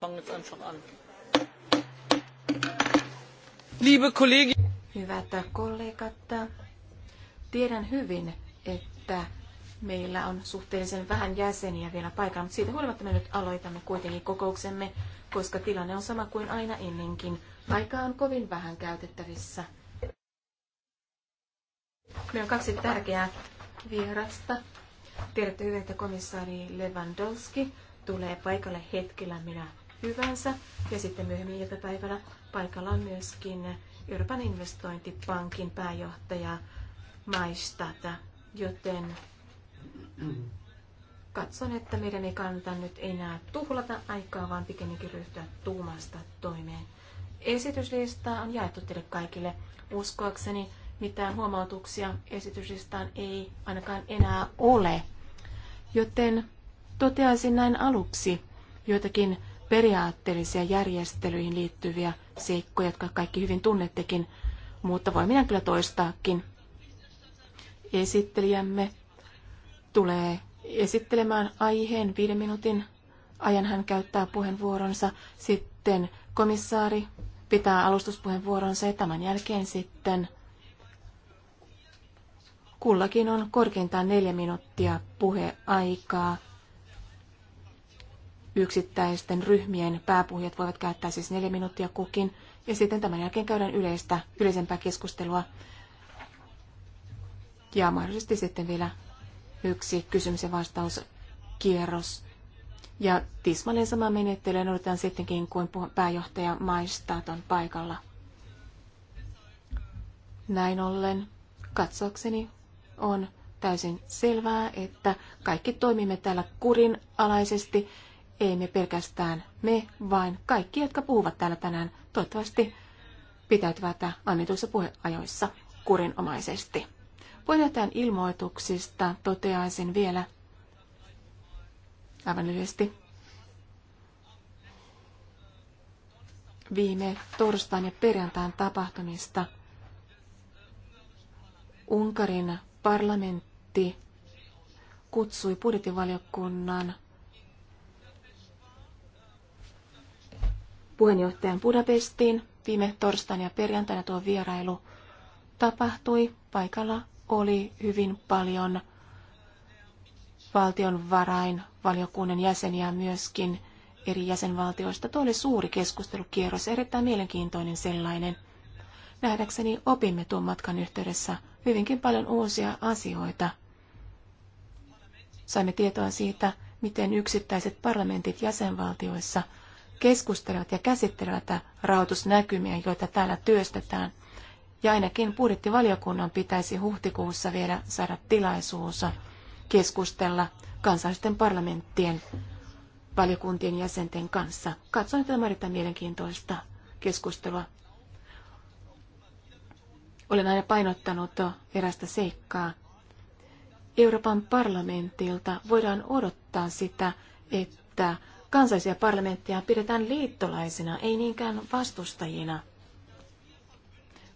fangen jetzt einfach an. Liebe Kollegin. Hyvät kollegat, tiedän hyvin, että meillä on suhteellisen vähän jäseniä vielä paikalla, mutta siitä huolimatta me nyt aloitamme kuitenkin kokouksemme, koska tilanne on sama kuin aina ennenkin. Aikaa on kovin vähän käytettävissä. Meillä on kaksi tärkeää vierasta. Tiedätte hyvin, että komissaari Lewandowski tulee paikalle hetkellä minä hyvänsä. Ja sitten myöhemmin iltapäivällä paikalla on myöskin Euroopan investointipankin pääjohtaja Maistata, joten katson, että meidän ei kannata nyt enää tuhlata aikaa, vaan pikemminkin ryhtyä tuumasta toimeen. Esityslista on jaettu teille kaikille. Uskoakseni mitään huomautuksia esityslistaan ei ainakaan enää ole. Joten toteaisin näin aluksi joitakin periaatteellisia järjestelyihin liittyviä seikkoja, jotka kaikki hyvin tunnettekin, mutta voin minä kyllä toistaakin. Esittelijämme tulee esittelemään aiheen viiden minuutin ajan hän käyttää puheenvuoronsa. Sitten komissaari pitää alustuspuheenvuoronsa ja tämän jälkeen sitten kullakin on korkeintaan neljä minuuttia puheaikaa Yksittäisten ryhmien pääpuhujat voivat käyttää siis neljä minuuttia kukin, ja sitten tämän jälkeen käydään yleistä, yleisempää keskustelua. Ja mahdollisesti sitten vielä yksi kysymys- ja vastauskierros. Ja tismalleen sama menettely odotetaan sittenkin, kuin pääjohtaja maistaat on paikalla. Näin ollen katsokseni on täysin selvää, että kaikki toimimme täällä kurinalaisesti ei me pelkästään me, vaan kaikki, jotka puhuvat täällä tänään, toivottavasti pitäytyvät annetuissa puheajoissa kurinomaisesti. Puheenjohtajan ilmoituksista toteaisin vielä aivan lyhyesti. Viime torstain ja perjantain tapahtumista Unkarin parlamentti kutsui budjettivaliokunnan puheenjohtajan Budapestiin. Viime torstaina ja perjantaina tuo vierailu tapahtui. Paikalla oli hyvin paljon valiokunnan jäseniä myöskin eri jäsenvaltioista. Tuo oli suuri keskustelukierros, erittäin mielenkiintoinen sellainen. Nähdäkseni opimme tuon matkan yhteydessä hyvinkin paljon uusia asioita. Saimme tietoa siitä, miten yksittäiset parlamentit jäsenvaltioissa – keskustelevat ja käsittelevät rahoitusnäkymiä, joita täällä työstetään. Ja ainakin budjettivaliokunnan pitäisi huhtikuussa vielä saada tilaisuus keskustella kansallisten parlamenttien valiokuntien jäsenten kanssa. Katson, että tämä on erittäin mielenkiintoista keskustelua. Olen aina painottanut erästä seikkaa. Euroopan parlamentilta voidaan odottaa sitä, että kansallisia parlamentteja pidetään liittolaisina, ei niinkään vastustajina.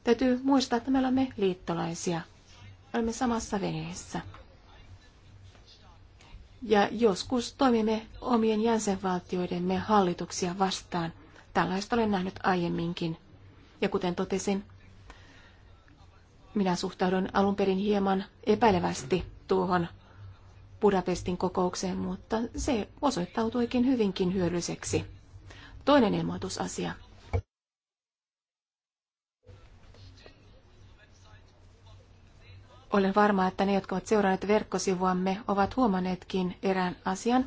Täytyy muistaa, että me olemme liittolaisia. Olemme samassa veneessä. Ja joskus toimimme omien jäsenvaltioidemme hallituksia vastaan. Tällaista olen nähnyt aiemminkin. Ja kuten totesin, minä suhtaudun alun perin hieman epäilevästi tuohon Budapestin kokoukseen, mutta se osoittautuikin hyvinkin hyödylliseksi. Toinen ilmoitusasia. Olen varma, että ne, jotka ovat seuranneet verkkosivuamme, ovat huomanneetkin erään asian,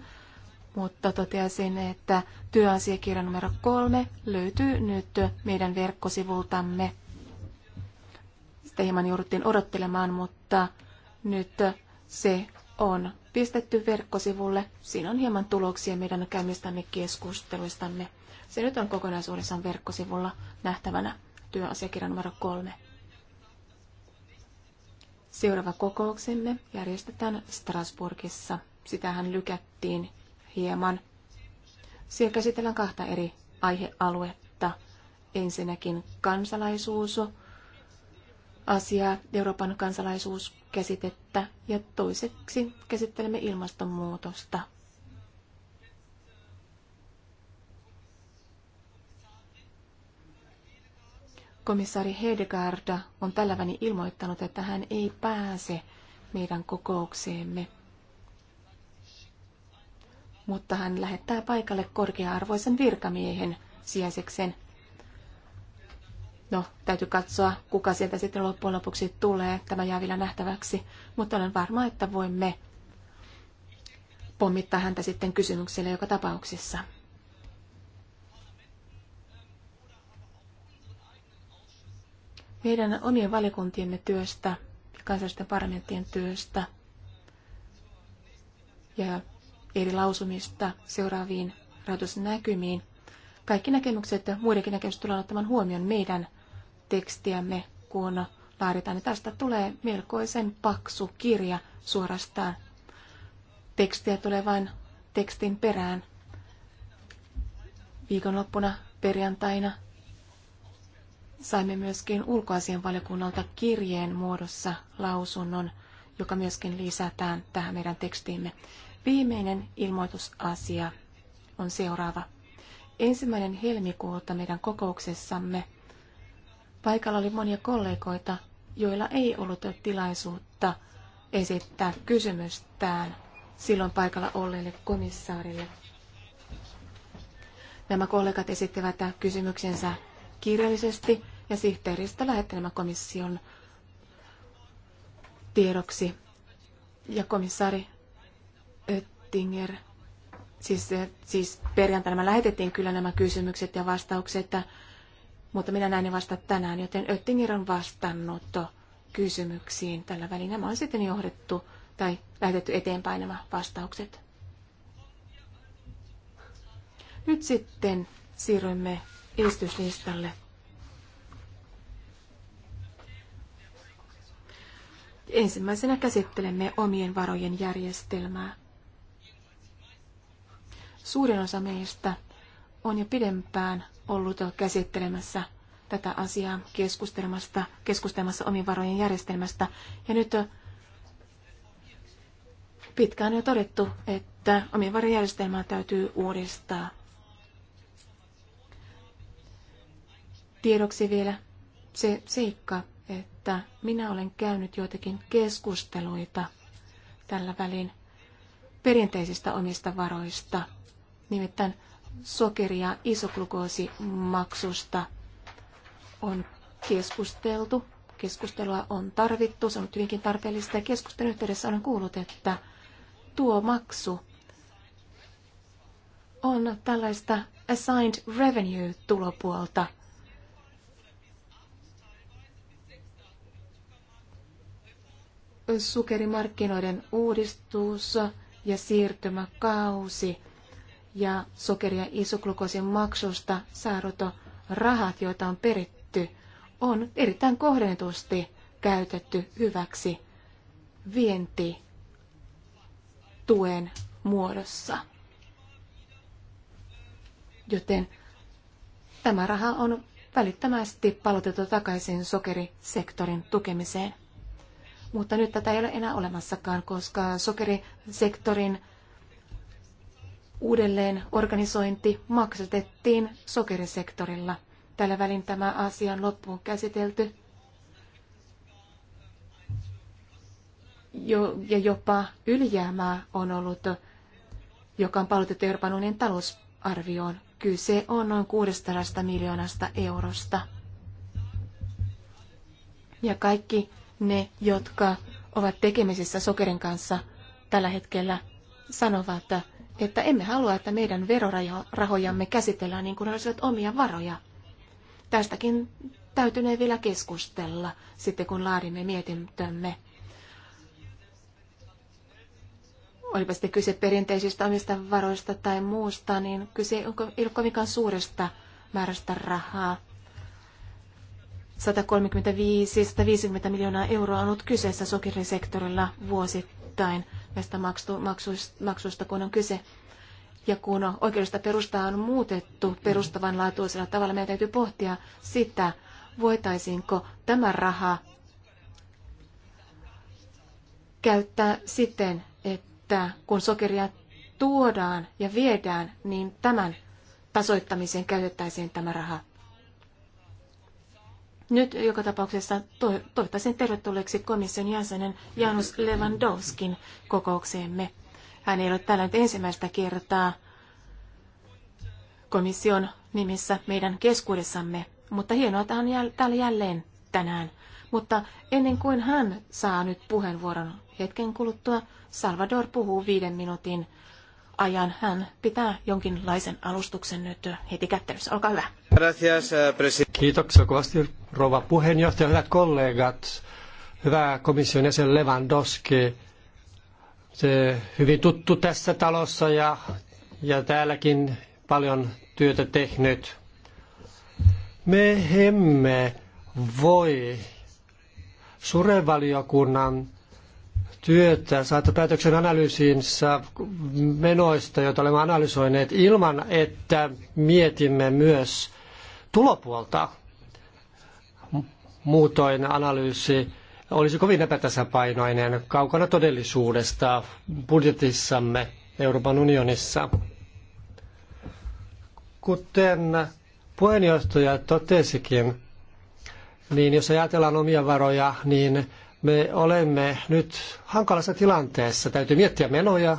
mutta toteaisin, että työasiakirja numero kolme löytyy nyt meidän verkkosivultamme. Sitä hieman jouduttiin odottelemaan, mutta nyt se on pistetty verkkosivulle. Siinä on hieman tuloksia meidän käymistämme keskusteluistamme. Se nyt on kokonaisuudessaan verkkosivulla nähtävänä työasiakirja numero kolme. Seuraava kokouksemme järjestetään Strasbourgissa. Sitähän lykättiin hieman. Siellä käsitellään kahta eri aihealuetta. Ensinnäkin kansalaisuus asiaa, Euroopan kansalaisuuskäsitettä ja toiseksi käsittelemme ilmastonmuutosta. Komissaari Hedegaard on tällä välin ilmoittanut, että hän ei pääse meidän kokoukseemme, mutta hän lähettää paikalle korkea-arvoisen virkamiehen sijaisekseen No, täytyy katsoa, kuka sieltä sitten loppujen lopuksi tulee. Tämä jää vielä nähtäväksi, mutta olen varma, että voimme pommittaa häntä sitten kysymyksille joka tapauksessa. Meidän omien valikuntiemme työstä ja kansallisten parlamenttien työstä ja eri lausumista seuraaviin rahoitusnäkymiin. Kaikki näkemykset ja muidenkin näkemykset tullaan ottamaan huomioon meidän tekstiämme, kun laaditaan, niin tästä tulee melkoisen paksu kirja suorastaan. Tekstiä tulee vain tekstin perään. Viikonloppuna perjantaina saimme myöskin valiokunnalta kirjeen muodossa lausunnon, joka myöskin lisätään tähän meidän tekstiimme. Viimeinen ilmoitusasia on seuraava. Ensimmäinen helmikuuta meidän kokouksessamme – Paikalla oli monia kollegoita, joilla ei ollut tilaisuutta esittää kysymystään silloin paikalla olleelle komissaarille. Nämä kollegat esittivät kysymyksensä kirjallisesti ja sihteeristä lähetti nämä komission tiedoksi. Ja komissaari Oettinger, siis, siis perjantaina lähetettiin kyllä nämä kysymykset ja vastaukset, mutta minä näin ne vasta tänään, joten Öttinger on vastannut kysymyksiin tällä välin. Nämä on sitten johdettu tai lähetetty eteenpäin nämä vastaukset. Nyt sitten siirrymme esityslistalle. Ensimmäisenä käsittelemme omien varojen järjestelmää. Suurin osa meistä on jo pidempään ollut käsittelemässä tätä asiaa keskustelemassa, keskustelemassa omin varojen järjestelmästä. Ja nyt pitkään on jo todettu, että omien varojen järjestelmää täytyy uudistaa. Tiedoksi vielä se seikka, että minä olen käynyt joitakin keskusteluita tällä välin perinteisistä omista varoista. Nimittäin sokeri- ja isoglukoosimaksusta on keskusteltu. Keskustelua on tarvittu, se on ollut hyvinkin tarpeellista. Ja keskustelun yhteydessä olen kuullut, että tuo maksu on tällaista assigned revenue-tulopuolta. Sukerimarkkinoiden uudistus ja siirtymäkausi – ja sokeri- ja isoglukoosin maksusta saadut rahat, joita on peritty, on erittäin kohdennetusti käytetty hyväksi vientituen muodossa. Joten tämä raha on välittömästi palautettu takaisin sokerisektorin tukemiseen. Mutta nyt tätä ei ole enää olemassakaan, koska sokerisektorin Uudelleen organisointi maksatettiin sokerisektorilla. Tällä välin tämä asia on loppuun käsitelty. Jo, ja jopa ylijäämää on ollut, joka on palautettu Euroopan unionin talousarvioon. Kyse on noin 600 miljoonasta eurosta. Ja kaikki ne, jotka ovat tekemisissä sokerin kanssa tällä hetkellä, sanovat, että että emme halua, että meidän verorahojamme käsitellään niin kuin olisivat omia varoja. Tästäkin täytynee vielä keskustella sitten, kun laadimme mietintömme. Olipa sitten kyse perinteisistä omista varoista tai muusta, niin kyse onko, ei ole kovinkaan suuresta määrästä rahaa. 135-150 miljoonaa euroa on ollut kyseessä sokerisektorilla vuosittain osittain näistä maksuista, kun on kyse. Ja kun oikeudellista perustaa on muutettu perustavanlaatuisella tavalla, meidän täytyy pohtia sitä, voitaisiinko tämä raha käyttää siten, että kun sokeria tuodaan ja viedään, niin tämän tasoittamiseen käytettäisiin tämä raha. Nyt joka tapauksessa toivottaisin tervetulleeksi komission jäsenen Janus Lewandowskin kokoukseemme. Hän ei ole täällä nyt ensimmäistä kertaa komission nimissä meidän keskuudessamme, mutta hienoa, että hän on täällä jälleen tänään. Mutta ennen kuin hän saa nyt puheenvuoron hetken kuluttua, Salvador puhuu viiden minuutin ajan. Hän pitää jonkinlaisen alustuksen nyt heti kättelyssä. Olkaa hyvä. Eh, Kiitoksia kovasti rouva puheenjohtaja, hyvät kollegat, hyvä komission jäsen Lewandowski. Se hyvin tuttu tässä talossa ja, ja täälläkin paljon työtä tehnyt. Me emme voi surevaliokunnan työtä saatu päätöksen analyysiinsa menoista, joita olemme analysoineet, ilman että mietimme myös tulopuolta. Muutoin analyysi olisi kovin epätasapainoinen kaukana todellisuudesta budjetissamme Euroopan unionissa. Kuten puheenjohtaja totesikin, niin jos ajatellaan omia varoja, niin me olemme nyt hankalassa tilanteessa. Täytyy miettiä menoja.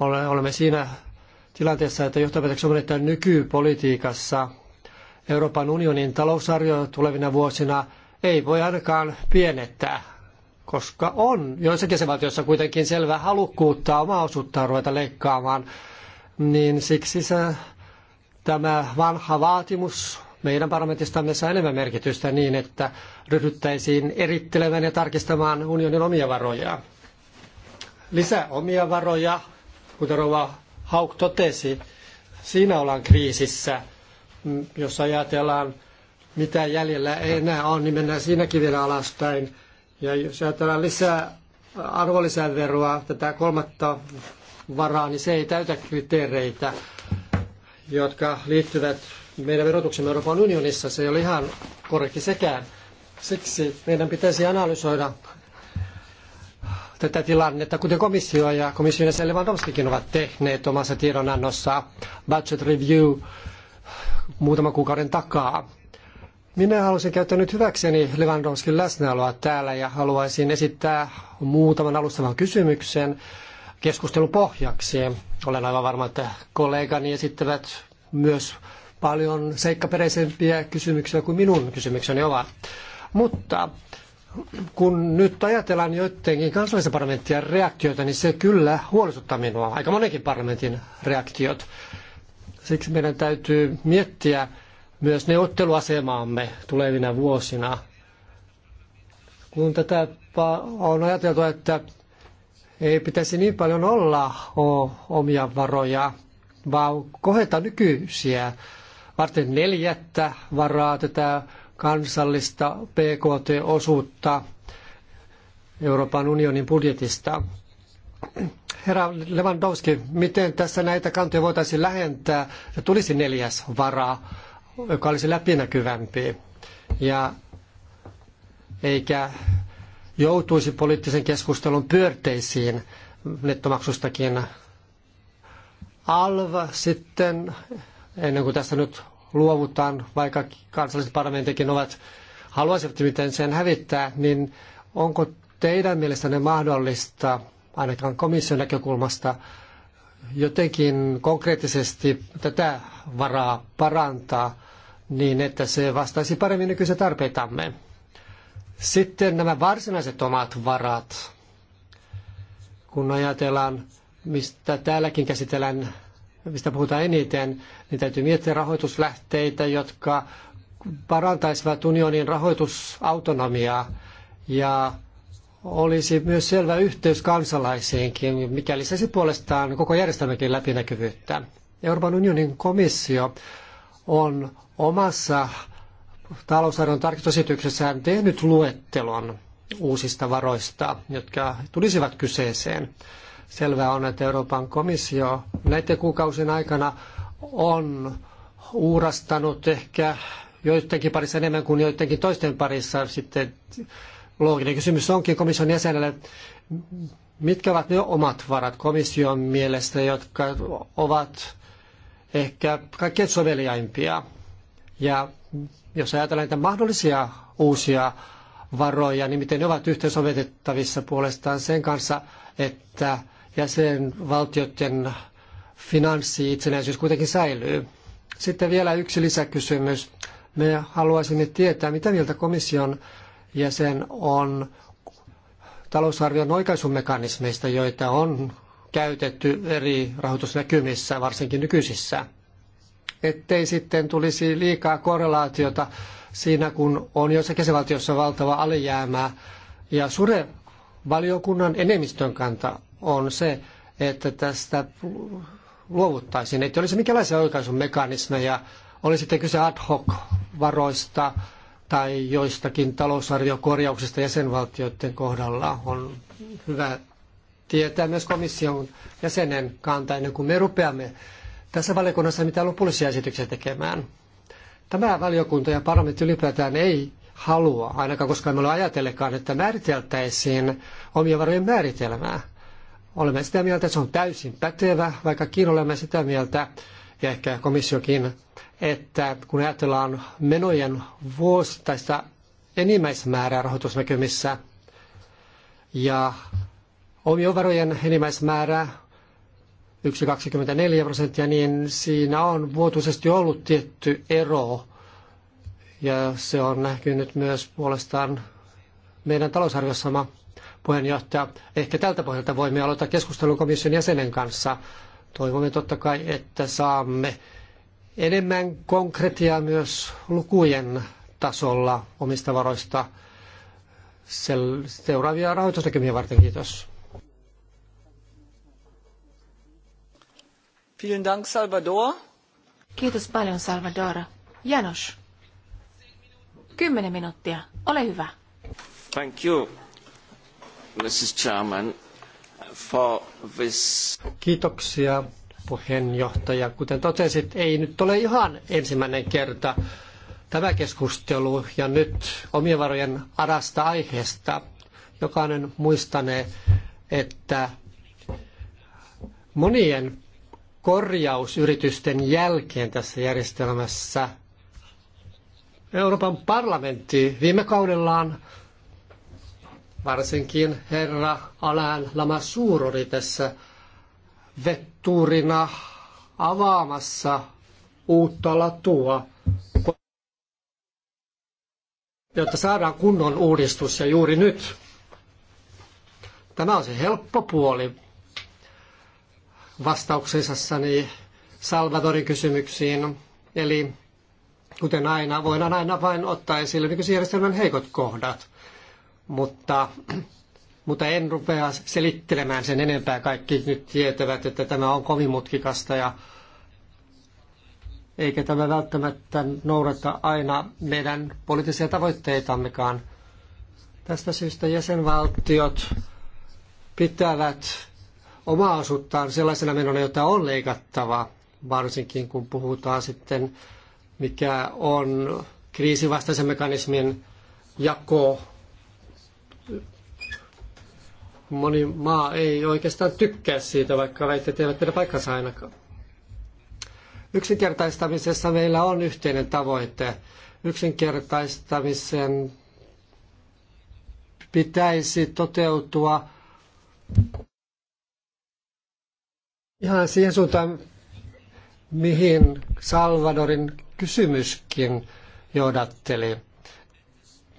Olemme siinä tilanteessa, että johtopäätöksen on, että nykypolitiikassa Euroopan unionin talousarvio tulevina vuosina ei voi ainakaan pienettää, koska on joissakin jäsenvaltioissa kuitenkin selvää halukkuutta omaa osuuttaan ruveta leikkaamaan, niin siksi se, tämä vanha vaatimus meidän parlamentistamme saa enemmän merkitystä niin, että ryhdyttäisiin erittelemään ja tarkistamaan unionin omia varoja. Lisää omia varoja, kuten Rova Hauk totesi, siinä ollaan kriisissä, mm, jos ajatellaan, mitä jäljellä ei enää on, niin mennään siinäkin vielä alaspäin. Ja jos ajatellaan lisää arvonlisäveroa, tätä kolmatta varaa, niin se ei täytä kriteereitä, jotka liittyvät meidän verotuksemme Euroopan unionissa, se ei ole ihan korrekti sekään. Siksi meidän pitäisi analysoida tätä tilannetta, kuten komissio ja komission jäsen Lewandowskikin ovat tehneet omassa tiedonannossa budget review muutaman kuukauden takaa. Minä haluaisin käyttää nyt hyväkseni Lewandowskin läsnäoloa täällä ja haluaisin esittää muutaman alustavan kysymyksen keskustelun pohjaksi. Olen aivan varma, että kollegani esittävät myös paljon seikkaperäisempiä kysymyksiä kuin minun kysymykseni ovat. Mutta kun nyt ajatellaan joidenkin kansallisen parlamenttien reaktioita, niin se kyllä huolestuttaa minua, aika monenkin parlamentin reaktiot. Siksi meidän täytyy miettiä myös neuvotteluasemaamme tulevina vuosina. Kun tätä on ajateltu, että ei pitäisi niin paljon olla omia varoja, vaan koheta nykyisiä varten neljättä varaa tätä kansallista PKT-osuutta Euroopan unionin budjetista. Herra Lewandowski, miten tässä näitä kantoja voitaisiin lähentää ja tulisi neljäs vara, joka olisi läpinäkyvämpi ja eikä joutuisi poliittisen keskustelun pyörteisiin nettomaksustakin. Alv sitten, ennen kuin tässä nyt luovutaan, vaikka kansalliset parlamentitkin ovat haluaisivat miten sen hävittää, niin onko teidän mielestänne mahdollista, ainakaan komission näkökulmasta, jotenkin konkreettisesti tätä varaa parantaa niin, että se vastaisi paremmin nykyisiä tarpeitamme? Sitten nämä varsinaiset omat varat, kun ajatellaan, mistä täälläkin käsitellään mistä puhutaan eniten, niin täytyy miettiä rahoituslähteitä, jotka parantaisivat unionin rahoitusautonomiaa ja olisi myös selvä yhteys kansalaisiinkin, mikä lisäisi puolestaan koko järjestelmäkin läpinäkyvyyttä. Euroopan unionin komissio on omassa talousarvion tarkistusesityksessään tehnyt luettelon uusista varoista, jotka tulisivat kyseeseen. Selvää on, että Euroopan komissio näiden kuukausien aikana on uurastanut ehkä joidenkin parissa enemmän kuin joidenkin toisten parissa. Sitten looginen kysymys onkin komission jäsenelle, mitkä ovat ne omat varat komission mielestä, jotka ovat ehkä kaikkein soveliaimpia. Ja jos ajatellaan niitä mahdollisia uusia varoja, niin miten ne ovat yhteensovitettavissa puolestaan sen kanssa, että jäsenvaltioiden finanssi-itsenäisyys kuitenkin säilyy. Sitten vielä yksi lisäkysymys. Me haluaisimme tietää, mitä mieltä komission jäsen on talousarvion oikaisumekanismeista, joita on käytetty eri rahoitusnäkymissä, varsinkin nykyisissä. Ettei sitten tulisi liikaa korrelaatiota siinä, kun on jossakin jäsenvaltiossa valtava alijäämä Ja sure valiokunnan enemmistön kanta on se, että tästä luovuttaisiin, että olisi mikälaisia oikaisumekanismeja, oli sitten kyse ad hoc varoista tai joistakin talousarviokorjauksista jäsenvaltioiden kohdalla. On hyvä tietää myös komission jäsenen kanta ennen kuin me rupeamme tässä valiokunnassa mitään lopullisia esityksiä tekemään. Tämä valiokunta ja parlamentti ylipäätään ei halua, ainakaan koskaan me olemme ajatellekaan, että määriteltäisiin omien varojen määritelmää. Olemme sitä mieltä, että se on täysin pätevä, vaikkakin olemme sitä mieltä, ja ehkä komissiokin, että kun ajatellaan menojen vuosittaista enimmäismäärää rahoitusnäkymissä ja omien varojen enimmäismäärää 1,24 prosenttia, niin siinä on vuotuisesti ollut tietty ero. Ja se on näkynyt myös puolestaan meidän talousarviossamme puheenjohtaja. Ehkä tältä pohjalta voimme aloittaa keskustelun komission jäsenen kanssa. Toivomme totta kai, että saamme enemmän konkretiaa myös lukujen tasolla omista varoista seuraavia rahoitusnäkymiä varten. Kiitos. Vielen Dank, Salvador. Kiitos paljon, Salvador. Janos, kymmenen minuuttia. Ole hyvä. Thank you. Mrs. Chairman, for this... Kiitoksia, puheenjohtaja. Kuten totesit, ei nyt ole ihan ensimmäinen kerta tämä keskustelu ja nyt omien varojen arasta aiheesta. Jokainen muistanee, että monien korjausyritysten jälkeen tässä järjestelmässä Euroopan parlamentti viime kaudellaan Varsinkin herra Alain Lamassuur oli tässä vetturina avaamassa uutta latua, jotta saadaan kunnon uudistus ja juuri nyt. Tämä on se helppo puoli vastauksessani Salvadorin kysymyksiin. Eli kuten aina, voidaan aina vain ottaa esille nykyisen järjestelmän heikot kohdat mutta, mutta en rupea selittelemään sen enempää. Kaikki nyt tietävät, että tämä on kovin mutkikasta ja eikä tämä välttämättä noudata aina meidän poliittisia tavoitteitammekaan. Tästä syystä jäsenvaltiot pitävät omaa osuuttaan sellaisena menona, jota on leikattava, varsinkin kun puhutaan sitten, mikä on kriisivastaisen mekanismin jako moni maa ei oikeastaan tykkää siitä, vaikka väitteet eivät pidä paikkansa ainakaan. Yksinkertaistamisessa meillä on yhteinen tavoite. Yksinkertaistamisen pitäisi toteutua ihan siihen suuntaan, mihin Salvadorin kysymyskin johdatteli.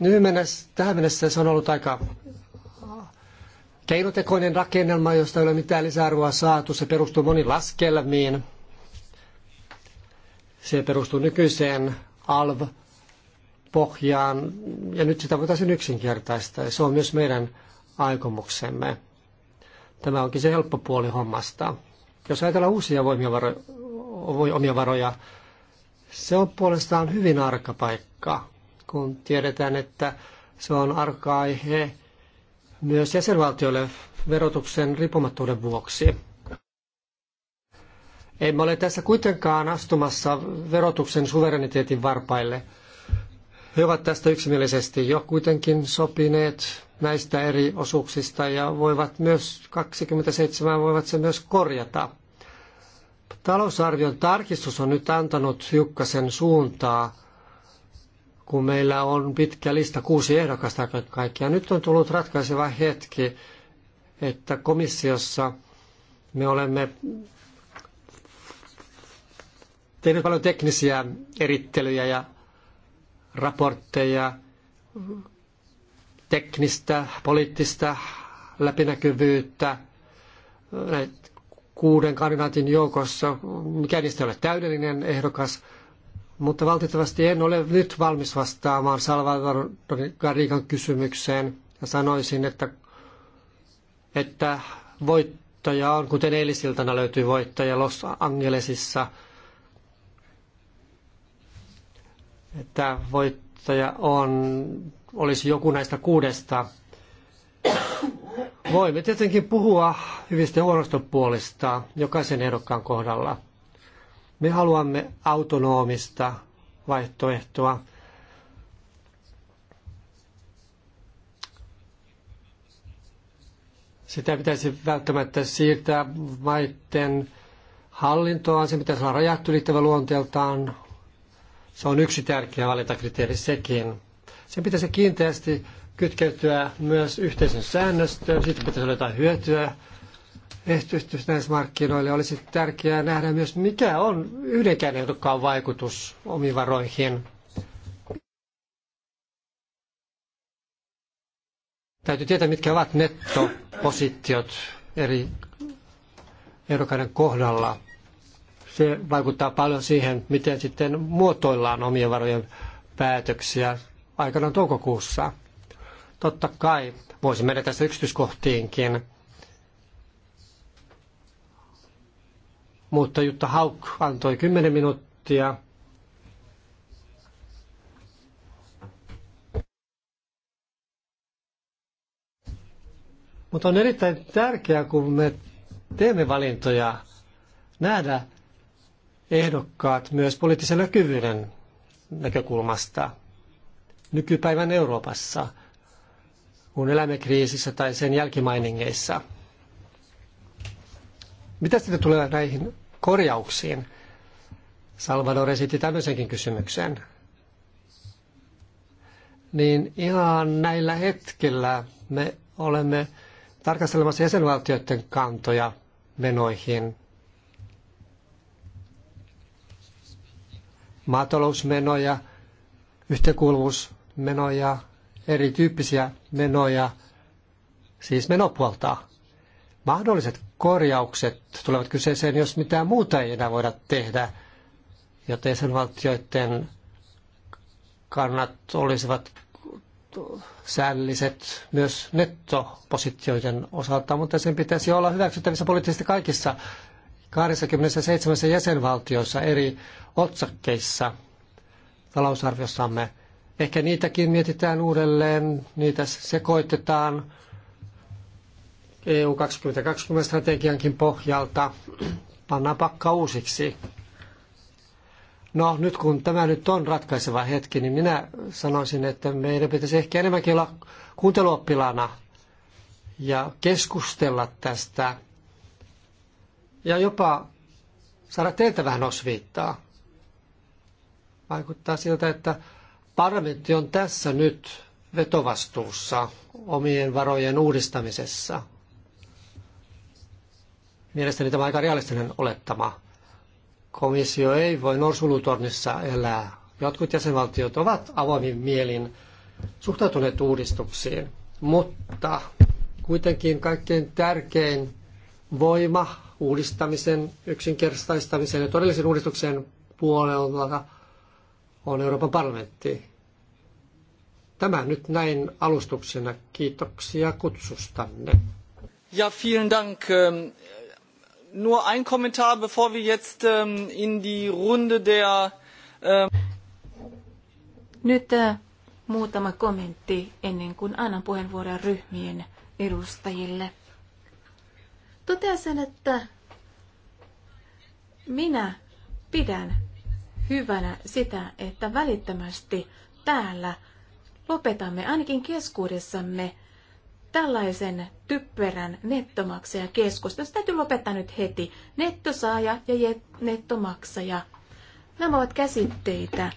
Nyt mennessä, tähän mennessä se on ollut aika keinotekoinen rakennelma, josta ei ole mitään lisäarvoa saatu. Se perustuu moniin laskelmiin. Se perustuu nykyiseen ALV-pohjaan, ja nyt sitä voitaisiin yksinkertaistaa. Se on myös meidän aikomuksemme. Tämä onkin se helppo puoli hommasta. Jos ajatellaan uusia voimia omia varoja, se on puolestaan hyvin arka paikka kun tiedetään, että se on arka aihe myös jäsenvaltioille verotuksen riippumattomuuden vuoksi. Emme ole tässä kuitenkaan astumassa verotuksen suvereniteetin varpaille. He ovat tästä yksimielisesti jo kuitenkin sopineet näistä eri osuuksista ja voivat myös 27 voivat se myös korjata. Talousarvion tarkistus on nyt antanut hiukkasen suuntaa kun meillä on pitkä lista kuusi ehdokasta kaikkia. Nyt on tullut ratkaiseva hetki, että komissiossa me olemme tehneet paljon teknisiä erittelyjä ja raportteja, teknistä, poliittista läpinäkyvyyttä kuuden kandidaatin joukossa. Mikä niistä ei ole täydellinen ehdokas, mutta valitettavasti en ole nyt valmis vastaamaan Salvador Garigan kysymykseen. Ja sanoisin, että, että voittaja on, kuten eilisiltana löytyi voittaja Los Angelesissa, että voittaja on, olisi joku näistä kuudesta. Voimme tietenkin puhua hyvistä huonosta puolista jokaisen ehdokkaan kohdalla – me haluamme autonomista vaihtoehtoa. Sitä pitäisi välttämättä siirtää maiden hallintoa, se pitäisi olla rajat ylittävä luonteeltaan. Se on yksi tärkeä valintakriteeri sekin. Sen pitäisi kiinteästi kytkeytyä myös yhteisön säännöstöön, siitä pitäisi olla jotain hyötyä ehtoistumismarkkinoille olisi tärkeää nähdä myös, mikä on yhdenkään ehdokkaan vaikutus varoihin. Täytyy tietää, mitkä ovat nettopositiot eri ehdokkaiden kohdalla. Se vaikuttaa paljon siihen, miten sitten muotoillaan omien varojen päätöksiä aikanaan toukokuussa. Totta kai voisi mennä tässä yksityiskohtiinkin mutta Jutta Hauk antoi 10 minuuttia. Mutta on erittäin tärkeää, kun me teemme valintoja, nähdä ehdokkaat myös poliittisen näkyvyyden näkökulmasta nykypäivän Euroopassa, kun elämme kriisissä tai sen jälkimainingeissa. Mitä sitten tulee näihin korjauksiin. Salvador esitti tämmöisenkin kysymyksen. Niin ihan näillä hetkillä me olemme tarkastelemassa jäsenvaltioiden kantoja menoihin. Maatalousmenoja, yhteenkuuluvuusmenoja, erityyppisiä menoja, siis menopuolta. Mahdolliset korjaukset tulevat kyseeseen, jos mitään muuta ei enää voida tehdä, jotta jäsenvaltioiden kannat olisivat säälliset myös nettopositioiden osalta, mutta sen pitäisi olla hyväksyttävissä poliittisesti kaikissa 27 jäsenvaltiossa eri otsakkeissa talousarviossamme. Ehkä niitäkin mietitään uudelleen, niitä sekoitetaan EU 2020-strategiankin pohjalta pannaan pakka uusiksi. No nyt kun tämä nyt on ratkaiseva hetki, niin minä sanoisin, että meidän pitäisi ehkä enemmänkin olla kuunteluoppilana ja keskustella tästä ja jopa saada teiltä vähän osviittaa. Vaikuttaa siltä, että parlamentti on tässä nyt vetovastuussa omien varojen uudistamisessa. Mielestäni tämä on aika realistinen olettama. Komissio ei voi norsulutornissa elää. Jotkut jäsenvaltiot ovat avoimin mielin suhtautuneet uudistuksiin, mutta kuitenkin kaikkein tärkein voima uudistamisen, yksinkertaistamisen ja todellisen uudistuksen puolella on Euroopan parlamentti. Tämä nyt näin alustuksena. Kiitoksia kutsustanne. Ja vielen dank. Ähm, nur ein Kommentar, bevor wir jetzt ähm, in die Runde der... Ähm Nyt äh, muutama kommentti ennen kuin annan puheenvuoron ryhmien edustajille. Totean että minä pidän hyvänä sitä, että välittömästi täällä lopetamme ainakin keskuudessamme tällaisen typerän nettomaksaja keskustelun. Se täytyy lopettaa nyt heti. Nettosaaja ja nettomaksaja. Nämä ovat käsitteitä,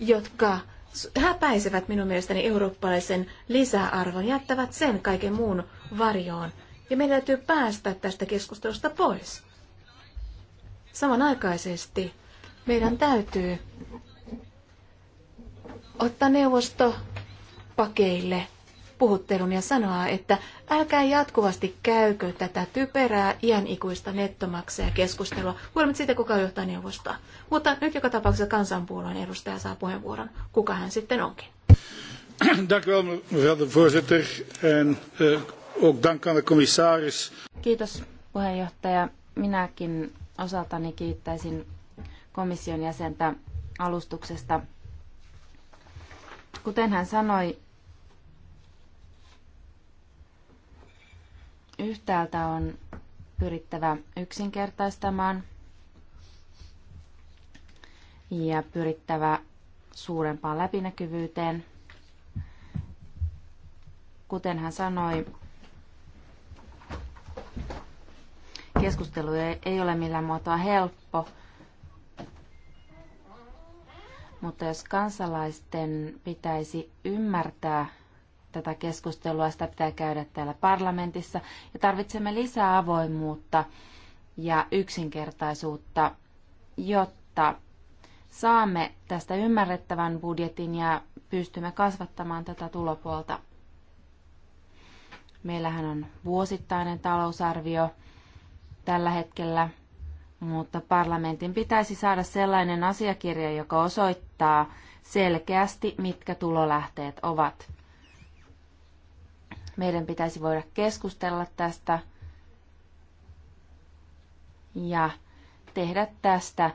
jotka häpäisevät minun mielestäni eurooppalaisen lisäarvon, jättävät sen kaiken muun varjoon. Ja meidän täytyy päästä tästä keskustelusta pois. Samanaikaisesti meidän täytyy ottaa neuvosto pakeille – puhuttelun ja sanoa, että älkää jatkuvasti käykö tätä typerää iänikuista nettomaksaja keskustelua, huolimatta siitä, kuka johtaa neuvostoa. Mutta nyt joka tapauksessa kansanpuolueen edustaja saa puheenvuoron, kuka hän sitten onkin. Dank wel, mevrouw de voorzitter. En eh, ook dank aan de commissaris. Kiitos, puheenjohtaja. Minäkin osaltani kiittäisin komission jäsentä alustuksesta. Kuten hän sanoi, Yhtäältä on pyrittävä yksinkertaistamaan ja pyrittävä suurempaan läpinäkyvyyteen. Kuten hän sanoi, keskustelu ei ole millään muotoa helppo, mutta jos kansalaisten pitäisi ymmärtää tätä keskustelua, sitä pitää käydä täällä parlamentissa. Ja tarvitsemme lisää avoimuutta ja yksinkertaisuutta, jotta saamme tästä ymmärrettävän budjetin ja pystymme kasvattamaan tätä tulopuolta. Meillähän on vuosittainen talousarvio tällä hetkellä, mutta parlamentin pitäisi saada sellainen asiakirja, joka osoittaa selkeästi, mitkä tulolähteet ovat. Meidän pitäisi voida keskustella tästä ja tehdä tästä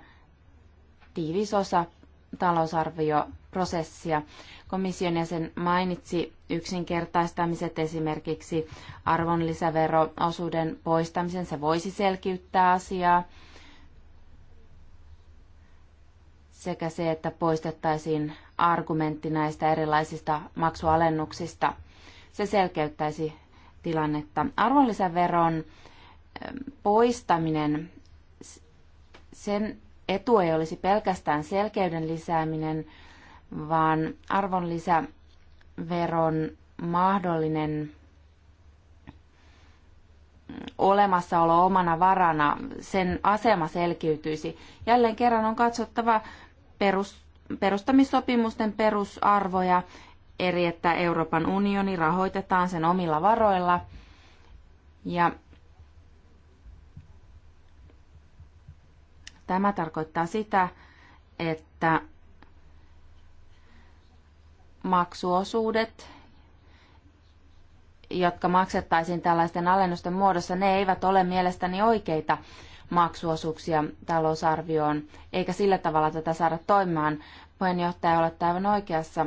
tiivis osa talousarvioprosessia. Komission jäsen mainitsi yksinkertaistamiset esimerkiksi arvonlisäveroosuuden poistamisen. Se voisi selkiyttää asiaa sekä se, että poistettaisiin argumentti näistä erilaisista maksualennuksista – se selkeyttäisi tilannetta. Arvonlisäveron ähm, poistaminen, sen etu ei olisi pelkästään selkeyden lisääminen, vaan arvonlisäveron mahdollinen mm, olemassaolo omana varana, sen asema selkiytyisi. Jälleen kerran on katsottava perus, perustamissopimusten perusarvoja eri, että Euroopan unioni rahoitetaan sen omilla varoilla. Ja tämä tarkoittaa sitä, että maksuosuudet, jotka maksettaisiin tällaisten alennusten muodossa, ne eivät ole mielestäni oikeita maksuosuuksia talousarvioon, eikä sillä tavalla tätä saada toimimaan. Puheenjohtaja, olette aivan oikeassa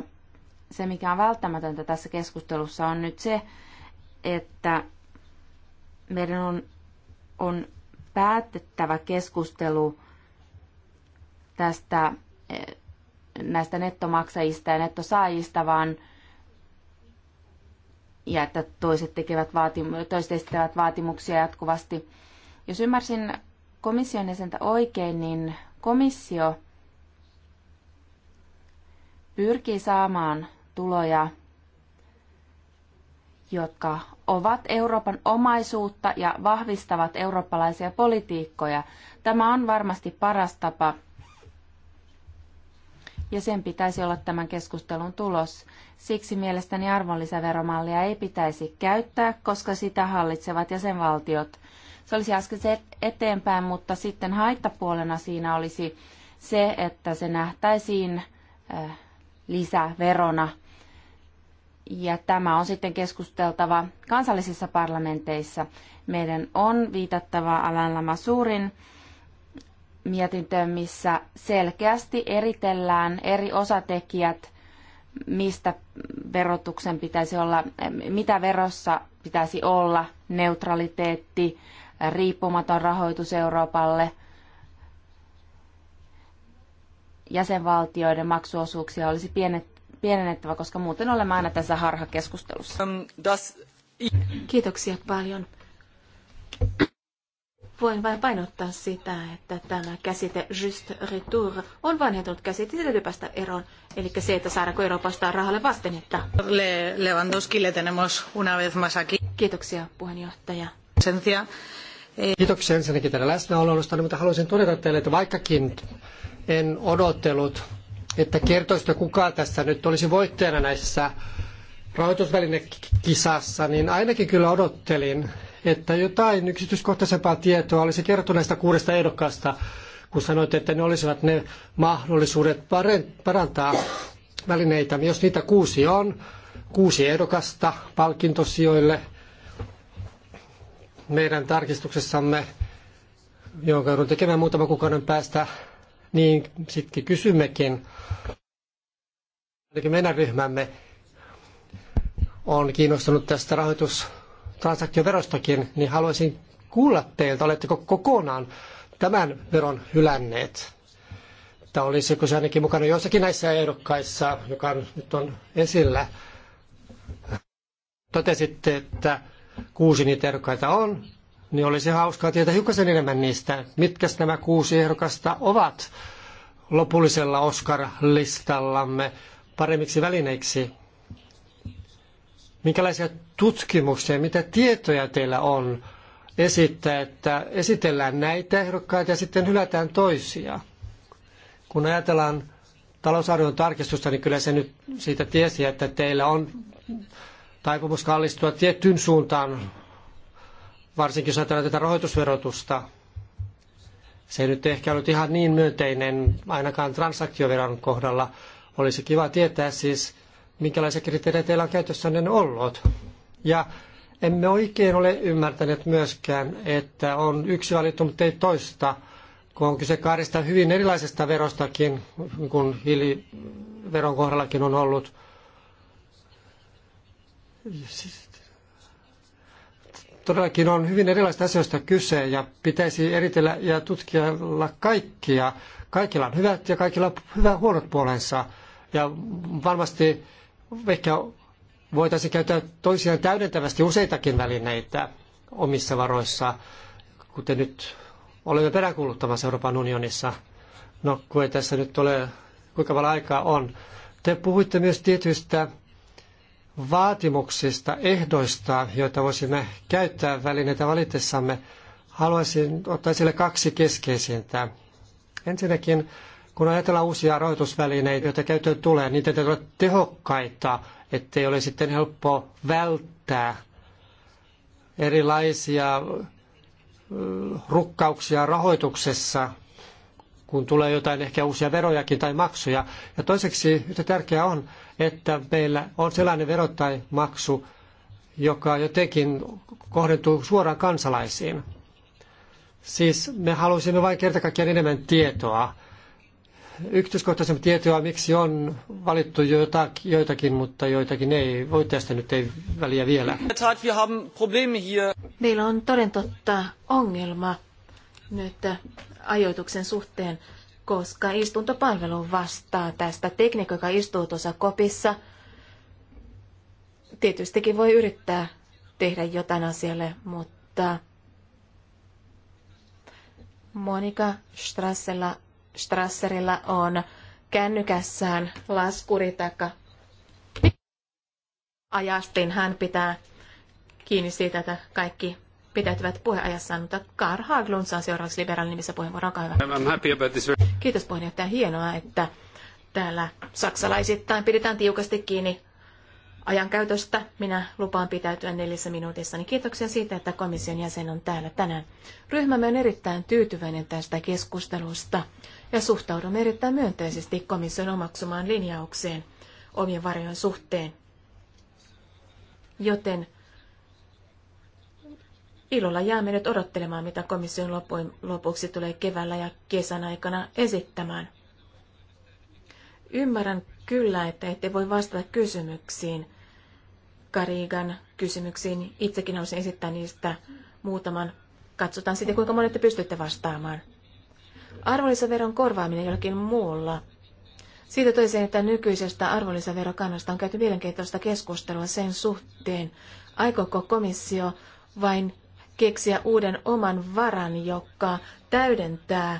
se, mikä on välttämätöntä tässä keskustelussa, on nyt se, että meidän on, on päätettävä keskustelu tästä eh, näistä nettomaksajista ja nettosaajista, vaan ja että toiset, tekevät vaatimu- toiset esittävät vaatimuksia jatkuvasti. Jos ymmärsin komission jäsentä oikein, niin komissio pyrkii saamaan tuloja, jotka ovat Euroopan omaisuutta ja vahvistavat eurooppalaisia politiikkoja. Tämä on varmasti paras tapa ja sen pitäisi olla tämän keskustelun tulos. Siksi mielestäni arvonlisäveromallia ei pitäisi käyttää, koska sitä hallitsevat jäsenvaltiot. Se olisi äsken se eteenpäin, mutta sitten haittapuolena siinä olisi se, että se nähtäisiin äh, lisäverona – ja tämä on sitten keskusteltava kansallisissa parlamenteissa. Meidän on viitattava Alain Lamassurin Suurin mietintöön, missä selkeästi eritellään eri osatekijät, mistä verotuksen pitäisi olla, mitä verossa pitäisi olla, neutraliteetti, riippumaton rahoitus Euroopalle, jäsenvaltioiden maksuosuuksia olisi pienet, pienennettävä, koska muuten olemme aina tässä harhakeskustelussa. Ähm, Kiitoksia paljon. Voin vain painottaa sitä, että tämä käsite just retour on vanhentunut käsite, sitä päästä eroon. Eli se, että saadaanko Euroopasta rahalle vastennetta. Le, tenemos una vez más aquí. Kiitoksia puheenjohtaja. Eh, Kiitoksia ensinnäkin teidän läsnäolosta, mutta haluaisin todeta teille, että vaikkakin en odotellut että kertoisitte kuka tässä nyt olisi voittajana näissä rahoitusvälinekisassa, niin ainakin kyllä odottelin, että jotain yksityiskohtaisempaa tietoa olisi kerrottu näistä kuudesta ehdokkaasta, kun sanoitte, että ne olisivat ne mahdollisuudet parantaa välineitä. Jos niitä kuusi on, kuusi ehdokasta palkintosijoille meidän tarkistuksessamme, jonka joudun tekemään muutama kuukauden päästä, niin sitten kysymmekin, ainakin meidän ryhmämme on kiinnostunut tästä rahoitustransaktioverostakin, niin haluaisin kuulla teiltä, oletteko kokonaan tämän veron hylänneet? Tämä olisi se ainakin mukana joissakin näissä ehdokkaissa, joka nyt on esillä? Totesitte, että kuusi niitä ehdokkaita on, niin olisi hauskaa tietää hiukkasen enemmän niistä, mitkä nämä kuusi ehdokasta ovat lopullisella Oscar-listallamme paremmiksi välineiksi. Minkälaisia tutkimuksia, mitä tietoja teillä on esittää, että esitellään näitä ehdokkaita ja sitten hylätään toisia. Kun ajatellaan talousarvion tarkistusta, niin kyllä se nyt siitä tiesi, että teillä on taipumus kallistua tiettyyn suuntaan varsinkin jos ajatellaan tätä rahoitusverotusta, se ei nyt ehkä ollut ihan niin myönteinen ainakaan transaktioveron kohdalla. Olisi kiva tietää siis, minkälaisia kriteerejä teillä on käytössänne ollut. Ja emme oikein ole ymmärtäneet myöskään, että on yksi valittu, mutta ei toista, kun on kyse kahdesta hyvin erilaisesta verostakin, niin kuin hiiliveron kohdallakin on ollut todellakin on hyvin erilaisista asioista kyse ja pitäisi eritellä ja tutkia kaikkia. Kaikilla on hyvät ja kaikilla on hyvä huonot puolensa. Ja varmasti ehkä voitaisiin käyttää toisiaan täydentävästi useitakin välineitä omissa varoissa, kuten nyt olemme peräänkuuluttamassa Euroopan unionissa. No, kun ei tässä nyt ole, kuinka paljon aikaa on. Te puhuitte myös tietyistä vaatimuksista, ehdoista, joita voisimme käyttää välineitä valitessamme, haluaisin ottaa esille kaksi keskeisintä. Ensinnäkin, kun ajatellaan uusia rahoitusvälineitä, joita käyttöön tulee, niin niitä täytyy olla tehokkaita, ettei ole sitten helppo välttää erilaisia rukkauksia rahoituksessa, kun tulee jotain ehkä uusia verojakin tai maksuja. Ja toiseksi yhtä tärkeää on, että meillä on sellainen vero tai maksu, joka jotenkin kohdentuu suoraan kansalaisiin. Siis me halusimme vain kerta kaikkiaan enemmän tietoa, yksityiskohtaisen tietoa, miksi on valittu jotakin, joitakin, mutta joitakin ei. Voi tästä nyt ei väliä vielä. Meillä on toden totta ongelma nyt ajoituksen suhteen koska istuntopalvelu vastaa tästä. Tekniikka, joka istuu tuossa kopissa, tietystikin voi yrittää tehdä jotain asialle, mutta Monika Strasserilla, Strasserilla on kännykässään laskuri taka. Ajastin hän pitää kiinni siitä, että kaikki pitäytyvät puheajassaan, mutta Kar Haglund saa seuraavaksi liberaalin nimissä puheenvuoron. Olkaa hyvä. I'm happy about this. Kiitos puheenjohtaja. Hienoa, että täällä saksalaisittain pidetään tiukasti kiinni ajan käytöstä. Minä lupaan pitäytyä neljässä minuutissa. Niin kiitoksia siitä, että komission jäsen on täällä tänään. Ryhmämme on erittäin tyytyväinen tästä keskustelusta ja suhtaudumme erittäin myönteisesti komission omaksumaan linjaukseen omien varjojen suhteen. Joten Ilolla jäämme nyt odottelemaan, mitä komission lopuin, lopuksi tulee keväällä ja kesän aikana esittämään. Ymmärrän kyllä, että ette voi vastata kysymyksiin, Karigan kysymyksiin. Itsekin haluaisin esittää niistä muutaman. Katsotaan sitten, kuinka monet te pystytte vastaamaan. Arvonlisäveron korvaaminen jollakin muulla. Siitä toiseen, että nykyisestä arvonlisäverokannasta on käyty mielenkiintoista keskustelua sen suhteen, aikooko komissio vain keksiä uuden oman varan, joka täydentää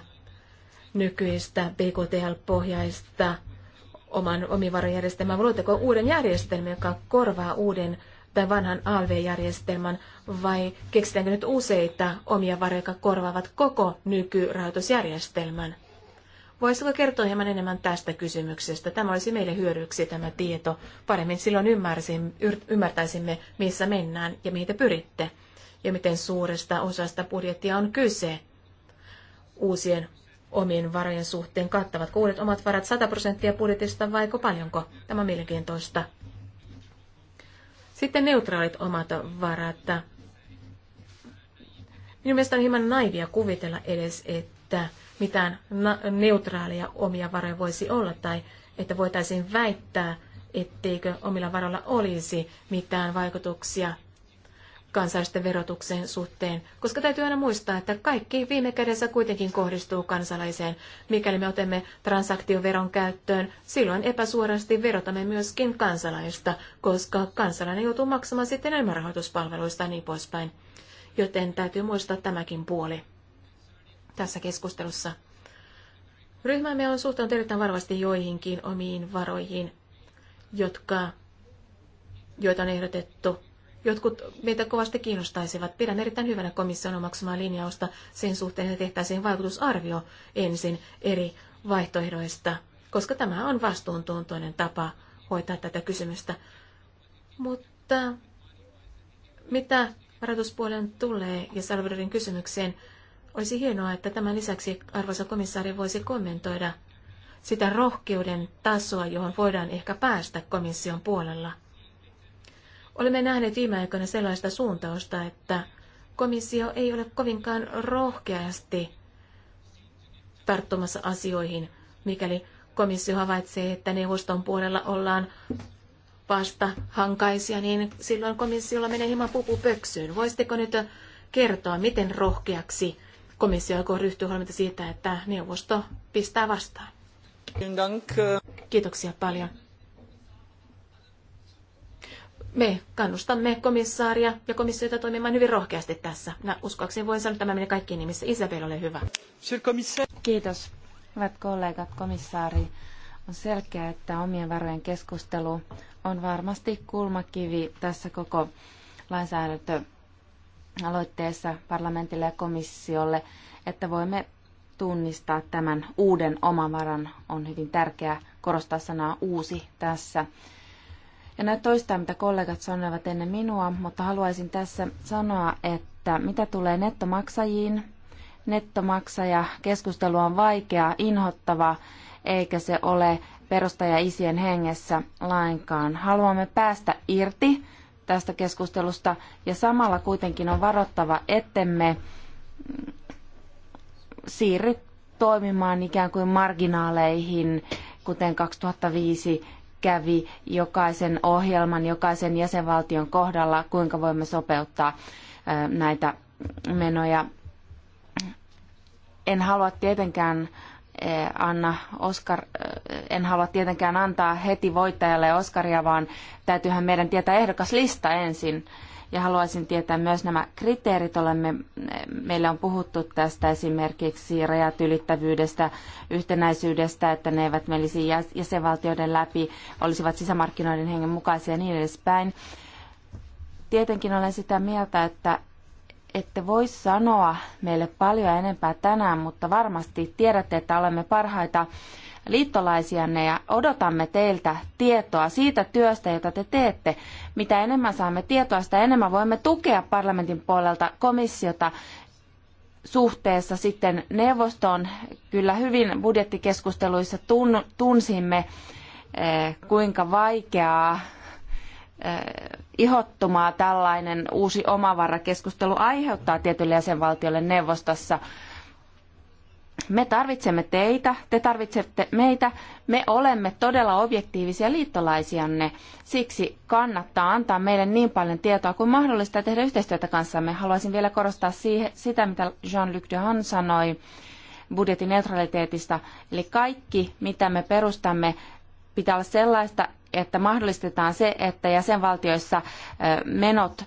nykyistä BKTL-pohjaista oman omivarojärjestelmän. Luotteko uuden järjestelmän, joka korvaa uuden tai vanhan ALV-järjestelmän, vai keksitäänkö nyt useita omia varoja, jotka korvaavat koko nykyrahoitusjärjestelmän? Voisiko kertoa hieman enemmän tästä kysymyksestä? Tämä olisi meille hyödyksi tämä tieto. Paremmin silloin ymmärtäisimme, missä mennään ja mihin te pyritte ja miten suuresta osasta budjettia on kyse uusien omien varojen suhteen. Kattavat uudet omat varat 100 prosenttia budjetista vaiko paljonko? Tämä on mielenkiintoista. Sitten neutraalit omat varat. Minun mielestäni on hieman naivia kuvitella edes, että mitään neutraalia omia varoja voisi olla tai että voitaisiin väittää, etteikö omilla varoilla olisi mitään vaikutuksia Kansallisten verotuksen suhteen, koska täytyy aina muistaa, että kaikki viime kädessä kuitenkin kohdistuu kansalaiseen. Mikäli me otamme transaktioveron käyttöön, silloin epäsuorasti verotamme myöskin kansalaista, koska kansalainen joutuu maksamaan sitten enemmän rahoituspalveluista ja niin poispäin. Joten täytyy muistaa tämäkin puoli tässä keskustelussa. Ryhmämme on suhtautunut erittäin varovasti joihinkin omiin varoihin, jotka, joita on ehdotettu jotkut meitä kovasti kiinnostaisivat. Pidän erittäin hyvänä komission omaksumaa linjausta sen suhteen, että tehtäisiin vaikutusarvio ensin eri vaihtoehdoista, koska tämä on vastuuntuntoinen tapa hoitaa tätä kysymystä. Mutta mitä varoituspuolen tulee ja Salvadorin kysymykseen, olisi hienoa, että tämän lisäksi arvoisa komissaari voisi kommentoida sitä rohkeuden tasoa, johon voidaan ehkä päästä komission puolella – Olemme nähneet viime aikoina sellaista suuntausta, että komissio ei ole kovinkaan rohkeasti tarttumassa asioihin, mikäli komissio havaitsee, että neuvoston puolella ollaan vasta hankaisia, niin silloin komissiolla menee hieman pupu Voisitteko nyt kertoa, miten rohkeaksi komissio alkoi ryhtyä huolimatta siitä, että neuvosto pistää vastaan? Kiitoksia paljon. Me kannustamme komissaaria ja komissiota toimimaan hyvin rohkeasti tässä. Minä uskoakseni voin sanoa, että tämä menee kaikkien nimissä. Isabel, ole hyvä. Kiitos. Hyvät kollegat, komissaari. On selkeää, että omien varojen keskustelu on varmasti kulmakivi tässä koko lainsäädäntöaloitteessa parlamentille ja komissiolle, että voimme tunnistaa tämän uuden omavaran. On hyvin tärkeää korostaa sanaa uusi tässä en näy toistaa, mitä kollegat sanoivat ennen minua, mutta haluaisin tässä sanoa, että mitä tulee nettomaksajiin, nettomaksaja keskustelu on vaikea, inhottava, eikä se ole perustaja isien hengessä lainkaan. Haluamme päästä irti tästä keskustelusta ja samalla kuitenkin on varottava, ettemme siirry toimimaan ikään kuin marginaaleihin, kuten 2005 kävi jokaisen ohjelman, jokaisen jäsenvaltion kohdalla, kuinka voimme sopeuttaa näitä menoja. En halua tietenkään Anna Oscar, en halua tietenkään antaa heti voittajalle Oscaria, vaan täytyyhän meidän tietää ehdokaslista ensin ja haluaisin tietää myös nämä kriteerit. Olemme, meillä on puhuttu tästä esimerkiksi rajat ylittävyydestä, yhtenäisyydestä, että ne eivät menisi jäsenvaltioiden läpi, olisivat sisämarkkinoiden hengen mukaisia ja niin edespäin. Tietenkin olen sitä mieltä, että ette voi sanoa meille paljon enempää tänään, mutta varmasti tiedätte, että olemme parhaita liittolaisianne ja odotamme teiltä tietoa siitä työstä, jota te teette. Mitä enemmän saamme tietoa, sitä enemmän voimme tukea parlamentin puolelta komissiota suhteessa sitten neuvostoon. Kyllä hyvin budjettikeskusteluissa tunsimme, eh, kuinka vaikeaa eh, ihottumaa tällainen uusi omavarakeskustelu aiheuttaa tietyille jäsenvaltioille neuvostossa. Me tarvitsemme teitä, te tarvitsette meitä, me olemme todella objektiivisia liittolaisianne. Siksi kannattaa antaa meille niin paljon tietoa kuin mahdollista ja tehdä yhteistyötä kanssamme. Haluaisin vielä korostaa siihen, sitä, mitä Jean-Luc Dehan sanoi budjettineutraliteetista, neutraliteetista. Eli kaikki, mitä me perustamme, pitää olla sellaista, että mahdollistetaan se, että jäsenvaltioissa menot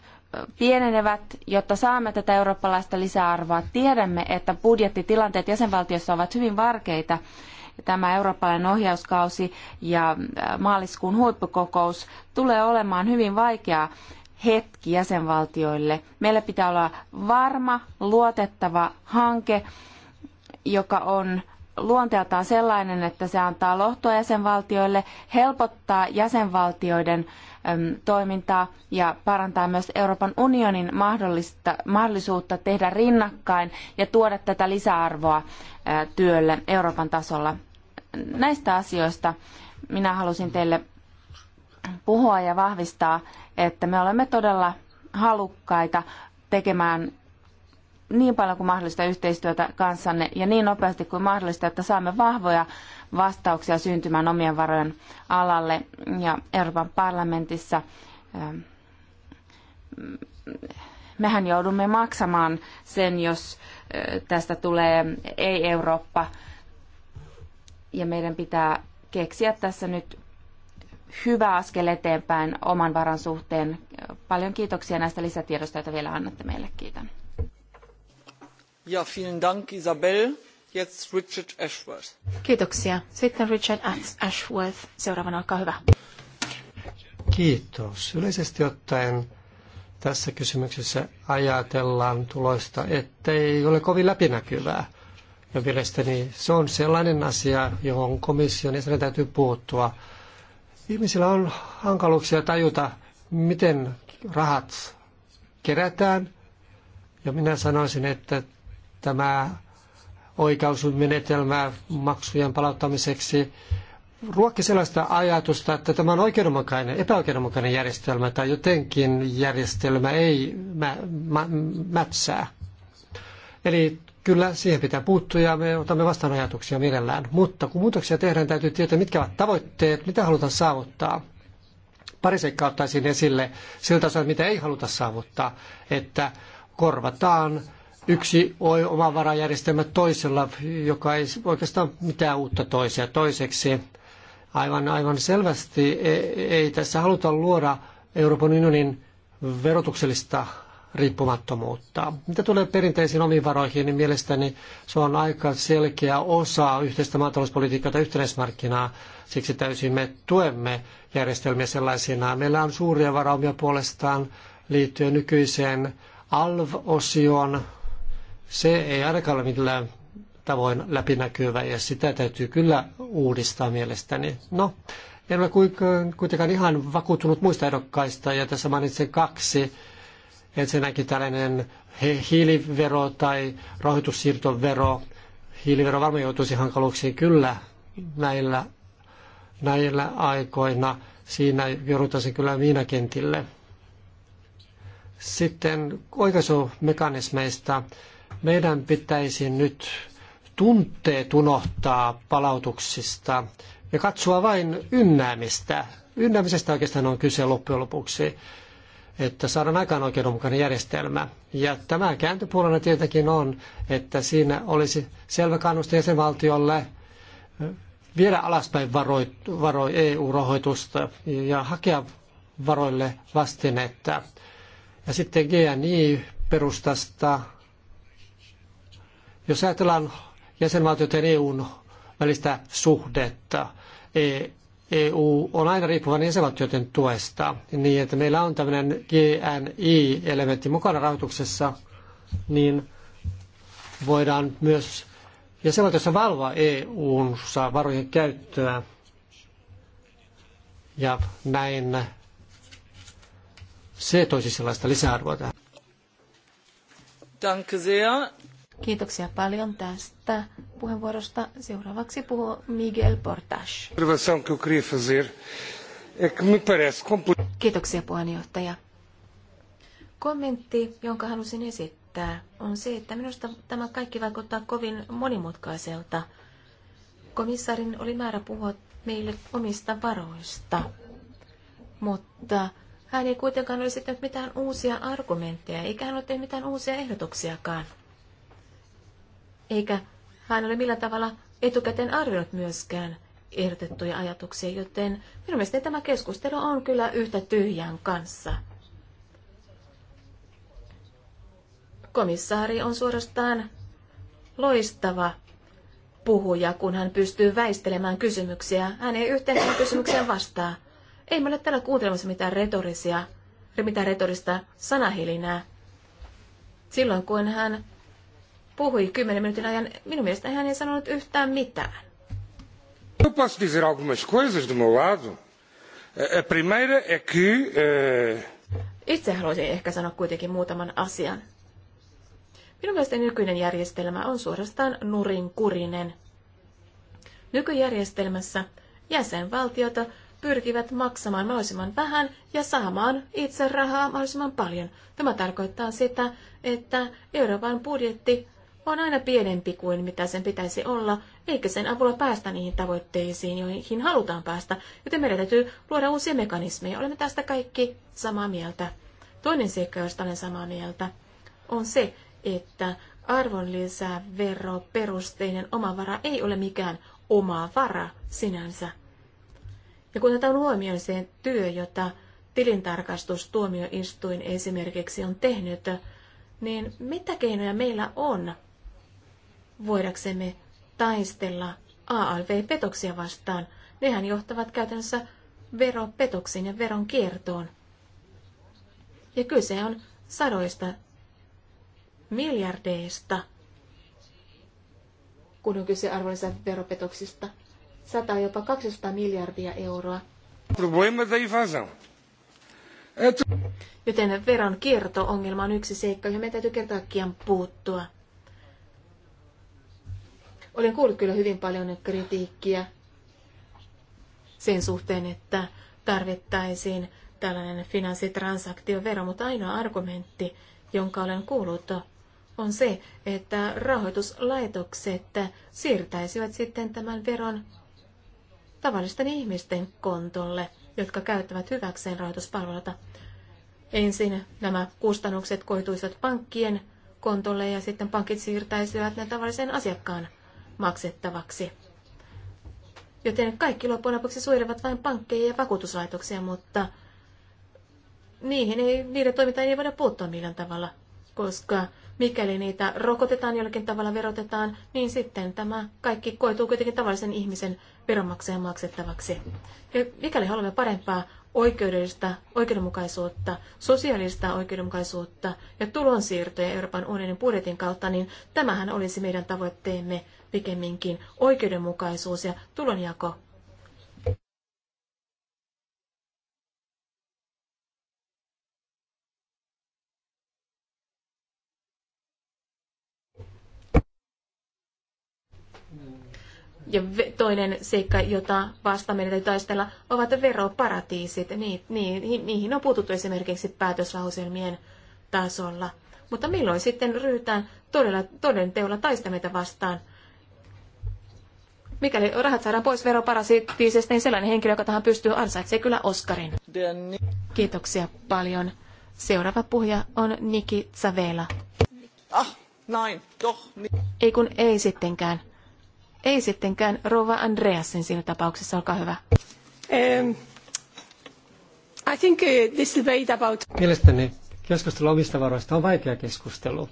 pienenevät, jotta saamme tätä eurooppalaista lisäarvoa. Tiedämme, että budjettitilanteet jäsenvaltiossa ovat hyvin varkeita. Tämä eurooppalainen ohjauskausi ja äh, maaliskuun huippukokous tulee olemaan hyvin vaikea hetki jäsenvaltioille. Meillä pitää olla varma, luotettava hanke, joka on luonteeltaan sellainen, että se antaa lohtua jäsenvaltioille, helpottaa jäsenvaltioiden toimintaa ja parantaa myös Euroopan unionin mahdollisuutta tehdä rinnakkain ja tuoda tätä lisäarvoa työlle Euroopan tasolla. Näistä asioista minä halusin teille puhua ja vahvistaa, että me olemme todella halukkaita tekemään niin paljon kuin mahdollista yhteistyötä kanssanne ja niin nopeasti kuin mahdollista, että saamme vahvoja vastauksia syntymään omien varojen alalle ja Euroopan parlamentissa. Ähm, mehän joudumme maksamaan sen, jos äh, tästä tulee ei-Eurooppa. Ja meidän pitää keksiä tässä nyt hyvä askel eteenpäin oman varan suhteen. Paljon kiitoksia näistä lisätiedosta, joita vielä annatte meille. Kiitän. Isabel. Jetzt Richard Ashworth. Kiitoksia. Sitten Richard Ashworth. Seuraavana, olkaa hyvä. Kiitos. Yleisesti ottaen tässä kysymyksessä ajatellaan tuloista, ettei ole kovin läpinäkyvää. Ja mielestäni se on sellainen asia, johon komission jäsenen täytyy puuttua. Ihmisillä on hankaluuksia tajuta, miten rahat kerätään. Ja minä sanoisin, että tämä oikaisumenetelmä maksujen palauttamiseksi ruokki sellaista ajatusta, että tämä on oikeudenmukainen, epäoikeudenmukainen järjestelmä tai jotenkin järjestelmä ei mä, mä, mätsää. Eli kyllä siihen pitää puuttua ja me otamme vastaan ajatuksia mielellään. Mutta kun muutoksia tehdään, täytyy tietää, mitkä ovat tavoitteet, mitä halutaan saavuttaa. Pari seikkaa ottaisin esille siltä osalta, mitä ei haluta saavuttaa, että korvataan – yksi omavarajärjestelmä toisella, joka ei oikeastaan mitään uutta toisia toiseksi. Aivan, aivan selvästi ei, ei tässä haluta luoda Euroopan unionin verotuksellista riippumattomuutta. Mitä tulee perinteisiin omiin varoihin, niin mielestäni se on aika selkeä osa yhteistä maatalouspolitiikkaa tai yhtenäismarkkinaa. Siksi täysin me tuemme järjestelmiä sellaisina. Meillä on suuria varaumia puolestaan liittyen nykyiseen ALV-osioon se ei ainakaan ole millään tavoin läpinäkyvä ja sitä täytyy kyllä uudistaa mielestäni. No, en ole kuitenkaan ihan vakuuttunut muista ehdokkaista ja tässä mainitsen kaksi. Ensinnäkin tällainen hiilivero tai rahoitussiirtovero. Hiilivero varmaan joutuisi hankaluuksiin kyllä näillä, näillä aikoina. Siinä joudutaan se kyllä miinakentille. Sitten oikaisumekanismeista. mekanismeista meidän pitäisi nyt tunteet unohtaa palautuksista ja katsoa vain ynnäämistä. Ynnäämisestä oikeastaan on kyse loppujen lopuksi, että saadaan aikaan oikeudenmukainen järjestelmä. Ja tämä kääntöpuolena tietenkin on, että siinä olisi selvä kannuste jäsenvaltiolle viedä alaspäin varoi, varoi EU-rahoitusta ja hakea varoille vastinetta. Ja sitten GNI-perustasta jos ajatellaan jäsenvaltioiden EUn välistä suhdetta, EU e on aina riippuvainen jäsenvaltioiden tuesta, niin että meillä on tämmöinen GNI-elementti mukana rahoituksessa, niin voidaan myös jäsenvaltioissa valvoa EU:n varojen käyttöä. Ja näin se toisi sellaista lisäarvoa tähän. Danke sehr. Kiitoksia paljon tästä puheenvuorosta. Seuraavaksi puhuu Miguel Portas. Kiitoksia puheenjohtaja. Kommentti, jonka halusin esittää, on se, että minusta tämä kaikki vaikuttaa kovin monimutkaiselta. Komissaarin oli määrä puhua meille omista varoista, mutta hän ei kuitenkaan ole esittänyt mitään uusia argumentteja, eikä hän ole tehnyt mitään uusia ehdotuksiakaan eikä hän ole millään tavalla etukäteen arvioinut myöskään ehdotettuja ajatuksia, joten minun mielestäni tämä keskustelu on kyllä yhtä tyhjän kanssa. Komissaari on suorastaan loistava puhuja, kun hän pystyy väistelemään kysymyksiä. Hän ei yhteen kysymykseen vastaa. Ei me ole täällä kuuntelemassa mitään retorisia, mitään retorista sanahilinää. Silloin kun hän puhui kymmenen minuutin ajan. Minun mielestäni hän ei sanonut yhtään mitään. Eu posso dizer algumas coisas do meu lado. A primeira é que... Itse haluaisin ehkä sanoa kuitenkin muutaman asian. Minun mielestäni nykyinen järjestelmä on suorastaan nurinkurinen. Nykyjärjestelmässä jäsenvaltiota pyrkivät maksamaan mahdollisimman vähän ja saamaan itse rahaa mahdollisimman paljon. Tämä tarkoittaa sitä, että Euroopan budjetti on aina pienempi kuin mitä sen pitäisi olla, eikä sen avulla päästä niihin tavoitteisiin, joihin halutaan päästä, joten meidän täytyy luoda uusia mekanismeja. Olemme tästä kaikki samaa mieltä. Toinen seikka, josta olen samaa mieltä, on se, että arvonlisäveroperusteinen omavara ei ole mikään oma vara sinänsä. Ja kun otetaan huomioon se työ, jota tilintarkastustuomioistuin esimerkiksi on tehnyt, niin mitä keinoja meillä on voidaksemme taistella ALV-petoksia vastaan. Nehän johtavat käytännössä veropetoksiin ja vero-kiertoon. Ja kyse on sadoista miljardeista, kun on kyse veropetoksista. 100 jopa 200 miljardia euroa. Joten veron kierto-ongelma on yksi seikka, johon meidän täytyy kertaakiaan puuttua. Olen kuullut kyllä hyvin paljon kritiikkiä sen suhteen, että tarvittaisiin tällainen finanssitransaktiovero, mutta ainoa argumentti, jonka olen kuullut, on se, että rahoituslaitokset siirtäisivät sitten tämän veron tavallisten ihmisten kontolle, jotka käyttävät hyväkseen rahoituspalveluita. Ensin nämä kustannukset koituisivat pankkien kontolle ja sitten pankit siirtäisivät ne tavallisen asiakkaan maksettavaksi. Joten kaikki loppujen lopuksi suojelevat vain pankkeja ja vakuutuslaitoksia, mutta niihin ei, niiden toimintaan ei voida puuttua millään tavalla, koska mikäli niitä rokotetaan jollakin tavalla, verotetaan, niin sitten tämä kaikki koituu kuitenkin tavallisen ihmisen veronmaksajan maksettavaksi. Ja mikäli haluamme parempaa oikeudellista oikeudenmukaisuutta, sosiaalista oikeudenmukaisuutta ja tulonsiirtoja Euroopan unionin budjetin kautta, niin tämähän olisi meidän tavoitteemme pikemminkin oikeudenmukaisuus ja tulonjako. Ja toinen seikka, jota vasta meidän täytyy taistella, ovat veroparatiisit. Niin, niihin on puututtu esimerkiksi päätöslauselmien tasolla. Mutta milloin sitten ryhdytään todella, toden teolla taistelemaan vastaan – Mikäli rahat saadaan pois veroparasiittiisesta, niin sellainen henkilö, joka tähän pystyy, ansaitsee kyllä Oscarin. Kiitoksia paljon. Seuraava puhuja on Niki Zavela. Ah, nein, doch. Niin. Ei kun ei sittenkään. Ei sittenkään, Rova Andreasen siinä tapauksessa, olkaa hyvä. Um, I think uh, this debate about... Mielestäni keskustelu omista varoista on vaikea keskustelu.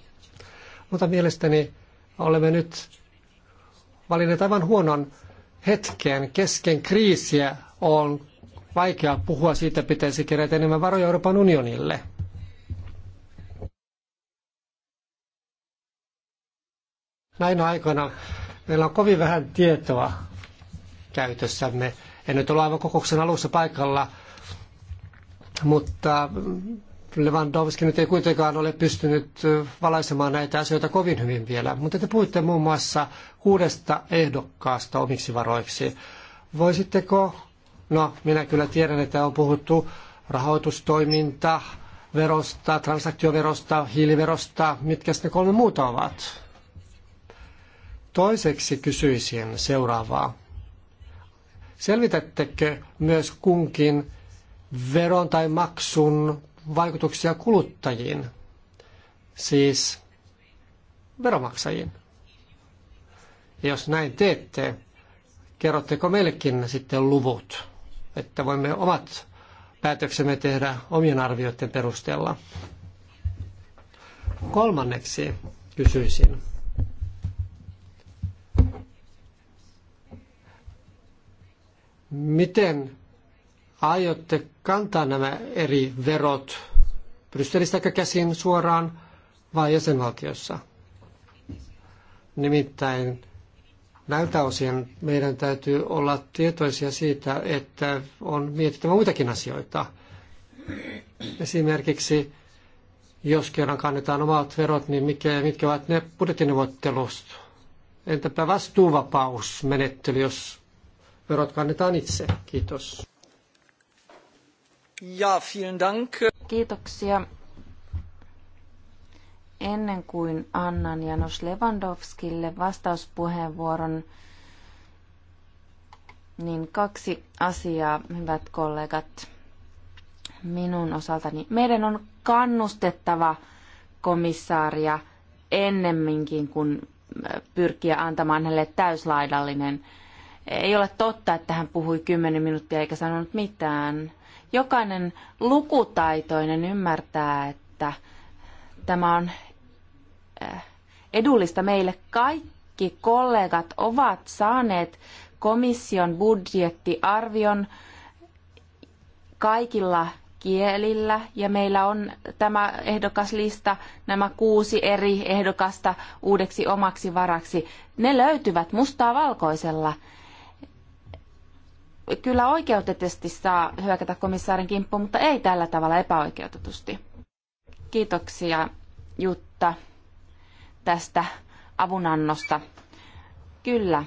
Mutta mielestäni olemme nyt valinneet aivan huonon hetken kesken kriisiä. On vaikea puhua siitä, pitäisi kerätä enemmän varoja Euroopan unionille. Näinä aikana meillä on kovin vähän tietoa käytössämme. En nyt ole aivan kokouksen alussa paikalla, mutta Lewandowski nyt ei kuitenkaan ole pystynyt valaisemaan näitä asioita kovin hyvin vielä, mutta te puhuitte muun muassa kuudesta ehdokkaasta omiksi varoiksi. Voisitteko, no minä kyllä tiedän, että on puhuttu rahoitustoiminta, verosta, transaktioverosta, hiiliverosta, mitkä ne kolme muuta ovat? Toiseksi kysyisin seuraavaa. Selvitättekö myös kunkin veron tai maksun vaikutuksia kuluttajiin, siis veromaksajiin. Ja jos näin teette, kerrotteko meillekin sitten luvut, että voimme omat päätöksemme tehdä omien arvioiden perusteella? Kolmanneksi kysyisin. Miten aiotte kantaa nämä eri verot Brysselistä käsin suoraan vai jäsenvaltiossa? Nimittäin näiltä osin meidän täytyy olla tietoisia siitä, että on mietittävä muitakin asioita. Esimerkiksi jos kerran kannetaan omat verot, niin mikä, mitkä ovat ne budjettineuvottelut? Entäpä vastuuvapausmenettely, jos verot kannetaan itse? Kiitos. Ja, vielen Dank. Kiitoksia. Ennen kuin annan Janos Lewandowskille vastauspuheenvuoron, niin kaksi asiaa, hyvät kollegat, minun osaltani. Meidän on kannustettava komissaaria ennemminkin kuin pyrkiä antamaan hänelle täyslaidallinen. Ei ole totta, että hän puhui kymmenen minuuttia eikä sanonut mitään. Jokainen lukutaitoinen ymmärtää, että tämä on äh, edullista meille kaikki kollegat ovat saaneet komission budjettiarvion kaikilla kielillä ja meillä on tämä ehdokaslista, nämä kuusi eri ehdokasta uudeksi omaksi varaksi. Ne löytyvät mustaa valkoisella kyllä oikeutetusti saa hyökätä komissaarin kimppuun, mutta ei tällä tavalla epäoikeutetusti. Kiitoksia Jutta tästä avunannosta. Kyllä.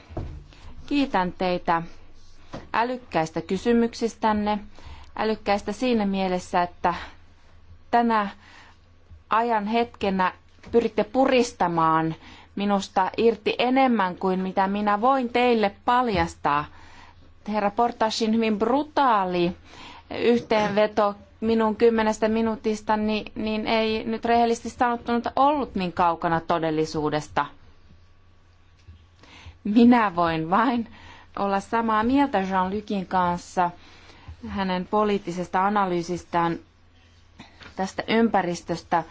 Kiitän teitä älykkäistä kysymyksistänne. Älykkäistä siinä mielessä, että tänä ajan hetkenä pyritte puristamaan minusta irti enemmän kuin mitä minä voin teille paljastaa – herra Portasin hyvin brutaali yhteenveto minun kymmenestä minuutista, niin, niin ei nyt rehellisesti sanottuna ollut niin kaukana todellisuudesta. Minä voin vain olla samaa mieltä Jean-Lucin kanssa hänen poliittisesta analyysistään tästä ympäristöstä,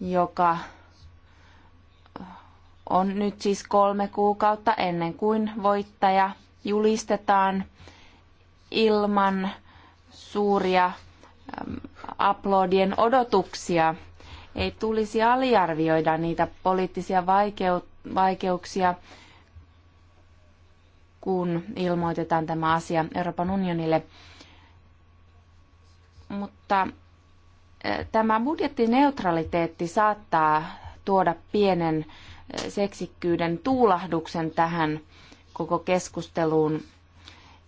joka on nyt siis kolme kuukautta ennen kuin voittaja julistetaan ilman suuria aplodien odotuksia. Ei tulisi aliarvioida niitä poliittisia vaikeuksia, kun ilmoitetaan tämä asia Euroopan unionille. Mutta tämä budjettineutraliteetti saattaa tuoda pienen seksikkyyden tuulahduksen tähän koko keskusteluun.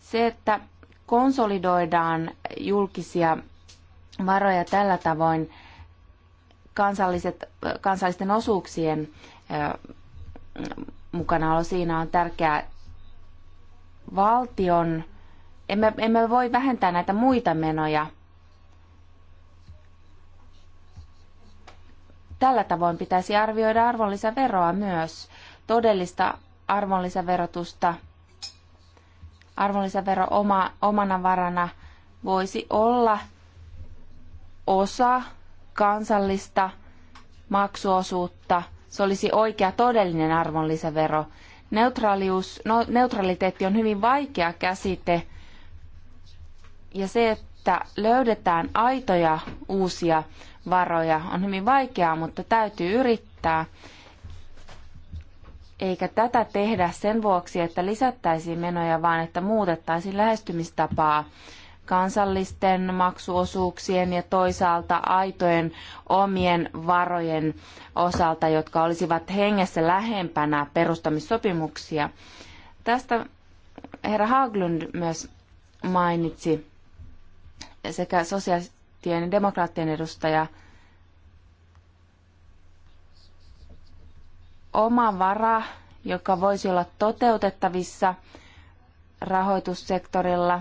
Se, että konsolidoidaan julkisia varoja tällä tavoin kansalliset, kansallisten osuuksien mukanaolo siinä on tärkeää valtion, emme, emme voi vähentää näitä muita menoja. Tällä tavoin pitäisi arvioida arvonlisäveroa myös. Todellista arvonlisäverotusta, arvonlisävero oma, omana varana voisi olla osa kansallista maksuosuutta. Se olisi oikea todellinen arvonlisävero. Neutraalius, no, neutraliteetti on hyvin vaikea käsite ja se, että löydetään aitoja uusia varoja on hyvin vaikeaa, mutta täytyy yrittää. Eikä tätä tehdä sen vuoksi, että lisättäisiin menoja, vaan että muutettaisiin lähestymistapaa kansallisten maksuosuuksien ja toisaalta aitojen omien varojen osalta, jotka olisivat hengessä lähempänä perustamissopimuksia. Tästä herra Haglund myös mainitsi sekä sosiaalistien ja demokraattien edustaja – oma vara, joka voisi olla toteutettavissa rahoitussektorilla.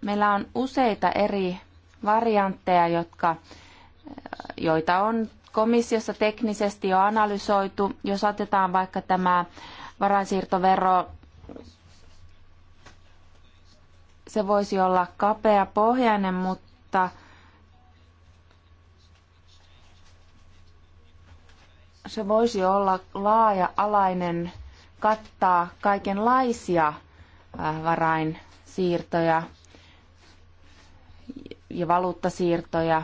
Meillä on useita eri variantteja, jotka, joita on komissiossa teknisesti jo analysoitu. Jos otetaan vaikka tämä varainsiirtovero, se voisi olla kapea pohjainen, mutta – se voisi olla laaja-alainen, kattaa kaikenlaisia äh, varainsiirtoja ja valuuttasiirtoja.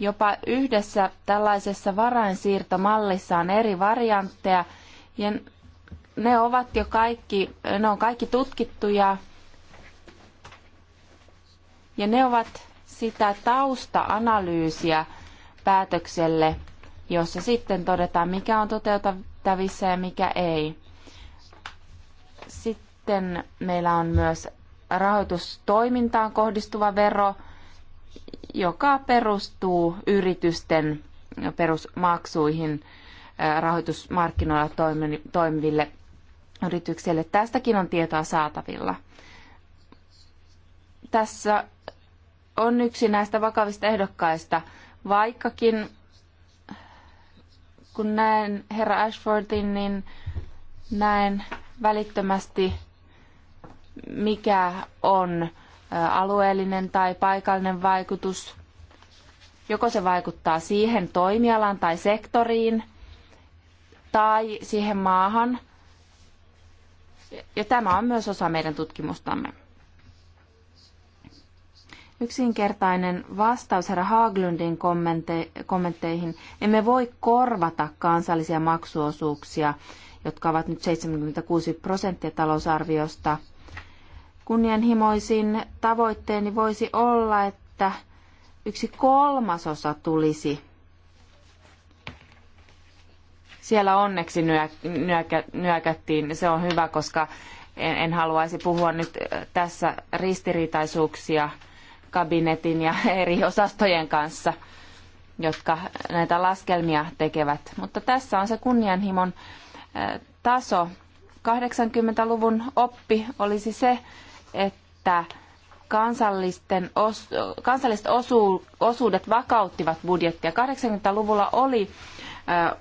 Jopa yhdessä tällaisessa varainsiirtomallissa on eri variantteja ja ne ovat jo kaikki, ne on kaikki tutkittuja ja ne ovat sitä tausta-analyysiä päätökselle – jossa sitten todetaan, mikä on toteutettavissa ja mikä ei. Sitten meillä on myös rahoitustoimintaan kohdistuva vero, joka perustuu yritysten perusmaksuihin rahoitusmarkkinoilla toimiville yrityksille. Tästäkin on tietoa saatavilla. Tässä on yksi näistä vakavista ehdokkaista, vaikkakin kun näen herra Ashfordin, niin näen välittömästi, mikä on alueellinen tai paikallinen vaikutus. Joko se vaikuttaa siihen toimialaan tai sektoriin tai siihen maahan. Ja tämä on myös osa meidän tutkimustamme. Yksinkertainen vastaus herra Haglundin kommentteihin. Emme voi korvata kansallisia maksuosuuksia, jotka ovat nyt 76 prosenttia talousarviosta. Kunnianhimoisin tavoitteeni voisi olla, että yksi kolmasosa tulisi. Siellä onneksi nyö- nyökättiin. Se on hyvä, koska en, en haluaisi puhua nyt tässä ristiriitaisuuksia – kabinetin ja eri osastojen kanssa, jotka näitä laskelmia tekevät. Mutta tässä on se kunnianhimon taso. 80-luvun oppi olisi se, että kansallisten os, kansalliset osu, osuudet vakauttivat budjettia. 80-luvulla oli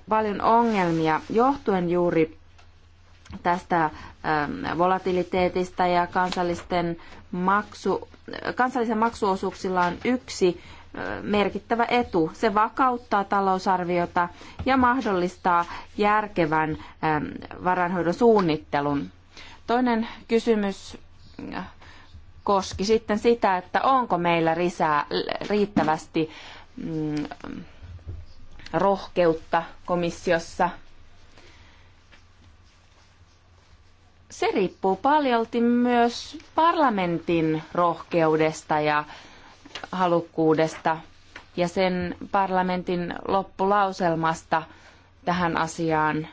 paljon ongelmia johtuen juuri tästä ähm, volatiliteetista ja kansallisten maksu, kansallisen maksuosuuksilla on yksi äh, merkittävä etu. Se vakauttaa talousarviota ja mahdollistaa järkevän ähm, varanhoidon suunnittelun. Toinen kysymys äh, koski sitten sitä, että onko meillä lisää, riittävästi mm, rohkeutta komissiossa – se riippuu paljolti myös parlamentin rohkeudesta ja halukkuudesta ja sen parlamentin loppulauselmasta tähän asiaan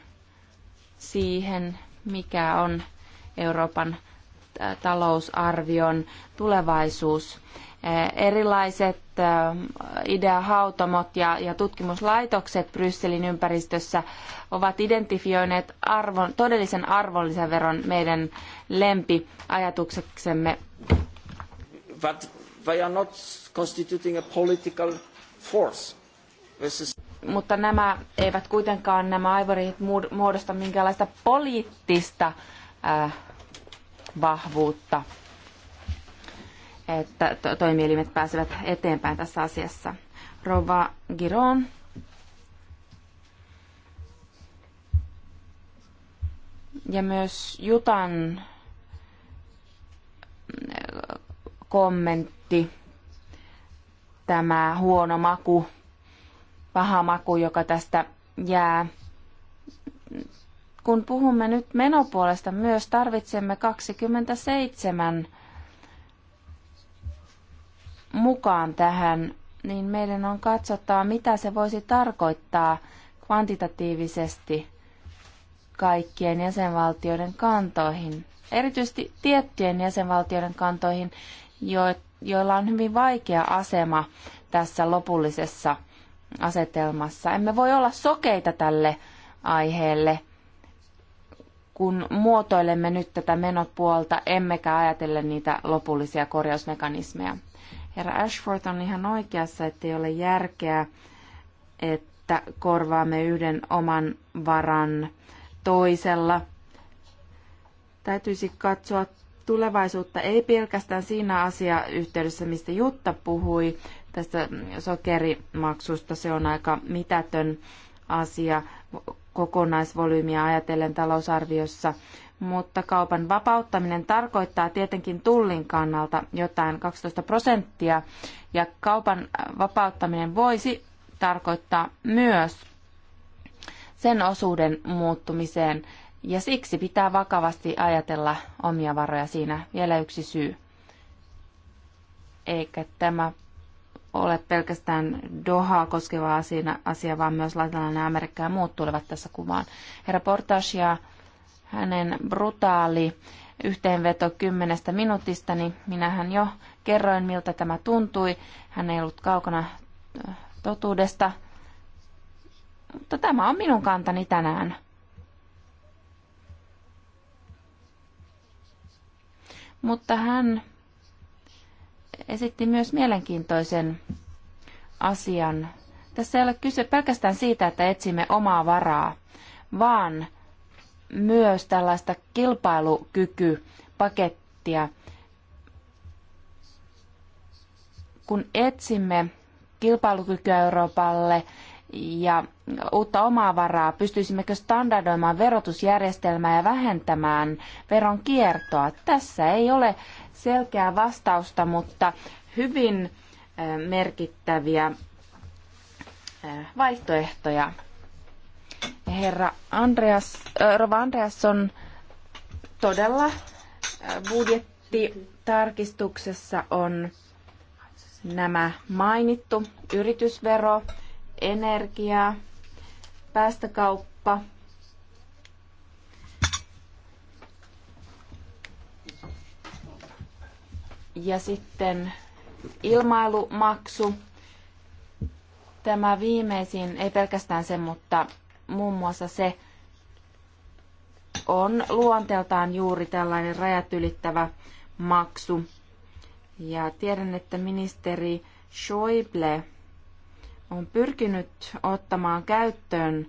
siihen, mikä on Euroopan talousarvion tulevaisuus erilaiset ideahautomot ja, ja tutkimuslaitokset Brysselin ympäristössä ovat identifioineet arvon, todellisen arvonlisäveron meidän lempiajatukseksemme. But they are not constituting a political force. Is... Mutta nämä eivät kuitenkaan nämä aivorihit muodosta minkäänlaista poliittista äh, vahvuutta että toimielimet pääsevät eteenpäin tässä asiassa. Rova Giron. Ja myös Jutan äh, kommentti, tämä huono maku, paha maku, joka tästä jää. Kun puhumme nyt menopuolesta, myös tarvitsemme 27 mukaan tähän, niin meidän on katsottava, mitä se voisi tarkoittaa kvantitatiivisesti kaikkien jäsenvaltioiden kantoihin. Erityisesti tiettyjen jäsenvaltioiden kantoihin, jo, joilla on hyvin vaikea asema tässä lopullisessa asetelmassa. Emme voi olla sokeita tälle aiheelle, kun muotoilemme nyt tätä menopuolta, emmekä ajatelle niitä lopullisia korjausmekanismeja. Herra Ashford on ihan oikeassa, että ei ole järkeä, että korvaamme yhden oman varan toisella. Täytyisi katsoa tulevaisuutta ei pelkästään siinä asiayhteydessä, mistä Jutta puhui, tästä sokerimaksusta. Se on aika mitätön asia kokonaisvolyymiä ajatellen talousarviossa mutta kaupan vapauttaminen tarkoittaa tietenkin tullin kannalta jotain 12 prosenttia, ja kaupan vapauttaminen voisi tarkoittaa myös sen osuuden muuttumiseen, ja siksi pitää vakavasti ajatella omia varoja siinä. Vielä yksi syy. Eikä tämä ole pelkästään Dohaa koskeva asia, vaan myös latinalainen Amerikka ja muut tulevat tässä kuvaan. Herra Portasia, hänen brutaali yhteenveto kymmenestä minuutista, niin minähän jo kerroin, miltä tämä tuntui. Hän ei ollut kaukana äh, totuudesta. Mutta tämä on minun kantani tänään. Mutta hän esitti myös mielenkiintoisen asian. Tässä ei ole kyse pelkästään siitä, että etsimme omaa varaa, vaan myös tällaista kilpailukykypakettia. Kun etsimme kilpailukykyä Euroopalle ja uutta omaa varaa, pystyisimmekö standardoimaan verotusjärjestelmää ja vähentämään veron kiertoa? Tässä ei ole selkeää vastausta, mutta hyvin eh, merkittäviä eh, vaihtoehtoja herra Andreas, äh, Rova Andreasson todella äh, budjettitarkistuksessa on nämä mainittu yritysvero, energia, päästökauppa, ja sitten ilmailumaksu. Tämä viimeisin, ei pelkästään se, mutta muun muassa se on luonteeltaan juuri tällainen rajat ylittävä maksu. Ja tiedän, että ministeri Schäuble on pyrkinyt ottamaan käyttöön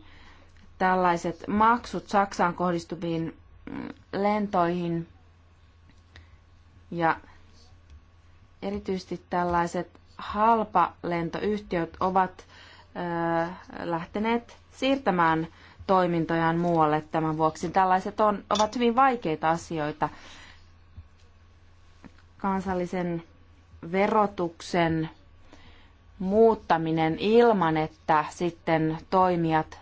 tällaiset maksut Saksaan kohdistuviin mm, lentoihin ja erityisesti tällaiset halpalentoyhtiöt ovat ö, lähteneet siirtämään toimintojaan muualle tämän vuoksi. Tällaiset on, ovat hyvin vaikeita asioita. Kansallisen verotuksen muuttaminen ilman, että sitten toimijat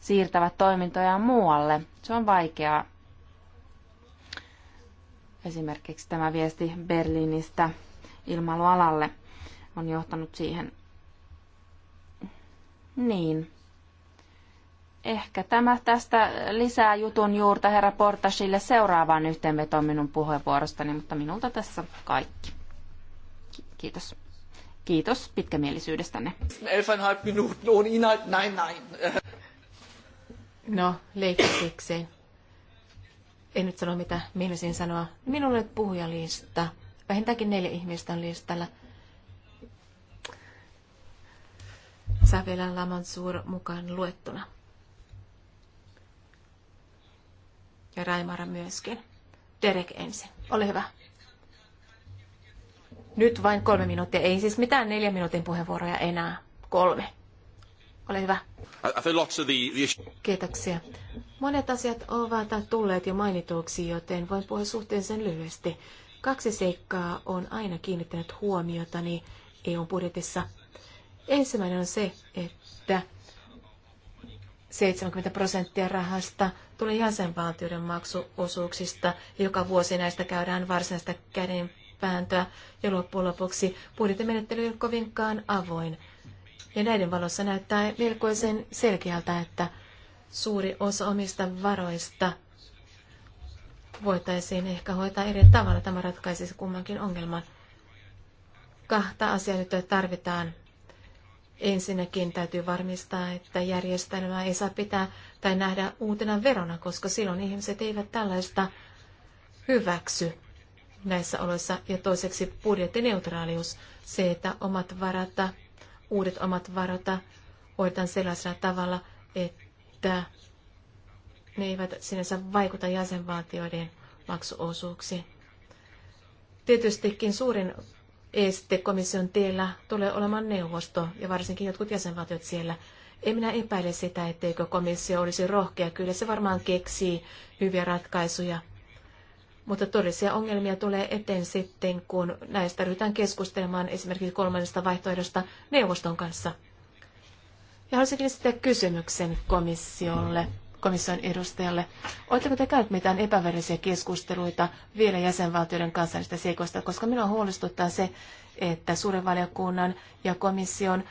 siirtävät toimintojaan muualle. Se on vaikeaa. Esimerkiksi tämä viesti Berliinistä ilmailualalle on johtanut siihen. Niin. Ehkä tämä tästä lisää jutun juurta herra Portasille seuraavaan yhteenvetoon minun puheenvuorostani, mutta minulta tässä kaikki. Kiitos. Kiitos pitkämielisyydestänne. 11,5 minuutin on inhalt, nein, nein. No, leikkisikseen. En nyt sano, mitä minusin sanoa. Minulle nyt puhujalista. Vähintäänkin neljä ihmistä on listalla. Savela Lamansuur mukaan luettuna. ja Raimara myöskin. Derek ensin. Ole hyvä. Nyt vain kolme minuuttia, ei siis mitään neljä minuutin puheenvuoroja enää. Kolme. Ole hyvä. Kiitoksia. Monet asiat ovat tulleet jo mainituiksi, joten voin puhua sen lyhyesti. Kaksi seikkaa on aina kiinnittänyt huomiotani eu budjetissa. Ensimmäinen on se, että 70 prosenttia rahasta tuli jäsenvaltioiden maksuosuuksista. Joka vuosi näistä käydään varsinaista kädenpääntöä ja loppujen lopuksi budjettimenettely ei ole kovinkaan avoin. Ja näiden valossa näyttää melkoisen selkeältä, että suuri osa omista varoista voitaisiin ehkä hoitaa eri tavalla. Tämä ratkaisisi kummankin ongelman. Kahta asiaa nyt tarvitaan Ensinnäkin täytyy varmistaa, että järjestelmää ei saa pitää tai nähdä uutena verona, koska silloin ihmiset eivät tällaista hyväksy näissä oloissa. Ja toiseksi budjettineutraalius, se, että omat varat, uudet omat varat hoidetaan sellaisella tavalla, että ne eivät sinänsä vaikuta jäsenvaltioiden maksuosuuksiin. Tietystikin suurin este komission teillä tulee olemaan neuvosto ja varsinkin jotkut jäsenvaltiot siellä. En minä epäile sitä, etteikö komissio olisi rohkea. Kyllä se varmaan keksii hyviä ratkaisuja. Mutta todellisia ongelmia tulee eteen sitten, kun näistä ryhdytään keskustelemaan esimerkiksi kolmannesta vaihtoehdosta neuvoston kanssa. Ja haluaisinkin esittää kysymyksen komissiolle komission edustajalle. Oletteko te käynyt mitään epävirallisia keskusteluita vielä jäsenvaltioiden kansallisista seikoista, koska minua huolestuttaa se, että suuren valiokunnan ja komission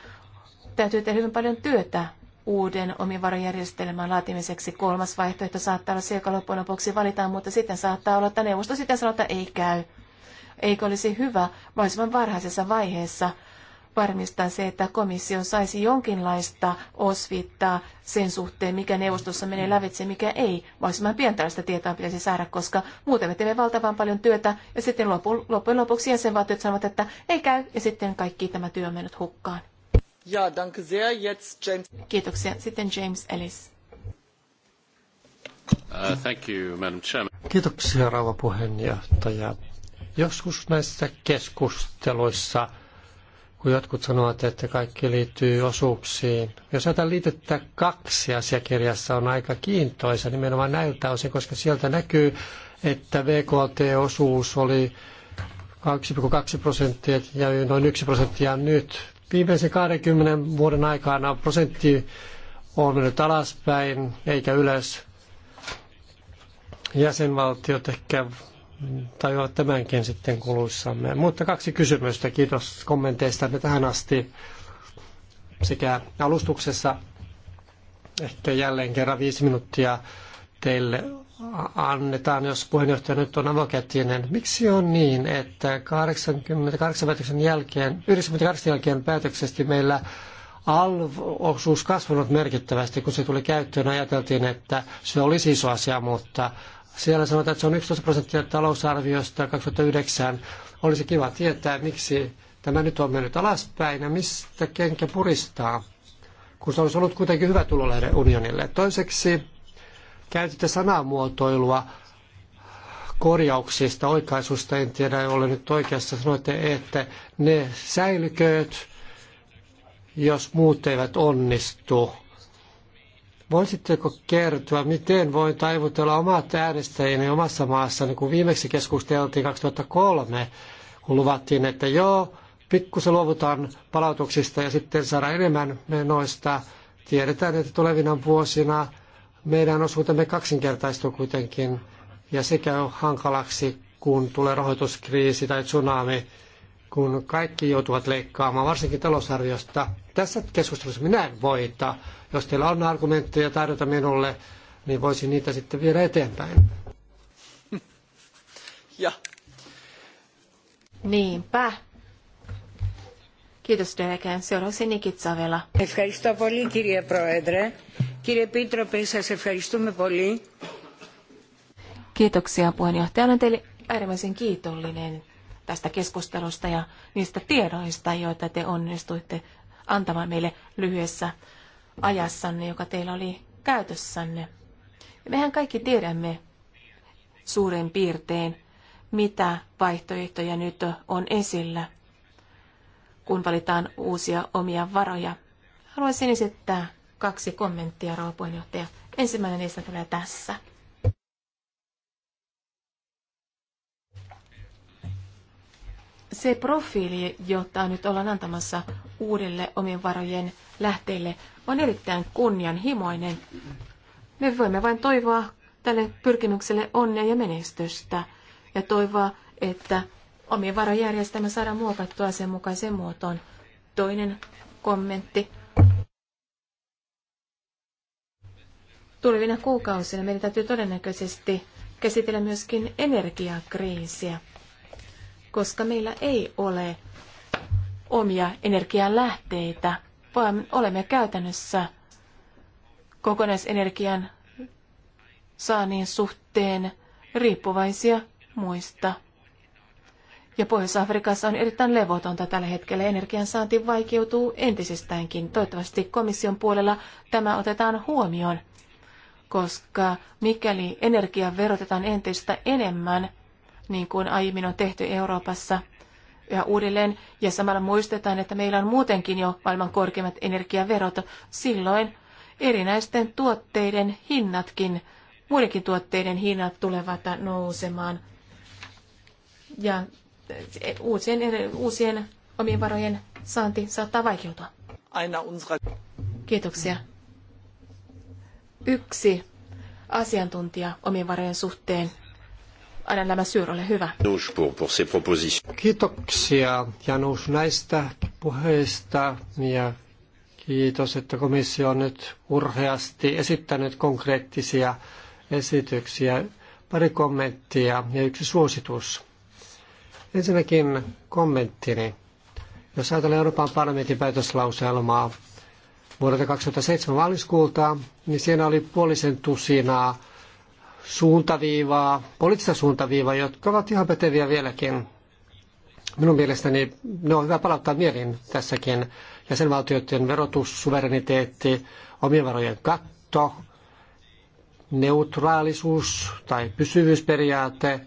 täytyy tehdä hyvin paljon työtä uuden omivarojärjestelmän laatimiseksi. Kolmas vaihtoehto saattaa olla se, joka loppujen lopuksi valitaan, mutta sitten saattaa olla, että neuvosto Sitten sanoo, että ei käy. Eikö olisi hyvä mahdollisimman varhaisessa vaiheessa varmistaa se, että komissio saisi jonkinlaista osvittaa sen suhteen, mikä neuvostossa menee lävitse, mikä ei. Mahdollisimman pian tällaista tietoa pitäisi saada, koska muuten me teemme valtavan paljon työtä ja sitten loppujen lopuksi jäsenvaltiot sanovat, että ei käy ja sitten kaikki tämä työ on mennyt hukkaan. Ja, danke sehr. Jetzt James. Kiitoksia. Sitten James Ellis. Uh, thank you, Madam Chairman. Kiitoksia, rouva puheenjohtaja. Joskus näissä keskusteluissa kun jotkut sanovat, että kaikki liittyy osuuksiin. Jos näitä liitettä kaksi asiakirjassa on aika kiintoisa nimenomaan niin näiltä osin, koska sieltä näkyy, että VKT-osuus oli 2,2 prosenttia ja noin 1 prosenttia nyt. Viimeisen 20 vuoden aikana prosentti on mennyt alaspäin eikä ylös. Jäsenvaltiot ehkä tai olla tämänkin sitten kuluissamme. Mutta kaksi kysymystä. Kiitos kommenteista tähän asti sekä alustuksessa ehkä jälleen kerran viisi minuuttia teille annetaan, jos puheenjohtaja nyt on avokätinen. Miksi on niin, että 88 päätöksen jälkeen, 98 jälkeen päätöksesti meillä ALV-osuus kasvanut merkittävästi, kun se tuli käyttöön. Ajateltiin, että se olisi iso asia, mutta siellä sanotaan, että se on 11 prosenttia talousarviosta 2009. Olisi kiva tietää, miksi tämä nyt on mennyt alaspäin ja mistä kenkä puristaa, kun se olisi ollut kuitenkin hyvä tulolähde unionille. Toiseksi käytitte sanamuotoilua korjauksista, oikaisusta, en tiedä, ole nyt oikeassa, sanoitte, että ne säilykööt, jos muut eivät onnistu. Voisitteko kertoa, miten voin taivutella omat äänestäjieni omassa maassa, niin kuin viimeksi keskusteltiin 2003, kun luvattiin, että joo, pikkusen luovutaan palautuksista ja sitten saada enemmän menoista. Tiedetään, että tulevina vuosina meidän osuutemme kaksinkertaistuu kuitenkin, ja se käy hankalaksi, kun tulee rahoituskriisi tai tsunami, kun kaikki joutuvat leikkaamaan, varsinkin talousarviosta. Tässä keskustelussa minä en voita jos teillä on argumentteja tarjota minulle, niin voisin niitä sitten viedä eteenpäin. Ja. Niinpä. Kiitos Derek. Seuraavaksi Nikit Savela. Ευχαριστώ πολύ κύριε Πρόεδρε. Κύριε Πίτροπε, σας ευχαριστούμε πολύ. Kiitoksia puheenjohtaja. Olen teille äärimmäisen kiitollinen tästä keskustelusta ja niistä tiedoista, joita te onnistuitte antamaan meille lyhyessä ajassanne, joka teillä oli käytössänne. Mehän kaikki tiedämme suurin piirtein, mitä vaihtoehtoja nyt on esillä, kun valitaan uusia omia varoja. Haluaisin esittää kaksi kommenttia, rouva puheenjohtaja. Ensimmäinen niistä tulee tässä. Se profiili, jota nyt ollaan antamassa uudelle omien varojen lähteille on erittäin kunnianhimoinen. Me voimme vain toivoa tälle pyrkimykselle onnea ja menestystä ja toivoa, että omien varojärjestelmä saadaan muokattua sen mukaisen muotoon. Toinen kommentti. Tulevina kuukausina meidän täytyy todennäköisesti käsitellä myöskin energiakriisiä, koska meillä ei ole omia energialähteitä vaan olemme käytännössä kokonaisenergian saannin suhteen riippuvaisia muista. Ja Pohjois-Afrikassa on erittäin levotonta tällä hetkellä. Energiansaanti vaikeutuu entisestäänkin. Toivottavasti komission puolella tämä otetaan huomioon, koska mikäli energia verotetaan entistä enemmän, niin kuin aiemmin on tehty Euroopassa – yhä uudelleen ja samalla muistetaan, että meillä on muutenkin jo maailman korkeimmat energiaverot. Silloin erinäisten tuotteiden hinnatkin, muidenkin tuotteiden hinnat tulevat nousemaan. Ja uusien, uusien omien varojen saanti saattaa vaikeutua. Kiitoksia. Yksi asiantuntija omien varojen suhteen Anna nämä syyn, ole hyvä. Kiitoksia Janus näistä puheista ja kiitos, että komissio on nyt urheasti esittänyt konkreettisia esityksiä. Pari kommenttia ja yksi suositus. Ensinnäkin kommenttini. Jos ajatellaan Euroopan parlamentin päätöslauselmaa vuodelta 2007 maaliskuulta, niin siinä oli puolisen tusinaa suuntaviivaa, poliittista suuntaviivaa, jotka ovat ihan päteviä vieläkin. Minun mielestäni ne on hyvä palauttaa mieliin tässäkin. Jäsenvaltioiden verotus, suvereniteetti, omien varojen katto, neutraalisuus tai pysyvyysperiaate,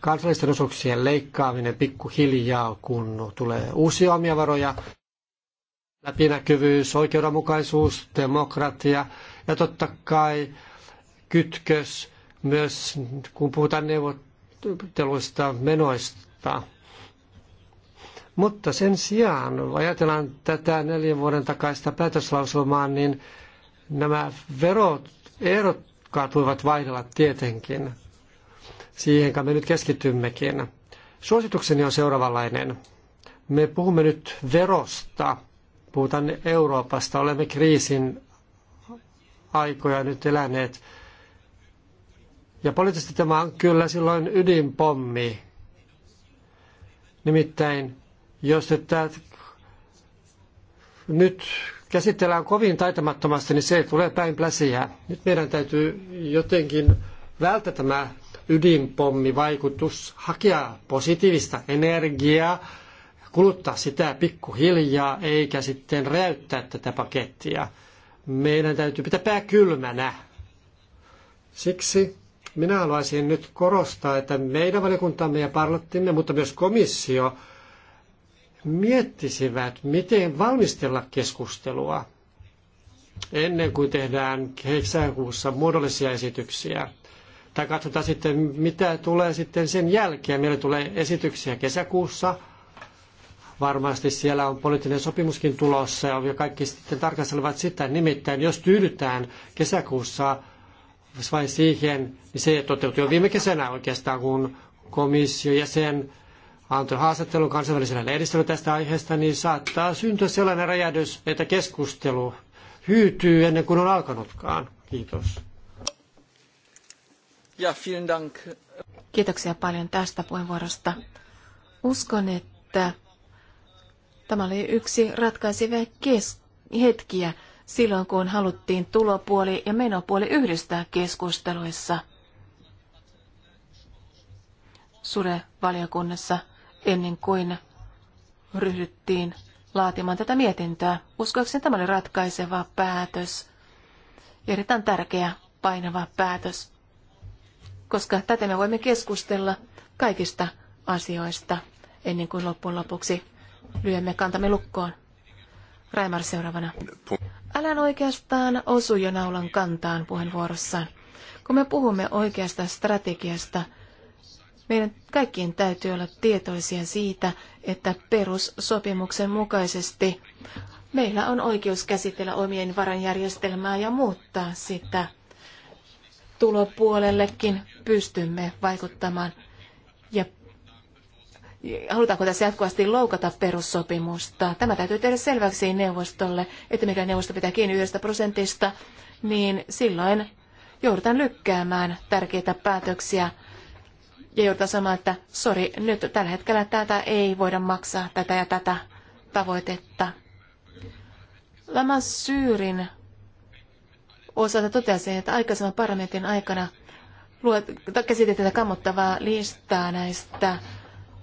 kansallisten osuuksien leikkaaminen pikkuhiljaa, kun tulee uusia omia varoja, läpinäkyvyys, oikeudenmukaisuus, demokratia ja totta kai kytkös myös, kun puhutaan neuvotteluista menoista. Mutta sen sijaan, kun ajatellaan tätä neljän vuoden takaista päätöslauselmaa, niin nämä verot, ehdot kaatuivat vaihdella tietenkin. Siihen me nyt keskitymmekin. Suositukseni on seuraavanlainen. Me puhumme nyt verosta, puhutaan Euroopasta, olemme kriisin aikoja nyt eläneet ja poliittisesti tämä on kyllä silloin ydinpommi. Nimittäin, jos tätä nyt käsitellään kovin taitamattomasti, niin se tulee päin pläsiä. Nyt meidän täytyy jotenkin välttää tämä ydinpommivaikutus, hakea positiivista energiaa, kuluttaa sitä pikkuhiljaa, eikä sitten räyttää tätä pakettia. Meidän täytyy pitää pää kylmänä. Siksi minä haluaisin nyt korostaa, että meidän valiokuntamme ja parlamenttimme, mutta myös komissio miettisivät, miten valmistella keskustelua ennen kuin tehdään kesäkuussa muodollisia esityksiä. Tai katsotaan sitten, mitä tulee sitten sen jälkeen. Meillä tulee esityksiä kesäkuussa. Varmasti siellä on poliittinen sopimuskin tulossa ja kaikki sitten tarkastelevat sitä. Nimittäin, jos tyydytään kesäkuussa vain siihen, niin se toteutui jo viime kesänä oikeastaan, kun komission jäsen antoi haastattelun kansainvälisellä lehdistöllä tästä aiheesta, niin saattaa syntyä sellainen räjähdys, että keskustelu hyytyy ennen kuin on alkanutkaan. Kiitos. Ja, vielen dank. Kiitoksia paljon tästä puheenvuorosta. Uskon, että tämä oli yksi ratkaisevia kes- hetkiä silloin, kun haluttiin tulopuoli ja menopuoli yhdistää keskusteluissa Sure-valiokunnassa ennen kuin ryhdyttiin laatimaan tätä mietintöä. Uskoakseni tämä oli ratkaiseva päätös, erittäin tärkeä painava päätös, koska tätä me voimme keskustella kaikista asioista ennen kuin loppujen lopuksi lyömme kantamme lukkoon. Raimar seuraavana. Alan oikeastaan osui jo naulan kantaan puheenvuorossaan. Kun me puhumme oikeasta strategiasta, meidän kaikkien täytyy olla tietoisia siitä, että perussopimuksen mukaisesti meillä on oikeus käsitellä omien varanjärjestelmää ja muuttaa sitä. Tulopuolellekin pystymme vaikuttamaan ja halutaanko tässä jatkuvasti loukata perussopimusta. Tämä täytyy tehdä selväksi neuvostolle, että mikä neuvosto pitää kiinni yhdestä prosentista, niin silloin joudutaan lykkäämään tärkeitä päätöksiä ja joudutaan sanomaan, että sori, nyt tällä hetkellä tätä ei voida maksaa, tätä ja tätä tavoitetta. Lama Syyrin osalta totesin, että aikaisemman parlamentin aikana luot, käsiteltiin tätä kammottavaa listaa näistä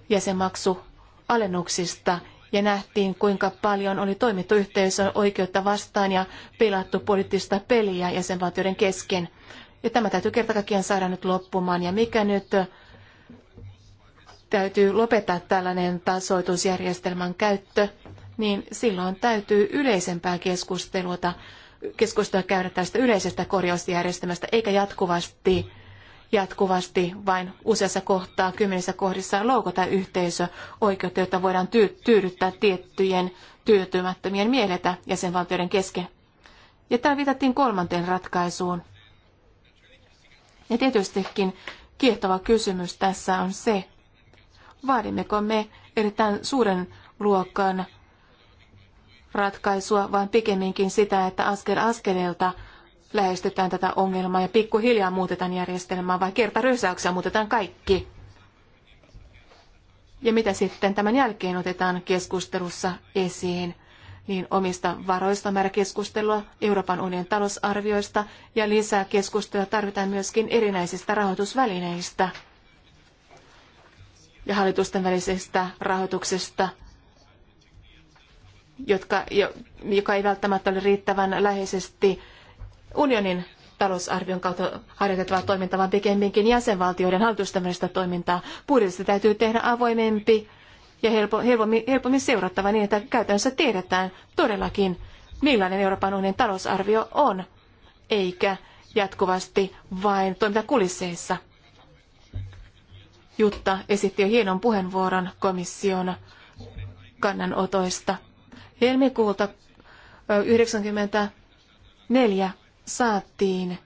jäsenmaksualennuksista ja nähtiin, kuinka paljon oli toimittu yhteisön oikeutta vastaan ja pelattu poliittista peliä jäsenvaltioiden kesken. Ja tämä täytyy kerta kaikkiaan saada nyt loppumaan. Ja mikä nyt täytyy lopettaa tällainen tasoitusjärjestelmän käyttö, niin silloin täytyy yleisempää keskustelua, keskustelua käydä tästä yleisestä korjausjärjestelmästä, eikä jatkuvasti jatkuvasti vain useassa kohtaa, kymmenissä kohdissa loukata yhteisöoikeutta, jotta voidaan tyy- tyydyttää tiettyjen tyytymättömien mieletä jäsenvaltioiden kesken. Ja täällä viitattiin kolmanteen ratkaisuun. Ja tietystikin kiehtova kysymys tässä on se, vaadimmeko me erittäin suuren luokan ratkaisua, vaan pikemminkin sitä, että askel askeleelta – lähestytään tätä ongelmaa ja pikkuhiljaa muutetaan järjestelmää vai kertarysäyksellä muutetaan kaikki? Ja mitä sitten tämän jälkeen otetaan keskustelussa esiin? Niin omista varoista määrä keskustelua, Euroopan unionin talousarvioista ja lisää keskustelua tarvitaan myöskin erinäisistä rahoitusvälineistä ja hallitusten välisestä rahoituksesta, jotka, joka ei välttämättä ole riittävän läheisesti unionin talousarvion kautta harjoitettavaa toimintaa, vaan pikemminkin jäsenvaltioiden hallitustämistä toimintaa. Budjetista täytyy tehdä avoimempi ja helpommin, helpommin seurattava niin, että käytännössä tiedetään todellakin, millainen Euroopan unionin talousarvio on, eikä jatkuvasti vain toimita kulisseissa. Jutta esitti jo hienon puheenvuoron komission kannanotoista. Helmikuulta 1994 saatiin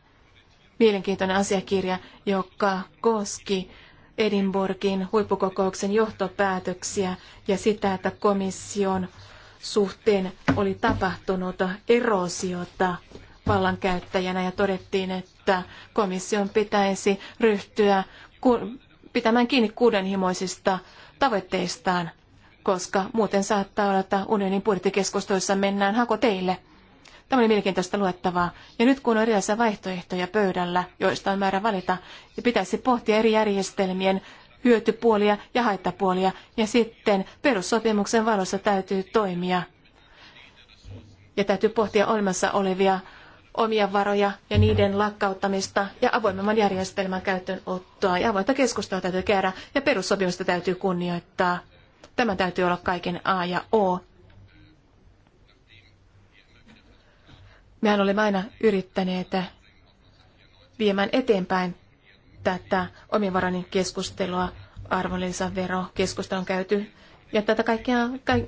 mielenkiintoinen asiakirja, joka koski Edinburghin huippukokouksen johtopäätöksiä ja sitä, että komission suhteen oli tapahtunut erosiota vallankäyttäjänä ja todettiin, että komission pitäisi ryhtyä pitämään kiinni kuudenhimoisista tavoitteistaan, koska muuten saattaa olla, että unionin budjettikeskustoissa mennään hakoteille. Tämä oli mielenkiintoista luettavaa. Ja nyt kun on erilaisia vaihtoehtoja pöydällä, joista on määrä valita, niin pitäisi pohtia eri järjestelmien hyötypuolia ja haittapuolia, ja sitten perussopimuksen valossa täytyy toimia. Ja täytyy pohtia olemassa olevia omia varoja ja niiden lakkauttamista ja avoimemman järjestelmän käyttöönottoa ja avointa keskustelua täytyy käydä ja perussopimusta täytyy kunnioittaa. Tämä täytyy olla kaiken A ja O. Mehän olemme aina yrittäneet viemään eteenpäin tätä omivarani keskustelua, keskustelua on käyty ja tätä kaikkea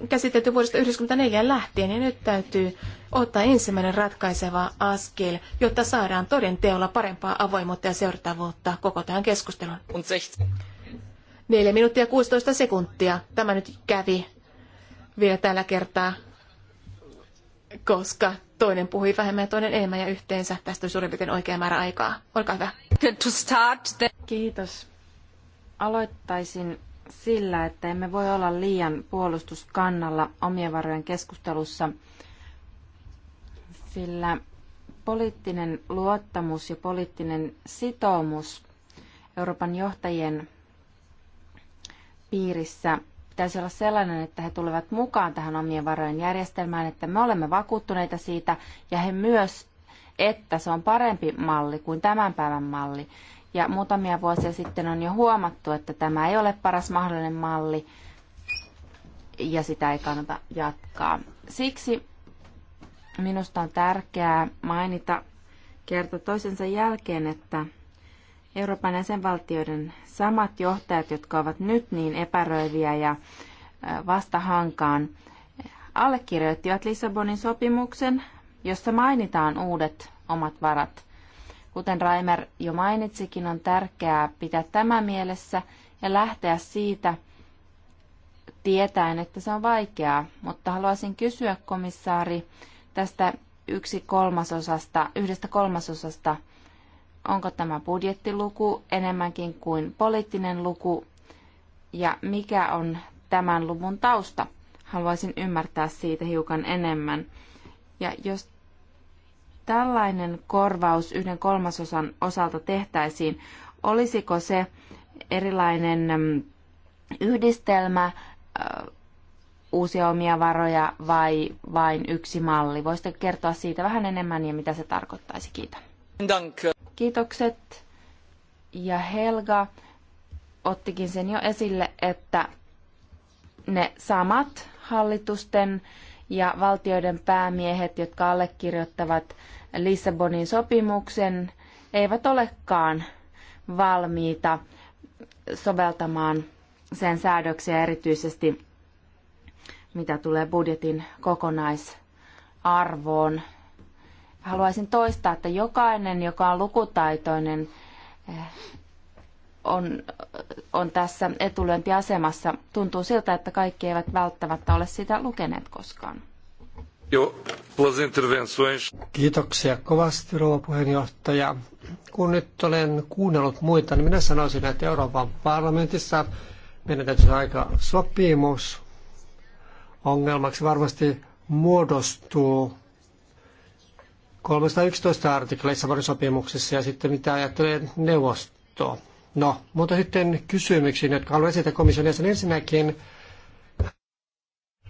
käsitelty vuodesta 1994 lähtien, ja nyt täytyy ottaa ensimmäinen ratkaiseva askel, jotta saadaan toden teolla parempaa avoimuutta ja seurattavuutta koko tähän keskusteluun. 4 minuuttia 16 sekuntia. Tämä nyt kävi vielä tällä kertaa, koska Toinen puhui vähemmän ja toinen enemmän ja yhteensä tästä on suurin piirtein oikea määrä aikaa. Olkaa hyvä. to start the... Kiitos. Aloittaisin sillä, että emme voi olla liian puolustuskannalla omien varojen keskustelussa, sillä poliittinen luottamus ja poliittinen sitoumus Euroopan johtajien piirissä pitäisi olla sellainen, että he tulevat mukaan tähän omien varojen järjestelmään, että me olemme vakuuttuneita siitä ja he myös, että se on parempi malli kuin tämän päivän malli. Ja muutamia vuosia sitten on jo huomattu, että tämä ei ole paras mahdollinen malli ja sitä ei kannata jatkaa. Siksi minusta on tärkeää mainita kerta toisensa jälkeen, että Euroopan jäsenvaltioiden samat johtajat, jotka ovat nyt niin epäröiviä ja vastahankaan, allekirjoittivat Lissabonin sopimuksen, jossa mainitaan uudet omat varat. Kuten Raimer jo mainitsikin, on tärkeää pitää tämä mielessä ja lähteä siitä tietäen, että se on vaikeaa. Mutta haluaisin kysyä komissaari tästä yksi kolmasosasta, yhdestä kolmasosasta – onko tämä budjettiluku enemmänkin kuin poliittinen luku ja mikä on tämän luvun tausta. Haluaisin ymmärtää siitä hiukan enemmän. Ja jos tällainen korvaus yhden kolmasosan osalta tehtäisiin, olisiko se erilainen mm, yhdistelmä uusia omia varoja vai vain yksi malli? Voisitteko kertoa siitä vähän enemmän ja mitä se tarkoittaisi? Kiitän. Kiitokset. Ja Helga ottikin sen jo esille, että ne samat hallitusten ja valtioiden päämiehet, jotka allekirjoittavat Lissabonin sopimuksen, eivät olekaan valmiita soveltamaan sen säädöksiä erityisesti mitä tulee budjetin kokonaisarvoon haluaisin toistaa, että jokainen, joka on lukutaitoinen, eh, on, on tässä etulyöntiasemassa. Tuntuu siltä, että kaikki eivät välttämättä ole sitä lukeneet koskaan. Kiitoksia kovasti, rouva puheenjohtaja. Kun nyt olen kuunnellut muita, niin minä sanoisin, että Euroopan parlamentissa meidän täytyy aika sopimus. Ongelmaksi varmasti muodostuu 311 artikla Lissabonin sopimuksessa ja sitten mitä ajattelee neuvosto. No, mutta sitten kysymyksiin, jotka haluan esittää komission jäsen. Ensinnäkin,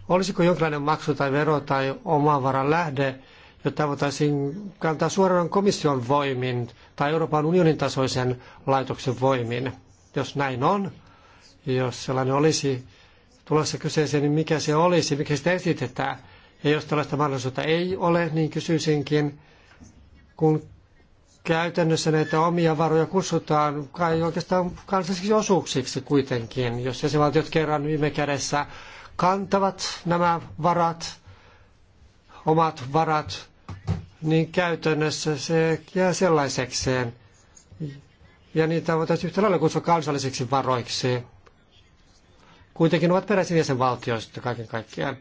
olisiko jonkinlainen maksu tai vero tai omavaran lähde, jotta voitaisiin kantaa suoraan komission voimin tai Euroopan unionin tasoisen laitoksen voimin. Jos näin on, jos sellainen olisi tulossa kyseeseen, niin mikä se olisi, mikä sitä esitetään ja jos tällaista mahdollisuutta ei ole, niin kysyisinkin, kun käytännössä näitä omia varoja kutsutaan kai oikeastaan kansallisiksi osuuksiksi kuitenkin, jos jäsenvaltiot kerran viime kädessä kantavat nämä varat, omat varat, niin käytännössä se jää sellaisekseen. Ja niitä voitaisiin yhtä lailla kutsua kansallisiksi varoiksi. Kuitenkin ovat peräisin jäsenvaltioista kaiken kaikkiaan.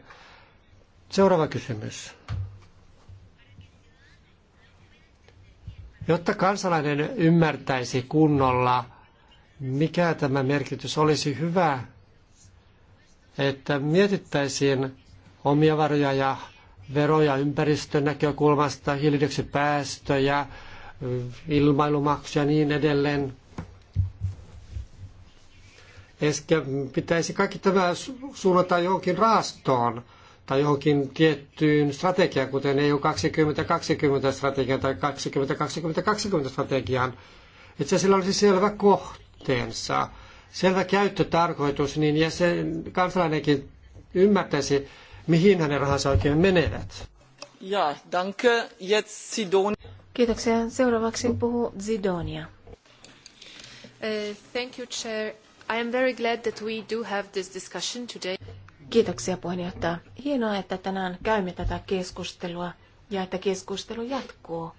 Seuraava kysymys. Jotta kansalainen ymmärtäisi kunnolla, mikä tämä merkitys olisi hyvä, että mietittäisiin omia varoja ja veroja ympäristön näkökulmasta, hiilidioksidipäästöjä, ilmailumaksuja ja niin edelleen. Ehkä pitäisi kaikki tämä suunnata johonkin raastoon, tai johonkin tiettyyn strategiaan, kuten EU 2020 strategiaan tai 2020-2020 strategiaan, että sillä olisi selvä kohteensa, selvä käyttötarkoitus, niin ja se kansalainenkin ymmärtäisi, mihin hänen rahansa oikein menevät. Ja, danke. Jetzt Sidonia. Kiitoksia. Seuraavaksi puhuu Zidonia. Uh, thank you, Chair. I am very glad that we do have this discussion today. Kiitoksia puheenjohtaja. Hienoa, että tänään käymme tätä keskustelua ja että keskustelu jatkuu.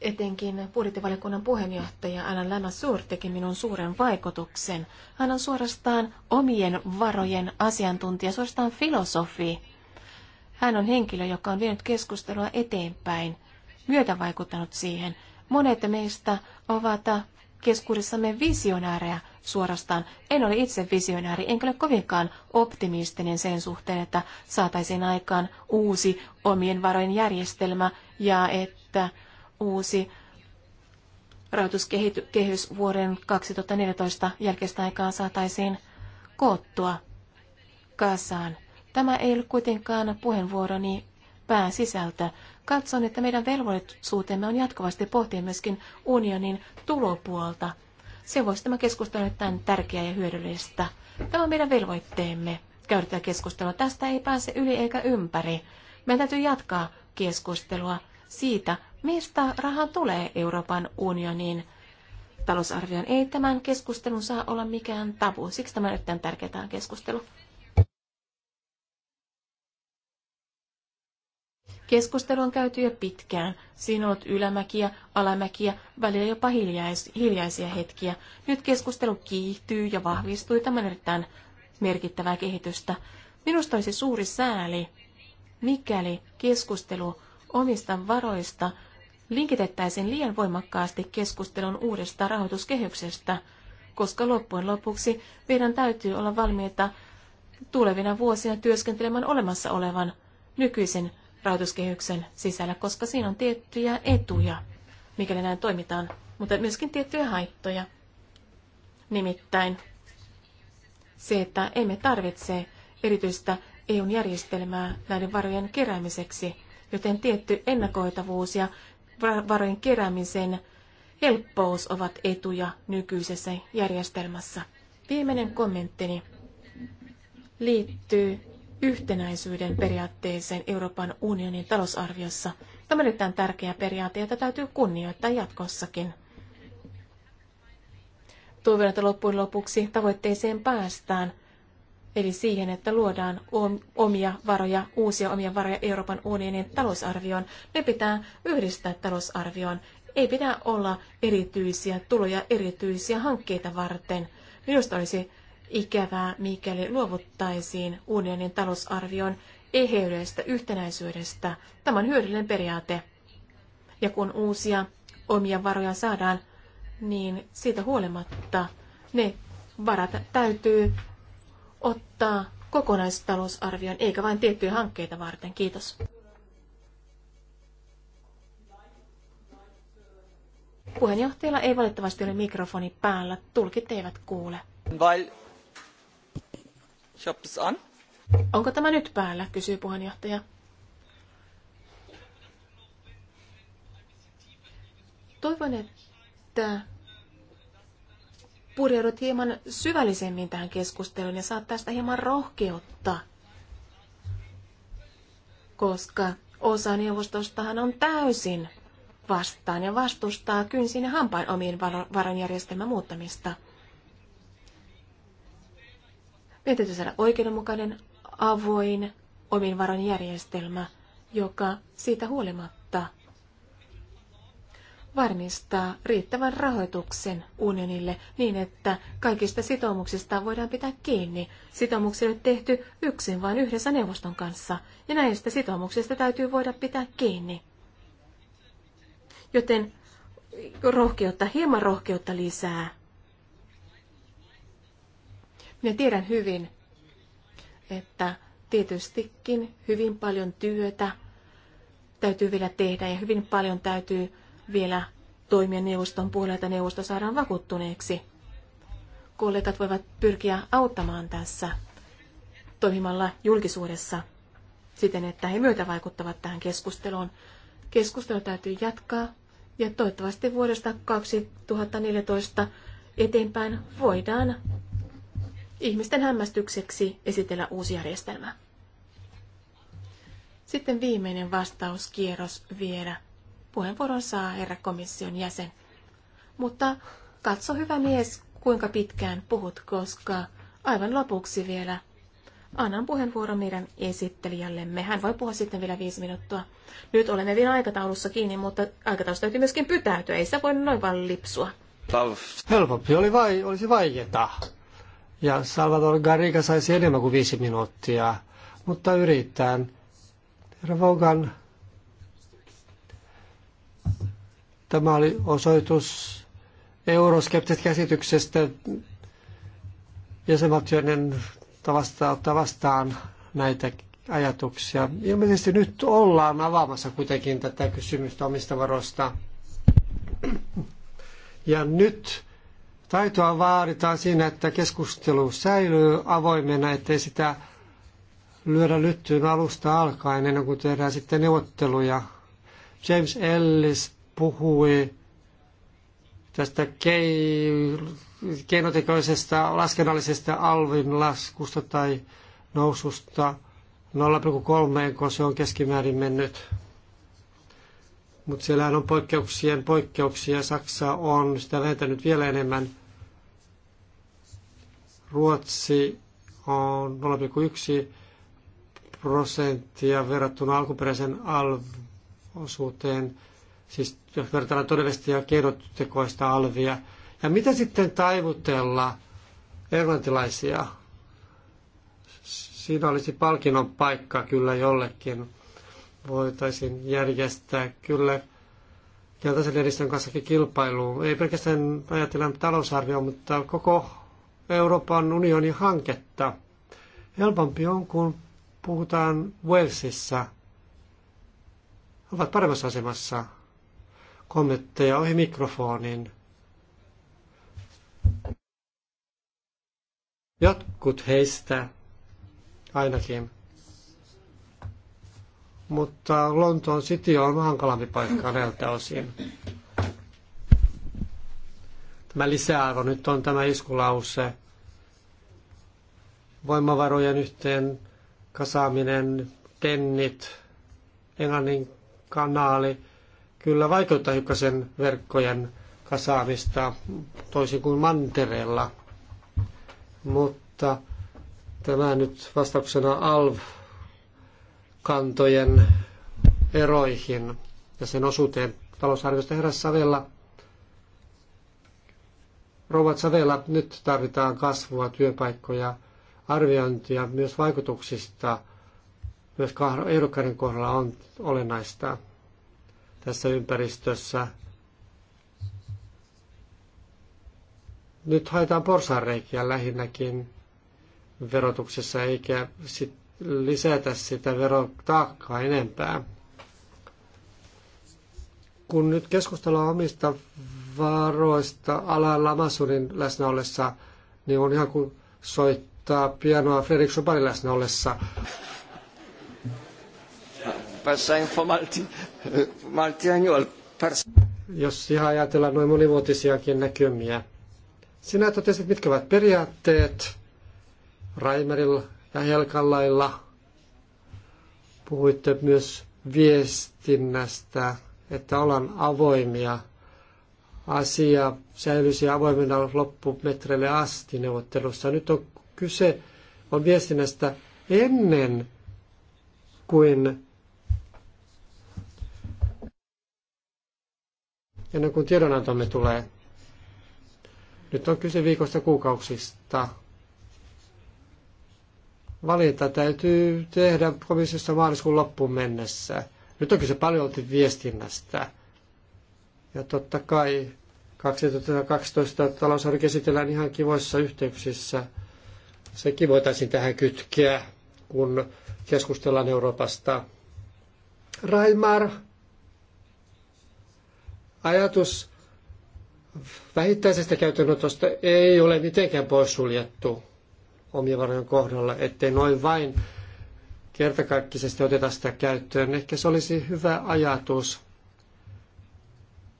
Etenkin budjettivaliokunnan puheenjohtaja Alan Suur teki minun suuren vaikutuksen. Hän on suorastaan omien varojen asiantuntija, suorastaan filosofi. Hän on henkilö, joka on vienyt keskustelua eteenpäin, myötä vaikuttanut siihen. Monet meistä ovat keskuudessamme visionäärejä, suorastaan. En ole itse visionääri, enkä ole kovinkaan optimistinen sen suhteen, että saataisiin aikaan uusi omien varojen järjestelmä ja että uusi rahoituskehys vuoden 2014 jälkeistä aikaa saataisiin koottua kasaan. Tämä ei ole kuitenkaan puheenvuoroni pääsisältö. Katson, että meidän velvollisuutemme on jatkuvasti pohtia myöskin unionin tulopuolta – se voisi tämä keskustelu tämän tärkeää ja hyödyllistä. Tämä on meidän velvoitteemme käydä tätä keskustelua. Tästä ei pääse yli eikä ympäri. Meidän täytyy jatkaa keskustelua siitä, mistä raha tulee Euroopan unioniin. talousarvioon. ei tämän keskustelun saa olla mikään tabu. Siksi tämä on erittäin tärkeä tämä keskustelu. Keskustelu on käyty jo pitkään. Siinä on ollut ylämäkiä, alamäkiä, välillä jopa hiljais, hiljaisia hetkiä. Nyt keskustelu kiihtyy ja vahvistui tämän erittäin merkittävää kehitystä. Minusta olisi suuri sääli, mikäli keskustelu omista varoista linkitettäisiin liian voimakkaasti keskustelun uudesta rahoituskehyksestä, koska loppujen lopuksi meidän täytyy olla valmiita tulevina vuosina työskentelemään olemassa olevan nykyisen rahoituskehyksen sisällä, koska siinä on tiettyjä etuja, mikäli näin toimitaan, mutta myöskin tiettyjä haittoja. Nimittäin se, että emme tarvitse erityistä eu järjestelmää näiden varojen keräämiseksi, joten tietty ennakoitavuus ja varojen keräämisen helppous ovat etuja nykyisessä järjestelmässä. Viimeinen kommenttini liittyy yhtenäisyyden periaatteeseen Euroopan unionin talousarviossa. Tämä on erittäin tärkeä periaate, jota täytyy kunnioittaa jatkossakin. Toivon, että loppujen lopuksi tavoitteeseen päästään, eli siihen, että luodaan omia varoja, uusia omia varoja Euroopan unionin talousarvioon. Ne pitää yhdistää talousarvioon. Ei pidä olla erityisiä tuloja erityisiä hankkeita varten. Minusta olisi ikävää, mikäli luovuttaisiin unionin talousarvion eheydestä, yhtenäisyydestä. Tämä on hyödyllinen periaate. Ja kun uusia omia varoja saadaan, niin siitä huolimatta ne varat täytyy ottaa kokonaistalousarvion, eikä vain tiettyjä hankkeita varten. Kiitos. Puheenjohtajalla ei valitettavasti ole mikrofoni päällä, tulkit eivät kuule. Ich on. Onko tämä nyt päällä, kysyy puheenjohtaja. Toivon, että pureudut hieman syvällisemmin tähän keskusteluun ja saat tästä hieman rohkeutta, koska osa neuvostostahan on täysin vastaan ja vastustaa kynsin ja hampain omien varanjärjestelmän muuttamista – meidän täytyy saada oikeudenmukainen, avoin, omin varon järjestelmä, joka siitä huolimatta varmistaa riittävän rahoituksen unionille niin, että kaikista sitoumuksista voidaan pitää kiinni. Sitoumuksia on tehty yksin vain yhdessä neuvoston kanssa, ja näistä sitoumuksista täytyy voida pitää kiinni. Joten rohkeutta, hieman rohkeutta lisää minä tiedän hyvin, että tietystikin hyvin paljon työtä täytyy vielä tehdä ja hyvin paljon täytyy vielä toimia neuvoston puolelta, että neuvosto saadaan vakuuttuneeksi. Kollegat voivat pyrkiä auttamaan tässä toimimalla julkisuudessa siten, että he myötä vaikuttavat tähän keskusteluun. Keskustelu täytyy jatkaa ja toivottavasti vuodesta 2014 eteenpäin voidaan ihmisten hämmästykseksi esitellä uusi järjestelmä. Sitten viimeinen vastauskierros vielä. Puheenvuoron saa herra komission jäsen. Mutta katso hyvä mies, kuinka pitkään puhut, koska aivan lopuksi vielä annan puheenvuoron meidän esittelijällemme. Hän voi puhua sitten vielä viisi minuuttia. Nyt olemme vielä aikataulussa kiinni, mutta aikataulussa täytyy myöskin pytäytyä. Ei sitä voi noin vaan lipsua. Helpompi oli vai, olisi vaieta. Ja Salvador Garriga saisi enemmän kuin viisi minuuttia, mutta yritän. Herra Vogan, tämä oli osoitus euroskeptisestä käsityksestä jäsenvaltioiden tavasta ottaa vastaan näitä ajatuksia. Ilmeisesti nyt ollaan avaamassa kuitenkin tätä kysymystä omista varoista. Ja nyt Taitoa vaaditaan siinä, että keskustelu säilyy avoimena, ettei sitä lyödä lyttyyn alusta alkaen ennen kuin tehdään sitten neuvotteluja. James Ellis puhui tästä keinotekoisesta laskennallisesta alvin laskusta tai noususta 0,3, kun se on keskimäärin mennyt. Mutta siellä on poikkeuksien poikkeuksia. Saksa on sitä vähentänyt vielä enemmän – Ruotsi on 0,1 prosenttia verrattuna alkuperäisen alv-osuuteen, siis jos verrataan todellista ja keinotekoista alvia. Ja mitä sitten taivutella englantilaisia? Siinä olisi palkinnon paikka kyllä jollekin. Voitaisiin järjestää kyllä keltaisen edistön kanssakin kilpailuun. Ei pelkästään ajatellen talousarvio, mutta koko Euroopan unionin hanketta. Helpompi on, kun puhutaan Walesissa. Ovat paremmassa asemassa. Kommentteja ohi mikrofonin. Jotkut heistä ainakin. Mutta Lontoon City on hankalampi paikka näiltä osin. Tämä lisäarvo nyt on tämä iskulause. Voimavarojen yhteen kasaaminen, tennit, englannin kanaali. Kyllä vaikeuttaa hiukkasen verkkojen kasaamista toisin kuin mantereella. Mutta tämä nyt vastauksena ALV-kantojen eroihin ja sen osuuteen talousarviosta herra Savella Rouva Savella, nyt tarvitaan kasvua, työpaikkoja, arviointia myös vaikutuksista. Myös ehdokkaiden kohdalla on olennaista tässä ympäristössä. Nyt haetaan porsareikiä lähinnäkin verotuksessa, eikä sit lisätä sitä verotaakkaa enempää. Kun nyt keskustellaan omista varoista Alan Lamasunin läsnä ollessa, niin on ihan kuin soittaa pianoa Fredrik Schubertin läsnä ollessa. Jos ihan ajatellaan noin monivuotisiakin näkymiä. Sinä totesit, mitkä ovat periaatteet Raimerilla ja Helkallailla. Puhuitte myös viestinnästä että ollaan avoimia. Asia säilyisi avoimena loppumetreille asti neuvottelussa. Nyt on kyse on viestinnästä ennen kuin ennen kuin tiedonantomme tulee. Nyt on kyse viikosta kuukausista. Valinta täytyy tehdä komissiossa maaliskuun loppuun mennessä. Nyt on kyse paljon viestinnästä. Ja totta kai 2012 talousarvio käsitellään ihan kivoissa yhteyksissä. Sekin voitaisiin tähän kytkeä, kun keskustellaan Euroopasta. Raimar, ajatus vähittäisestä käytännötosta ei ole mitenkään poissuljettu omien varojen kohdalla, ettei noin vain kertakaikkisesti oteta sitä käyttöön. Ehkä se olisi hyvä ajatus.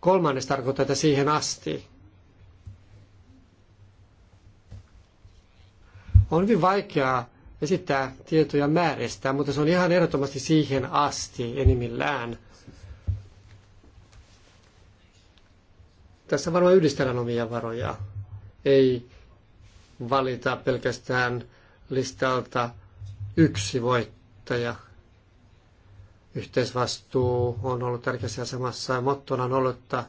Kolmannes tarkoittaa, että siihen asti. On hyvin vaikeaa esittää tietoja määrästä, mutta se on ihan ehdottomasti siihen asti enimmillään. Tässä varmaan yhdistellään omia varoja. Ei valita pelkästään listalta yksi voitto kuluttaja. Yhteisvastuu on ollut tärkeässä asemassa ja mottona on ollut, että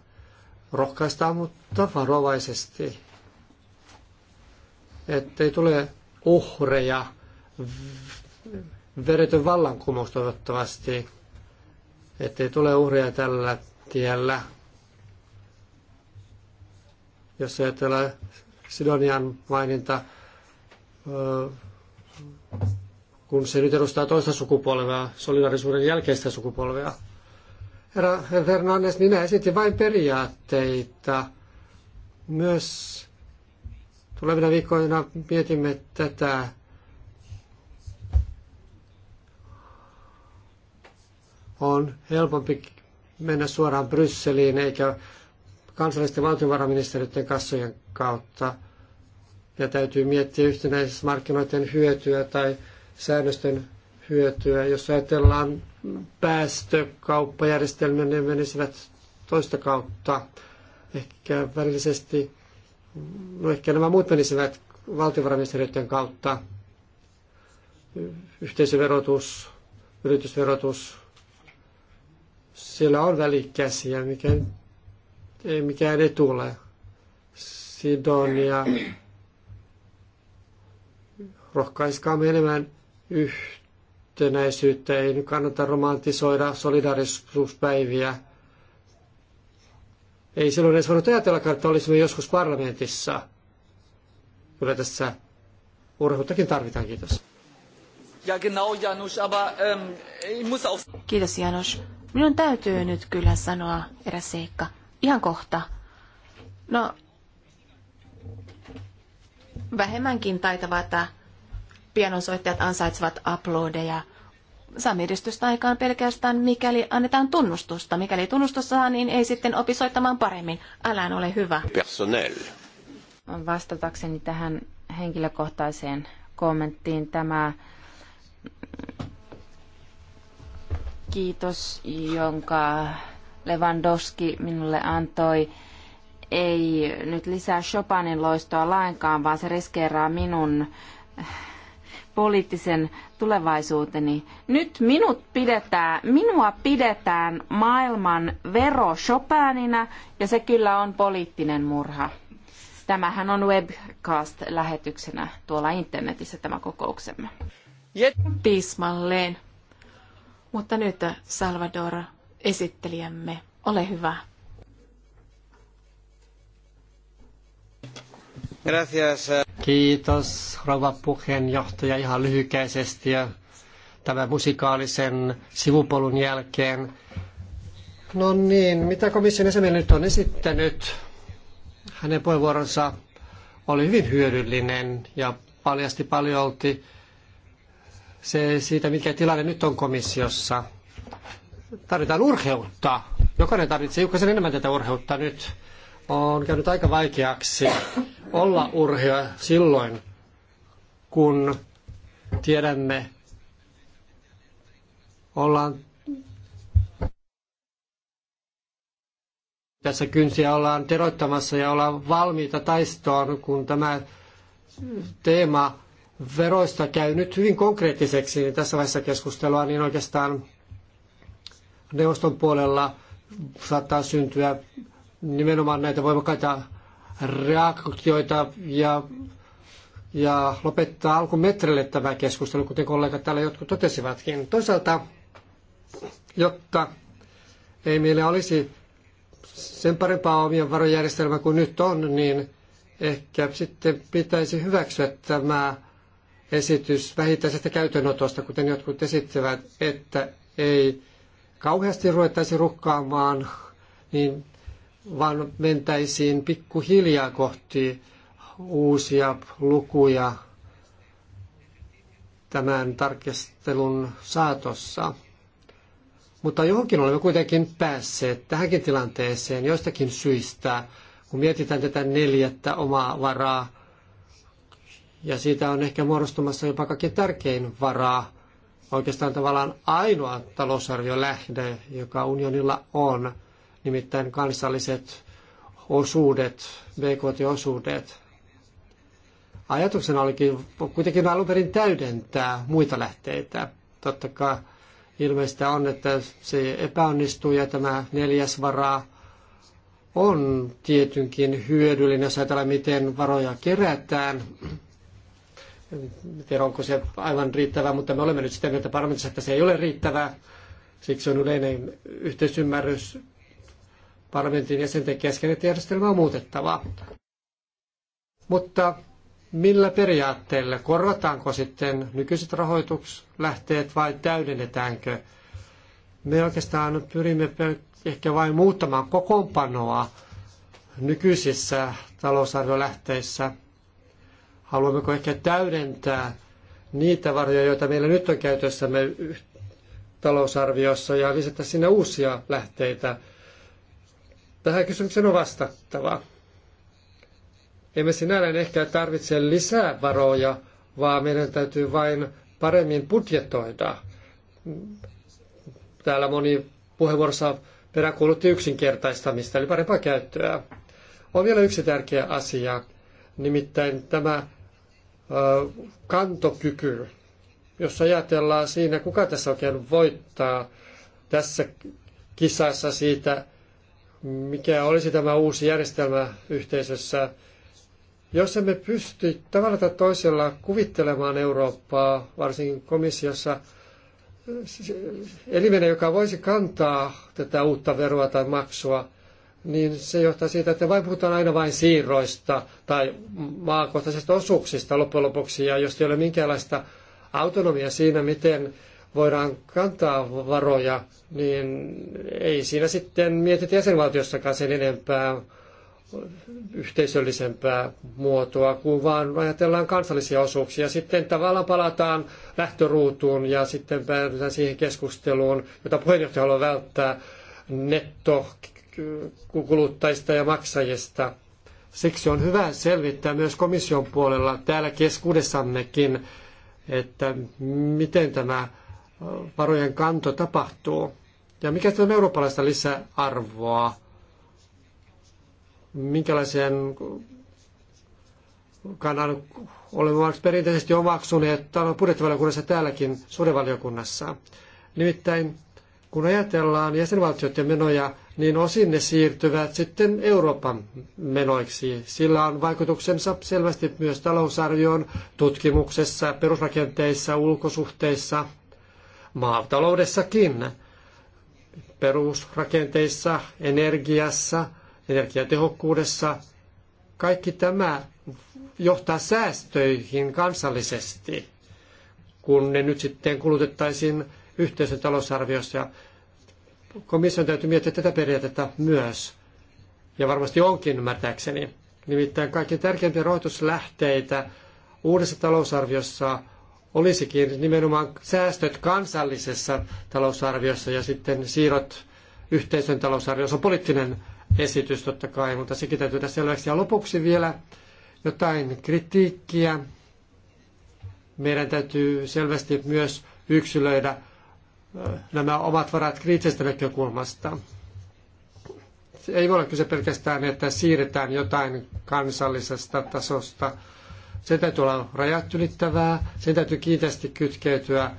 rohkaistaan, mutta varovaisesti, ettei tule uhreja, veretön vallankumous toivottavasti, ettei tule uhreja tällä tiellä. Jos ajatellaan Sidonian maininta kun se nyt edustaa toista sukupolvea, solidarisuuden jälkeistä sukupolvea. Herra Fernandes, minä esitin vain periaatteita. Myös tulevina viikkoina mietimme tätä on helpompi mennä suoraan Brysseliin eikä kansallisten valtiovarainministeriöiden kassojen kautta. Ja täytyy miettiä markkinoiden hyötyä tai säännösten hyötyä. Jos ajatellaan päästökauppajärjestelmä, ne menisivät toista kautta. Ehkä välillisesti, no ehkä nämä muut menisivät valtiovarainministeriöiden kautta. Yhteisöverotus, yritysverotus, siellä on välikäsiä, mikä ei mikään ei tule. Sidonia rohkaiskaa menemään yhtenäisyyttä. Ei nyt kannata romantisoida solidarisuuspäiviä. Ei silloin edes voinut ajatella, että olisimme joskus parlamentissa. Kyllä tässä urheiluttakin tarvitaan. Kiitos. Ähm, Kiitos, Janus. Minun täytyy nyt kyllä sanoa eräs seikka. Ihan kohta. No, vähemmänkin taitavaa pianosoittajat ansaitsevat aplodeja. Saamme edistystä aikaan pelkästään, mikäli annetaan tunnustusta. Mikäli tunnustus saa, niin ei sitten opi soittamaan paremmin. Älä ole hyvä. Personnel. Vastatakseni tähän henkilökohtaiseen kommenttiin tämä kiitos, jonka Lewandowski minulle antoi, ei nyt lisää Chopinin loistoa lainkaan, vaan se riskeeraa minun poliittisen tulevaisuuteni. Nyt minut pidetään, minua pidetään maailman vero Chopinina ja se kyllä on poliittinen murha. Tämähän on webcast-lähetyksenä tuolla internetissä tämä kokouksemme. Tismalleen. Mutta nyt Salvador, esittelijämme, ole hyvä. Gracias. Eh. Kiitos rouva puheenjohtaja ihan lyhykäisesti ja tämän musikaalisen sivupolun jälkeen. No niin, mitä komission jäsen nyt on esittänyt? Hänen puheenvuoronsa oli hyvin hyödyllinen ja paljasti paljolti se siitä, mikä tilanne nyt on komissiossa. Tarvitaan urheutta. Jokainen tarvitsee hiukkasen enemmän tätä urheutta nyt on käynyt aika vaikeaksi olla urheilija silloin, kun tiedämme, ollaan tässä kynsiä ollaan teroittamassa ja ollaan valmiita taistoon, kun tämä teema veroista käy nyt hyvin konkreettiseksi niin tässä vaiheessa keskustelua, niin oikeastaan neuvoston puolella saattaa syntyä nimenomaan näitä voimakkaita reaktioita ja, ja lopettaa alkumetrelle tämä keskustelu, kuten kollegat täällä jotkut totesivatkin. Toisaalta, jotta ei meillä olisi sen parempaa omien varojärjestelmää kuin nyt on, niin ehkä sitten pitäisi hyväksyä tämä esitys vähittäisestä käytönotosta, kuten jotkut esittävät, että ei kauheasti ruvettaisi rukkaamaan niin vaan mentäisiin pikkuhiljaa kohti uusia lukuja tämän tarkastelun saatossa. Mutta johonkin olemme kuitenkin päässeet tähänkin tilanteeseen joistakin syistä, kun mietitään tätä neljättä omaa varaa. Ja siitä on ehkä muodostumassa jopa kaikkein tärkein varaa, oikeastaan tavallaan ainoa talousarviolähde, joka unionilla on – nimittäin kansalliset osuudet, BKT-osuudet. Ajatuksena olikin kuitenkin alun perin täydentää muita lähteitä. Totta kai ilmeistä on, että se epäonnistuu ja tämä neljäs varaa on tietynkin hyödyllinen, jos ajatellaan, miten varoja kerätään. En tiedä, onko se aivan riittävää, mutta me olemme nyt sitä mieltä parlamentissa, että se ei ole riittävää. Siksi on yleinen yhteisymmärrys parlamentin jäsenten kesken, että järjestelmä on muutettava. Mutta millä periaatteella? Korvataanko sitten nykyiset rahoituslähteet vai täydennetäänkö? Me oikeastaan pyrimme ehkä vain muuttamaan kokoonpanoa nykyisissä talousarviolähteissä. Haluammeko ehkä täydentää niitä varjoja, joita meillä nyt on käytössämme talousarviossa ja lisätä sinne uusia lähteitä – Tähän kysymykseen on vastattava. Emme sinällään ehkä tarvitse lisää varoja, vaan meidän täytyy vain paremmin budjetoida. Täällä moni puheenvuorossa peräkuulutti yksinkertaistamista, eli parempaa käyttöä. On vielä yksi tärkeä asia, nimittäin tämä kantokyky, jos ajatellaan siinä, kuka tässä oikein voittaa tässä kisassa siitä, mikä olisi tämä uusi järjestelmä yhteisössä. Jos emme pysty tavalla tai toisella kuvittelemaan Eurooppaa, varsinkin komissiossa, elimenä, joka voisi kantaa tätä uutta veroa tai maksua, niin se johtaa siitä, että vain puhutaan aina vain siirroista tai maakohtaisista osuuksista loppujen lopuksi, ja jos ei ole minkäänlaista autonomia siinä, miten voidaan kantaa varoja, niin ei siinä sitten mietitä jäsenvaltiossakaan sen enempää yhteisöllisempää muotoa, kun vaan ajatellaan kansallisia osuuksia. Sitten tavallaan palataan lähtöruutuun ja sitten päädytään siihen keskusteluun, jota puheenjohtaja haluaa välttää nettokuluttajista ja maksajista. Siksi on hyvä selvittää myös komission puolella täällä keskuudessammekin, että miten tämä varojen kanto tapahtuu. Ja mikä on eurooppalaista lisäarvoa? Minkälaisen kannan olemme perinteisesti omaksuneet budjettivaliokunnassa täälläkin suurevaliokunnassa. Nimittäin kun ajatellaan jäsenvaltioiden menoja, niin osin ne siirtyvät sitten Euroopan menoiksi. Sillä on vaikutuksensa selvästi myös talousarvioon, tutkimuksessa, perusrakenteissa, ulkosuhteissa – maataloudessakin, perusrakenteissa, energiassa, energiatehokkuudessa. Kaikki tämä johtaa säästöihin kansallisesti, kun ne nyt sitten kulutettaisiin yhteisön talousarviossa. Komission täytyy miettiä tätä periaatetta myös, ja varmasti onkin ymmärtääkseni. Nimittäin kaikki tärkeimpiä rahoituslähteitä uudessa talousarviossa – olisikin nimenomaan säästöt kansallisessa talousarviossa ja sitten siirrot yhteisön talousarviossa on poliittinen esitys totta kai, mutta sekin täytyy tässä selväksi. Ja lopuksi vielä jotain kritiikkiä. Meidän täytyy selvästi myös yksilöidä nämä omat varat kriittisestä näkökulmasta. Ei voi olla kyse pelkästään, että siirretään jotain kansallisesta tasosta sen täytyy olla rajat ylittävää, sen täytyy kiinteästi kytkeytyä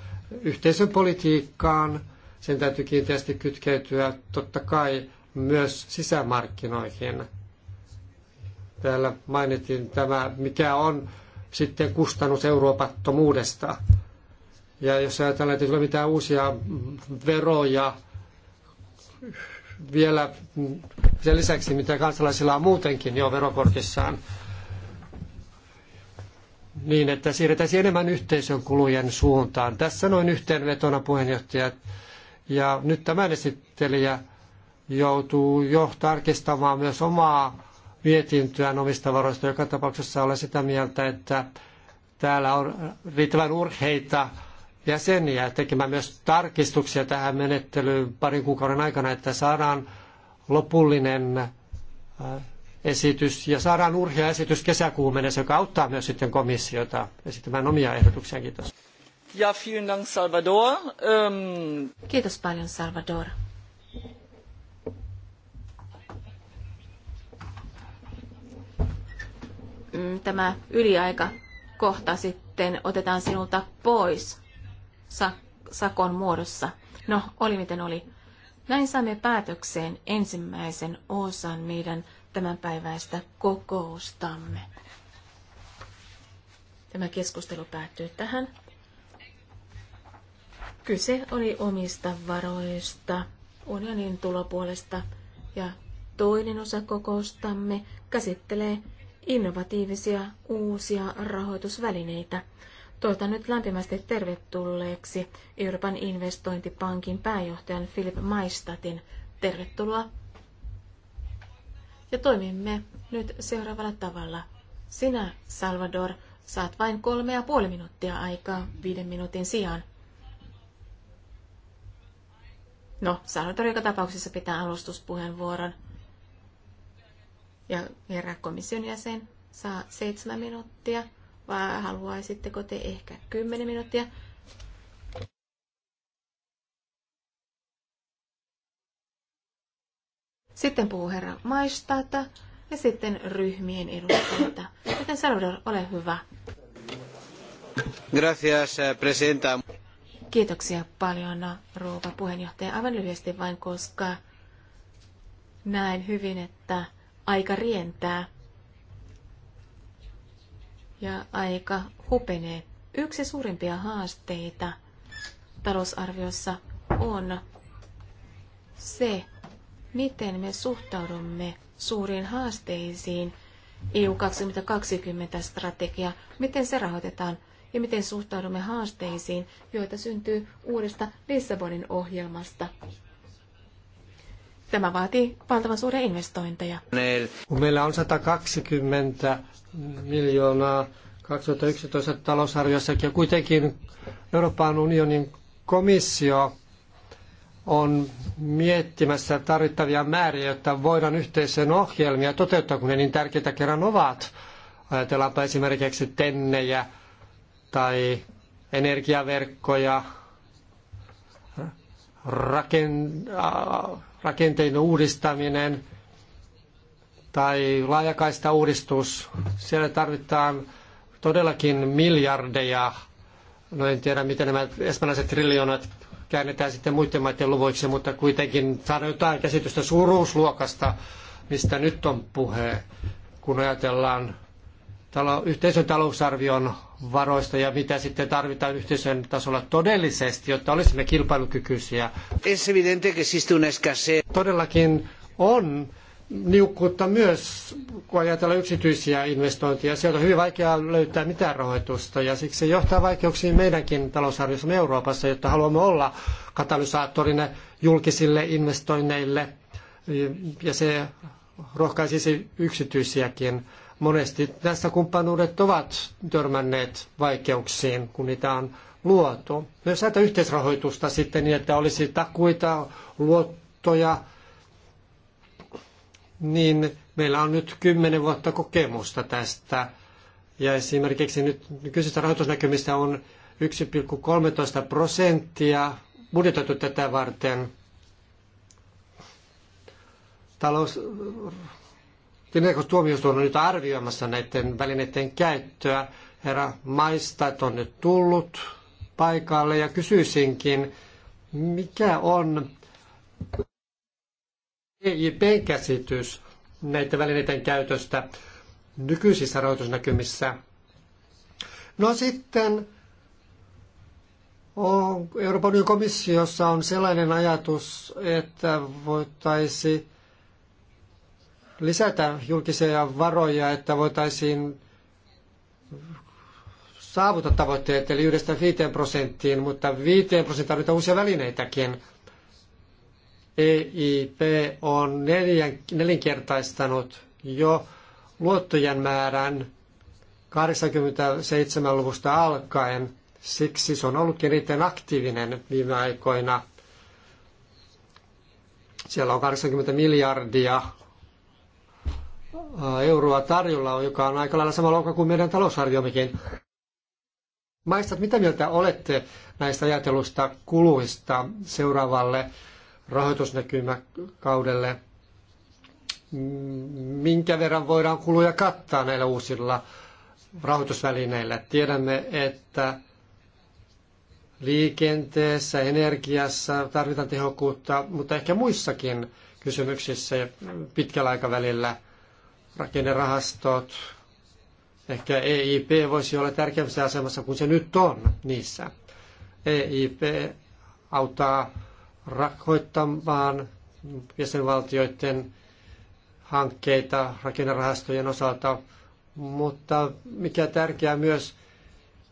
yhteisön politiikkaan, sen täytyy kiinteästi kytkeytyä totta kai myös sisämarkkinoihin. Täällä mainitin tämä, mikä on sitten kustannus euroopattomuudesta. Ja jos ajatellaan, että ei tule mitään uusia veroja vielä sen lisäksi, mitä kansalaisilla on muutenkin jo verokortissaan, niin, että siirretäisiin enemmän yhteisön kulujen suuntaan. Tässä noin yhteenvetona puheenjohtajat. Ja nyt tämä esittelijä joutuu jo tarkistamaan myös omaa mietintöään omista varoista. Joka tapauksessa olen sitä mieltä, että täällä on riittävän urheita jäseniä tekemään myös tarkistuksia tähän menettelyyn parin kuukauden aikana, että saadaan lopullinen äh, esitys ja saadaan urhia esitys kesäkuun mennessä, joka auttaa myös sitten komissiota esittämään omia ehdotuksia. Kiitos. Ja, vielen Dank, Salvador. Um... Kiitos paljon, Salvador. Mm, tämä yliaika kohta sitten otetaan sinulta pois sakon muodossa. No, oli miten oli. Näin saamme päätökseen ensimmäisen osan meidän tämänpäiväistä kokoustamme. Tämä keskustelu päättyy tähän. Kyse oli omista varoista, unionin tulopuolesta ja toinen osa kokoustamme käsittelee innovatiivisia uusia rahoitusvälineitä. Toivotan nyt lämpimästi tervetulleeksi Euroopan investointipankin pääjohtajan Philip Maistatin. Tervetuloa ja toimimme nyt seuraavalla tavalla. Sinä, Salvador, saat vain kolme ja puoli minuuttia aikaa viiden minuutin sijaan. No, Salvador joka tapauksessa pitää alustuspuheenvuoron. Ja herra komission jäsen saa seitsemän minuuttia, vai haluaisitteko te ehkä kymmenen minuuttia? Sitten puhuu herra maistaata ja sitten ryhmien edustajilta. Joten Salvador, ole hyvä. Gracias, eh, presidenta. Kiitoksia paljon, rouva puheenjohtaja. Aivan lyhyesti vain, koska näen hyvin, että aika rientää ja aika hupenee. Yksi suurimpia haasteita talousarviossa on se, miten me suhtaudumme suuriin haasteisiin EU 2020 strategia, miten se rahoitetaan ja miten suhtaudumme haasteisiin, joita syntyy uudesta Lissabonin ohjelmasta. Tämä vaatii valtavan suuria investointeja. Kun meillä on 120 miljoonaa 2011 talousarviossa ja kuitenkin Euroopan unionin komissio on miettimässä tarvittavia määriä, jotta voidaan yhteisön ohjelmia toteuttaa, kun ne niin tärkeitä kerran ovat. Ajatellaanpa esimerkiksi tennejä tai energiaverkkoja, rakenteiden uudistaminen tai laajakaista uudistus. Siellä tarvitaan todellakin miljardeja. No en tiedä, miten nämä espanjalaiset triljoonat käännetään sitten muiden maiden luvuiksi, mutta kuitenkin saada jotain käsitystä suuruusluokasta, mistä nyt on puhe, kun ajatellaan talo- yhteisön talousarvion varoista ja mitä sitten tarvitaan yhteisön tasolla todellisesti, jotta olisimme kilpailukykyisiä. Todellakin on niukkuutta myös, kun ajatellaan yksityisiä investointeja. Sieltä on hyvin vaikeaa löytää mitään rahoitusta ja siksi se johtaa vaikeuksiin meidänkin talousarviossamme Euroopassa, jotta haluamme olla katalysaattorina julkisille investoinneille ja se rohkaisisi yksityisiäkin. Monesti tässä kumppanuudet ovat törmänneet vaikeuksiin, kun niitä on luotu. Myös näitä yhteisrahoitusta sitten niin, että olisi takuita, luottoja, niin meillä on nyt kymmenen vuotta kokemusta tästä. Ja esimerkiksi nyt nykyisistä rahoitusnäkymistä on 1,13 prosenttia budjetoitu tätä varten. Talous, tuomioistuin on nyt arvioimassa näiden välineiden käyttöä. Herra maista on nyt tullut paikalle ja kysyisinkin, mikä on eib käsitys näiden välineiden käytöstä nykyisissä rahoitusnäkymissä. No sitten Euroopan unionin komissiossa on sellainen ajatus, että voitaisiin lisätä julkisia varoja, että voitaisiin saavuttaa tavoitteet, eli 1-5 prosenttiin, mutta 5 prosenttia tarvitaan uusia välineitäkin – EIP on neljän, nelinkertaistanut jo luottojen määrän 87-luvusta alkaen. Siksi se on ollutkin erittäin aktiivinen viime aikoina. Siellä on 80 miljardia euroa tarjolla, joka on aika lailla sama luokka kuin meidän talousarviomikin. Maistat, mitä mieltä olette näistä ajatelusta kuluista seuraavalle rahoitusnäkymä kaudelle. Minkä verran voidaan kuluja kattaa näillä uusilla rahoitusvälineillä? Tiedämme, että liikenteessä, energiassa tarvitaan tehokkuutta, mutta ehkä muissakin kysymyksissä pitkällä aikavälillä rakennerahastot, ehkä EIP voisi olla tärkeämmässä asemassa kuin se nyt on niissä. EIP auttaa rakoittamaan jäsenvaltioiden hankkeita rakennerahastojen osalta, mutta mikä tärkeää myös,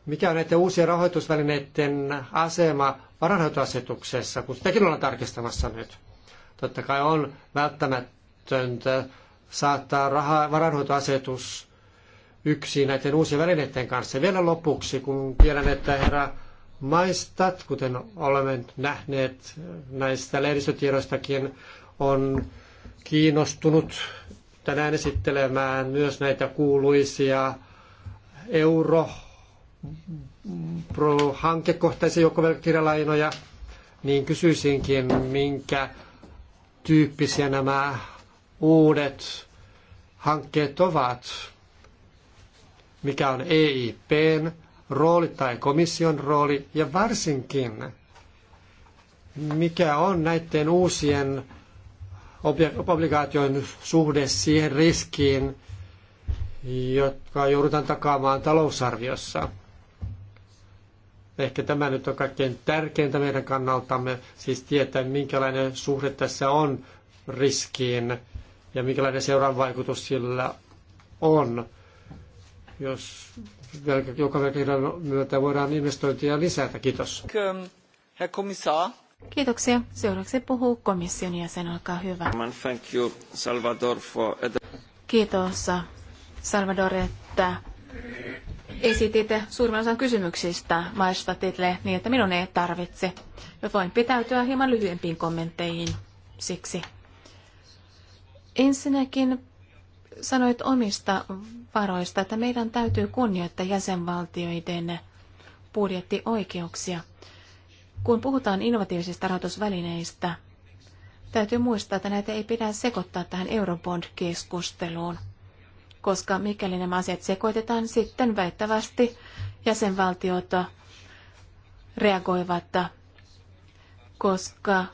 mikä on näiden uusien rahoitusvälineiden asema varanhoitoasetuksessa, kun sitäkin ollaan tarkistamassa nyt. Totta kai on välttämätöntä saattaa raha, varanhoitoasetus yksin näiden uusien välineiden kanssa. Ja vielä lopuksi, kun tiedän, että herra maistat, kuten olemme nähneet näistä lehdistötiedoistakin, on kiinnostunut tänään esittelemään myös näitä kuuluisia euro hankekohtaisia joukkovelkakirjalainoja, niin kysyisinkin, minkä tyyppisiä nämä uudet hankkeet ovat, mikä on EIPn rooli tai komission rooli ja varsinkin mikä on näiden uusien obligaatioiden suhde siihen riskiin, jotka joudutaan takaamaan talousarviossa. Ehkä tämä nyt on kaikkein tärkeintä meidän kannaltamme, siis tietää minkälainen suhde tässä on riskiin ja minkälainen seuraavaikutus sillä on jos velka, joka velkakirjan myötä voidaan investointia lisätä. Kiitos. Herr Kommissar. Kiitoksia. Seuraavaksi puhuu komission jäsen, olkaa hyvä. Thank you, Salvador, for... Kiitos, Salvador, että esitit suurimman osan kysymyksistä maista teille niin, että minun ei tarvitse. Ja voin pitäytyä hieman lyhyempiin kommentteihin siksi. Ensinnäkin sanoit omista varoista, että meidän täytyy kunnioittaa jäsenvaltioiden budjettioikeuksia. Kun puhutaan innovatiivisista rahoitusvälineistä, täytyy muistaa, että näitä ei pidä sekoittaa tähän Eurobond-keskusteluun, koska mikäli nämä asiat sekoitetaan, sitten väittävästi jäsenvaltiot reagoivat, koska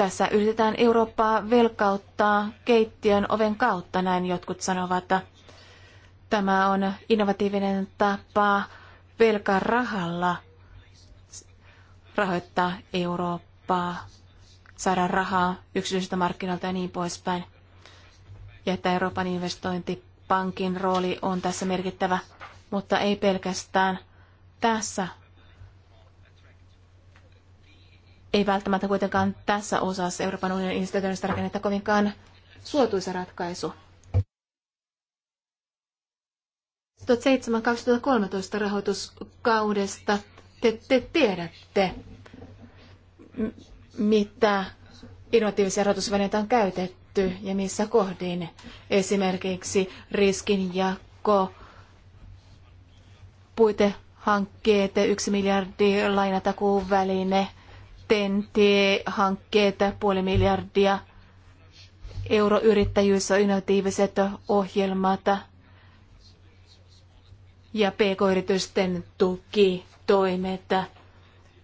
tässä yritetään Eurooppaa velkauttaa keittiön oven kautta, näin jotkut sanovat. Tämä on innovatiivinen tapa velkarahalla rahoittaa Eurooppaa, saada rahaa yksityisiltä markkinoilta ja niin poispäin. Ja että Euroopan investointipankin rooli on tässä merkittävä, mutta ei pelkästään tässä ei välttämättä kuitenkaan tässä osassa Euroopan unionin instituutioista rakennetta kovinkaan suotuisa ratkaisu. 2007-2013 rahoituskaudesta te, te tiedätte, mitä innovatiivisia rahoitusvälineitä on käytetty ja missä kohdin. Esimerkiksi riskinjako, puitehankkeet, yksi miljardi lainatakuuväline – TEN-T-hankkeita, puoli miljardia, euroyrittäjyys on innovatiiviset ohjelmat ja pk-yritysten tukitoimet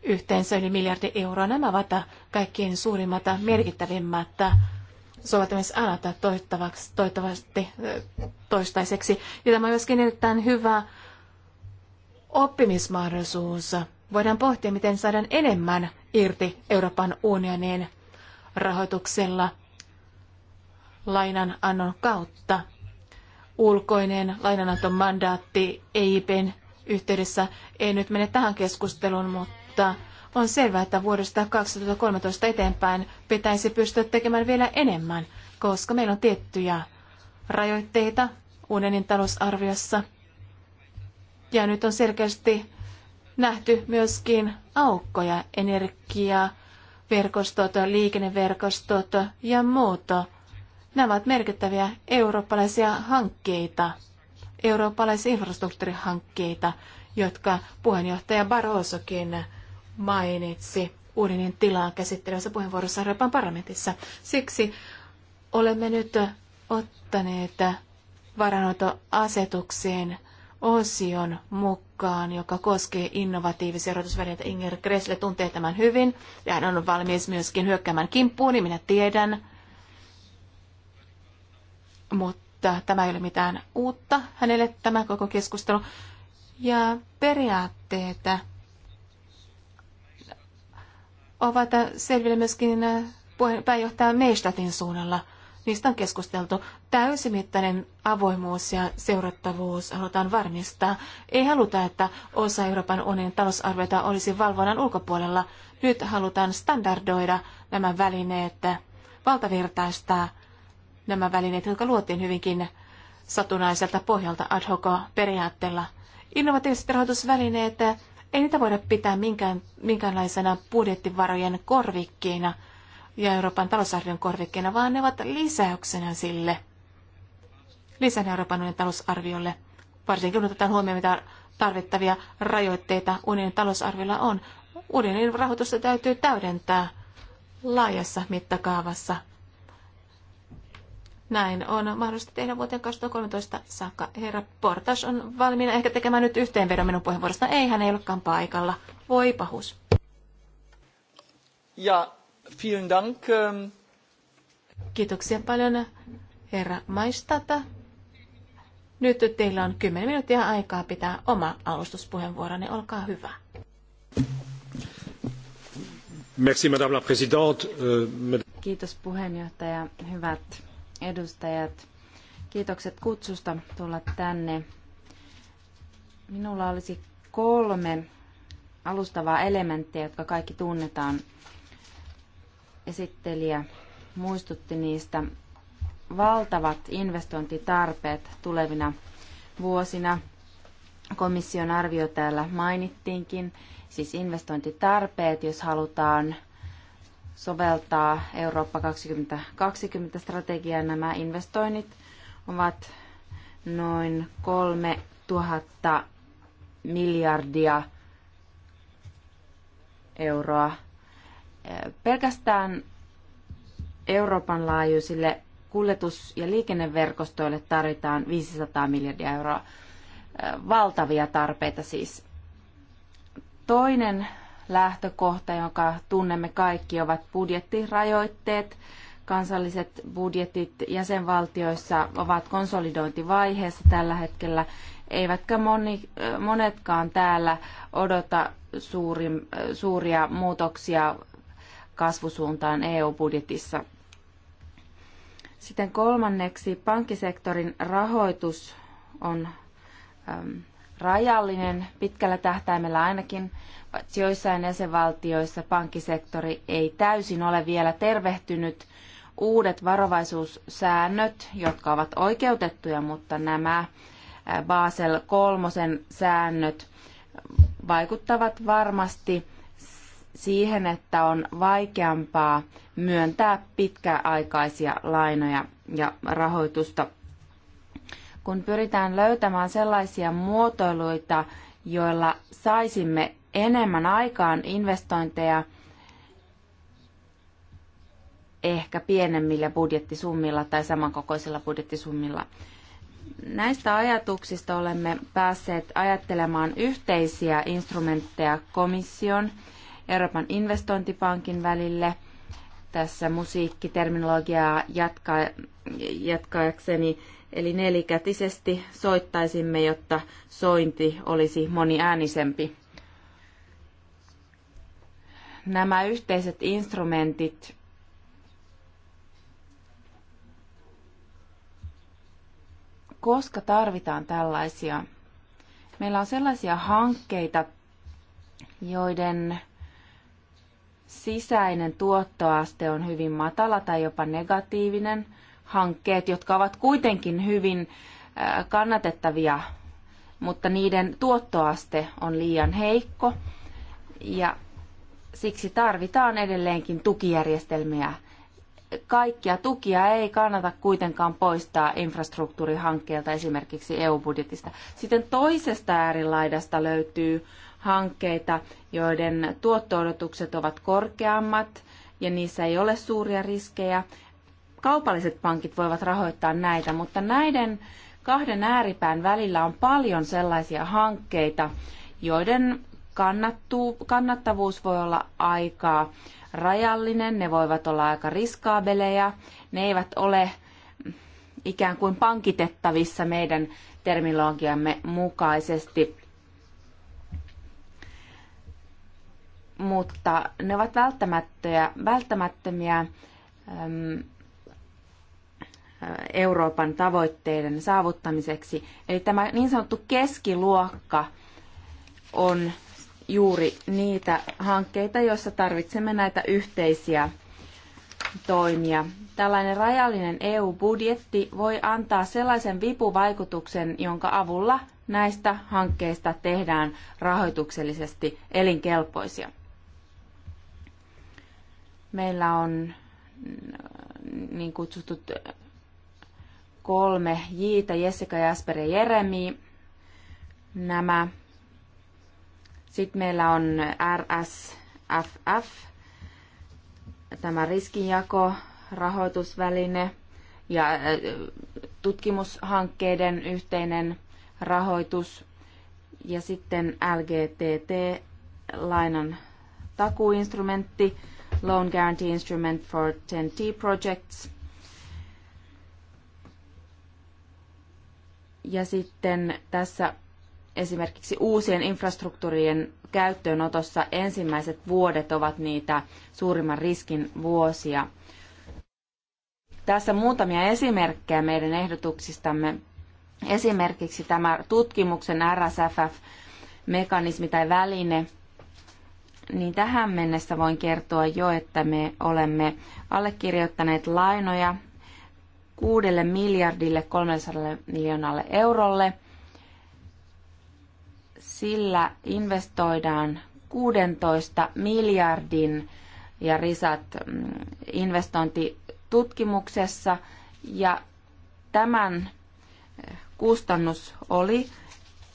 yhteensä yli miljardi euroa. Nämä ovat kaikkien suurimmat merkittävimmät soveltamisalat toivottavasti toistaiseksi. Ja tämä on myöskin erittäin hyvä oppimismahdollisuus. Voidaan pohtia, miten saadaan enemmän irti Euroopan unionin rahoituksella lainanannon kautta. Ulkoinen lainananton mandaatti EIPn yhteydessä ei nyt mene tähän keskusteluun, mutta on selvää, että vuodesta 2013 eteenpäin pitäisi pystyä tekemään vielä enemmän, koska meillä on tiettyjä rajoitteita unionin talousarviossa. Ja nyt on selkeästi nähty myöskin aukkoja, energiaa, verkostot, liikenneverkostot ja muut. Nämä ovat merkittäviä eurooppalaisia hankkeita, eurooppalaisia infrastruktuurihankkeita, jotka puheenjohtaja Barrosokin mainitsi uudinen tilaa käsittelevässä puheenvuorossa Euroopan parlamentissa. Siksi olemme nyt ottaneet varanotoasetukseen osion mukaan, joka koskee innovatiivisia rahoitusvälineitä. Inger Gressle tuntee tämän hyvin ja hän on valmis myöskin hyökkäämään kimppuun, niin minä tiedän. Mutta tämä ei ole mitään uutta hänelle tämä koko keskustelu. Ja periaatteita ovat selville myöskin pääjohtaja Meistatin suunnalla – Niistä on keskusteltu. Täysimittainen avoimuus ja seurattavuus halutaan varmistaa. Ei haluta, että osa Euroopan unionin talousarvioita olisi valvonnan ulkopuolella. Nyt halutaan standardoida nämä välineet, valtavirtaistaa nämä välineet, jotka luotiin hyvinkin satunnaiselta pohjalta ad hoc periaatteella. Innovatiiviset rahoitusvälineet, ei niitä voida pitää minkään, minkäänlaisena budjettivarojen korvikkeina – ja Euroopan talousarvion korvikkeena, vaan ne ovat lisäyksenä sille, lisänä Euroopan unionin talousarviolle. Varsinkin kun otetaan huomioon, mitä tarvittavia rajoitteita unionin talousarviolla on. Unionin rahoitusta täytyy täydentää laajassa mittakaavassa. Näin on mahdollista tehdä vuoteen 2013 saakka. Herra Portas on valmiina ehkä tekemään nyt yhteenvedon minun puheenvuorosta. Ei, hän ei olekaan paikalla. Voi pahus. Ja Ähm, Kiitoksia paljon, herra Maistata. Nyt teillä on 10 minuuttia aikaa pitää oma alustuspuheenvuoronne. Olkaa hyvä. Merci, madame la présidente. Euh, Kiitos puheenjohtaja. Hyvät edustajat, kiitokset kutsusta tulla tänne. Minulla olisi kolme alustavaa elementtiä, jotka kaikki tunnetaan esittelijä muistutti niistä valtavat investointitarpeet tulevina vuosina. Komission arvio täällä mainittiinkin, siis investointitarpeet, jos halutaan soveltaa Eurooppa 2020 strategiaa. Nämä investoinnit ovat noin 3000 miljardia euroa Pelkästään Euroopan laajuisille kuljetus- ja liikenneverkostoille tarvitaan 500 miljardia euroa. Valtavia tarpeita siis. Toinen lähtökohta, jonka tunnemme kaikki, ovat budjettirajoitteet. Kansalliset budjetit jäsenvaltioissa ovat konsolidointivaiheessa tällä hetkellä, eivätkä moni, monetkaan täällä odota suuri, suuria muutoksia kasvusuuntaan EU-budjetissa. Sitten kolmanneksi pankkisektorin rahoitus on äm, rajallinen pitkällä tähtäimellä ainakin, joissain jäsenvaltioissa pankkisektori ei täysin ole vielä tervehtynyt. Uudet varovaisuussäännöt, jotka ovat oikeutettuja, mutta nämä Basel kolmosen säännöt vaikuttavat varmasti siihen, että on vaikeampaa myöntää pitkäaikaisia lainoja ja rahoitusta. Kun pyritään löytämään sellaisia muotoiluita, joilla saisimme enemmän aikaan investointeja ehkä pienemmillä budjettisummilla tai samankokoisilla budjettisummilla. Näistä ajatuksista olemme päässeet ajattelemaan yhteisiä instrumentteja komission – Euroopan investointipankin välille. Tässä musiikkiterminologiaa jatka jatkaakseni, eli nelikätisesti soittaisimme, jotta sointi olisi moniäänisempi. Nämä yhteiset instrumentit koska tarvitaan tällaisia. Meillä on sellaisia hankkeita, joiden sisäinen tuottoaste on hyvin matala tai jopa negatiivinen. Hankkeet, jotka ovat kuitenkin hyvin kannatettavia, mutta niiden tuottoaste on liian heikko. Ja siksi tarvitaan edelleenkin tukijärjestelmiä. Kaikkia tukia ei kannata kuitenkaan poistaa infrastruktuurihankkeelta esimerkiksi EU-budjetista. Sitten toisesta äärilaidasta löytyy hankkeita, joiden tuotto-odotukset ovat korkeammat ja niissä ei ole suuria riskejä. Kaupalliset pankit voivat rahoittaa näitä, mutta näiden kahden ääripään välillä on paljon sellaisia hankkeita, joiden kannattuu, kannattavuus voi olla aikaa rajallinen, ne voivat olla aika riskaabeleja, ne eivät ole ikään kuin pankitettavissa meidän terminologiamme mukaisesti. mutta ne ovat välttämättömiä, välttämättömiä Euroopan tavoitteiden saavuttamiseksi. Eli tämä niin sanottu keskiluokka on juuri niitä hankkeita, joissa tarvitsemme näitä yhteisiä toimia. Tällainen rajallinen EU-budjetti voi antaa sellaisen vipuvaikutuksen, jonka avulla näistä hankkeista tehdään rahoituksellisesti elinkelpoisia. Meillä on niin kutsutut kolme Jiitä, Jessica, Jasper ja Jeremi. Nämä. Sitten meillä on RSFF, tämä riskinjako, rahoitusväline ja äh, tutkimushankkeiden yhteinen rahoitus ja sitten LGTT, lainan takuinstrumentti loan guarantee instrument for 10T projects. Ja sitten tässä esimerkiksi uusien infrastruktuurien käyttöönotossa ensimmäiset vuodet ovat niitä suurimman riskin vuosia. Tässä muutamia esimerkkejä meidän ehdotuksistamme. Esimerkiksi tämä tutkimuksen RSFF-mekanismi tai väline – niin tähän mennessä voin kertoa jo, että me olemme allekirjoittaneet lainoja 6 miljardille 300 miljoonalle eurolle. Sillä investoidaan 16 miljardin ja risat mm, investointitutkimuksessa ja tämän kustannus oli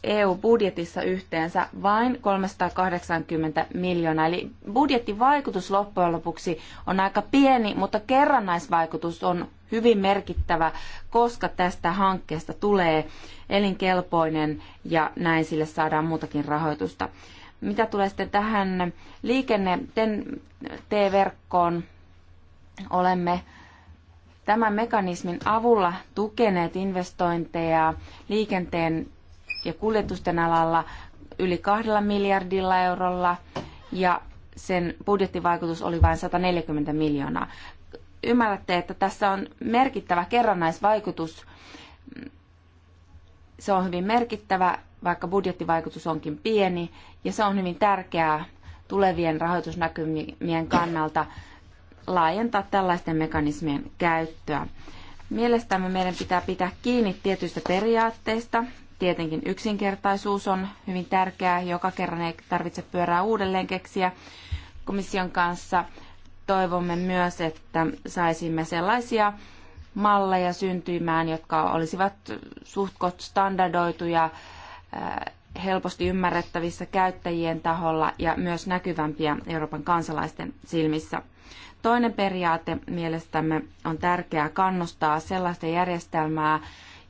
EU-budjetissa yhteensä vain 380 miljoonaa. Eli budjettivaikutus loppujen lopuksi on aika pieni, mutta kerrannaisvaikutus on hyvin merkittävä, koska tästä hankkeesta tulee elinkelpoinen ja näin sille saadaan muutakin rahoitusta. Mitä tulee sitten tähän liikenne T-verkkoon, olemme tämän mekanismin avulla tukeneet investointeja liikenteen ja kuljetusten alalla yli kahdella miljardilla eurolla ja sen budjettivaikutus oli vain 140 miljoonaa. Ymmärrätte, että tässä on merkittävä kerrannaisvaikutus. Se on hyvin merkittävä, vaikka budjettivaikutus onkin pieni, ja se on hyvin tärkeää tulevien rahoitusnäkymien kannalta laajentaa tällaisten mekanismien käyttöä. Mielestämme meidän pitää pitää kiinni tietyistä periaatteista Tietenkin yksinkertaisuus on hyvin tärkeää. Joka kerran ei tarvitse pyörää uudelleen keksiä komission kanssa. Toivomme myös, että saisimme sellaisia malleja syntymään, jotka olisivat suhtkot standardoituja, äh, helposti ymmärrettävissä käyttäjien taholla ja myös näkyvämpiä Euroopan kansalaisten silmissä. Toinen periaate mielestämme on tärkeää kannustaa sellaista järjestelmää,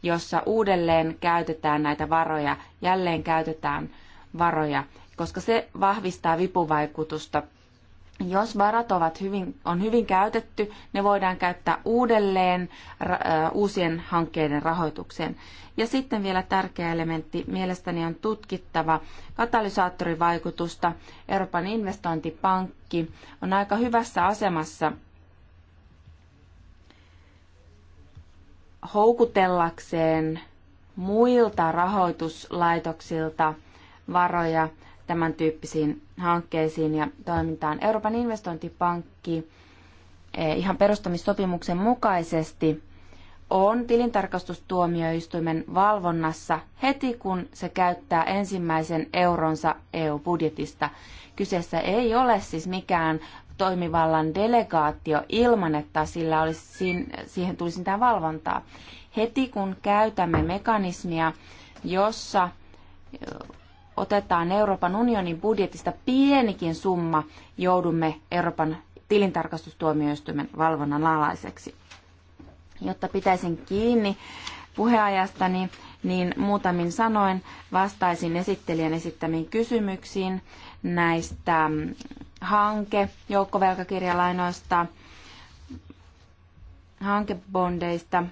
jossa uudelleen käytetään näitä varoja, jälleen käytetään varoja, koska se vahvistaa vipuvaikutusta. Jos varat ovat hyvin, on hyvin käytetty, ne voidaan käyttää uudelleen uusien hankkeiden rahoitukseen. Ja sitten vielä tärkeä elementti, mielestäni on tutkittava katalysaattorivaikutusta. Euroopan investointipankki on aika hyvässä asemassa houkutellakseen muilta rahoituslaitoksilta varoja tämän tyyppisiin hankkeisiin ja toimintaan. Euroopan investointipankki eh, ihan perustamissopimuksen mukaisesti on tilintarkastustuomioistuimen valvonnassa heti, kun se käyttää ensimmäisen euronsa EU-budjetista. Kyseessä ei ole siis mikään toimivallan delegaatio ilman, että sillä olisi, siihen tulisi mitään valvontaa. Heti kun käytämme mekanismia, jossa otetaan Euroopan unionin budjetista pienikin summa, joudumme Euroopan tilintarkastustuomioistuimen valvonnan alaiseksi. Jotta pitäisin kiinni puheajastani, niin muutamin sanoin vastaisin esittelijän esittämiin kysymyksiin näistä mm, hanke joukkovelkakirjalainoista, hankebondeista.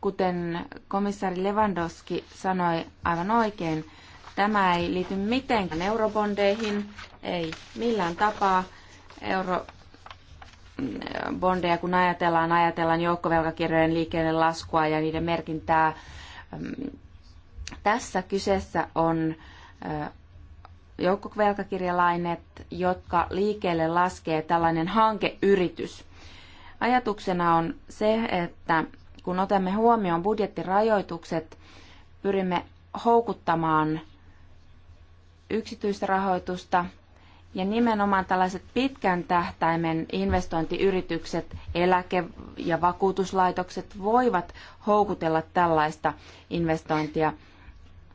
Kuten komissaari Lewandowski sanoi aivan oikein, tämä ei liity mitenkään eurobondeihin, ei millään tapaa eurobondeja, mm, kun ajatellaan, ajatellaan joukkovelkakirjojen liikkeelle laskua ja niiden merkintää. Mm, tässä kyseessä on joukkovelkakirjalainet, jotka liikkeelle laskee tällainen hankeyritys. Ajatuksena on se, että kun otamme huomioon budjettirajoitukset, pyrimme houkuttamaan yksityistä rahoitusta ja nimenomaan tällaiset pitkän tähtäimen investointiyritykset, eläke- ja vakuutuslaitokset voivat houkutella tällaista investointia –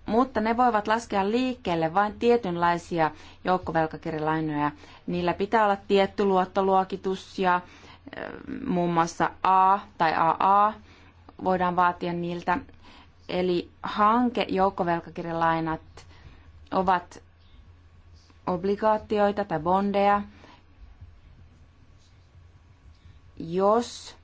mutta ne voivat laskea liikkeelle vain tietynlaisia joukkovelkakirjalainoja. Niillä pitää olla tietty luottoluokitus ja muun mm. muassa A tai AA voidaan vaatia niiltä. Eli hanke joukkovelkakirjalainat ovat obligaatioita tai bondeja, jos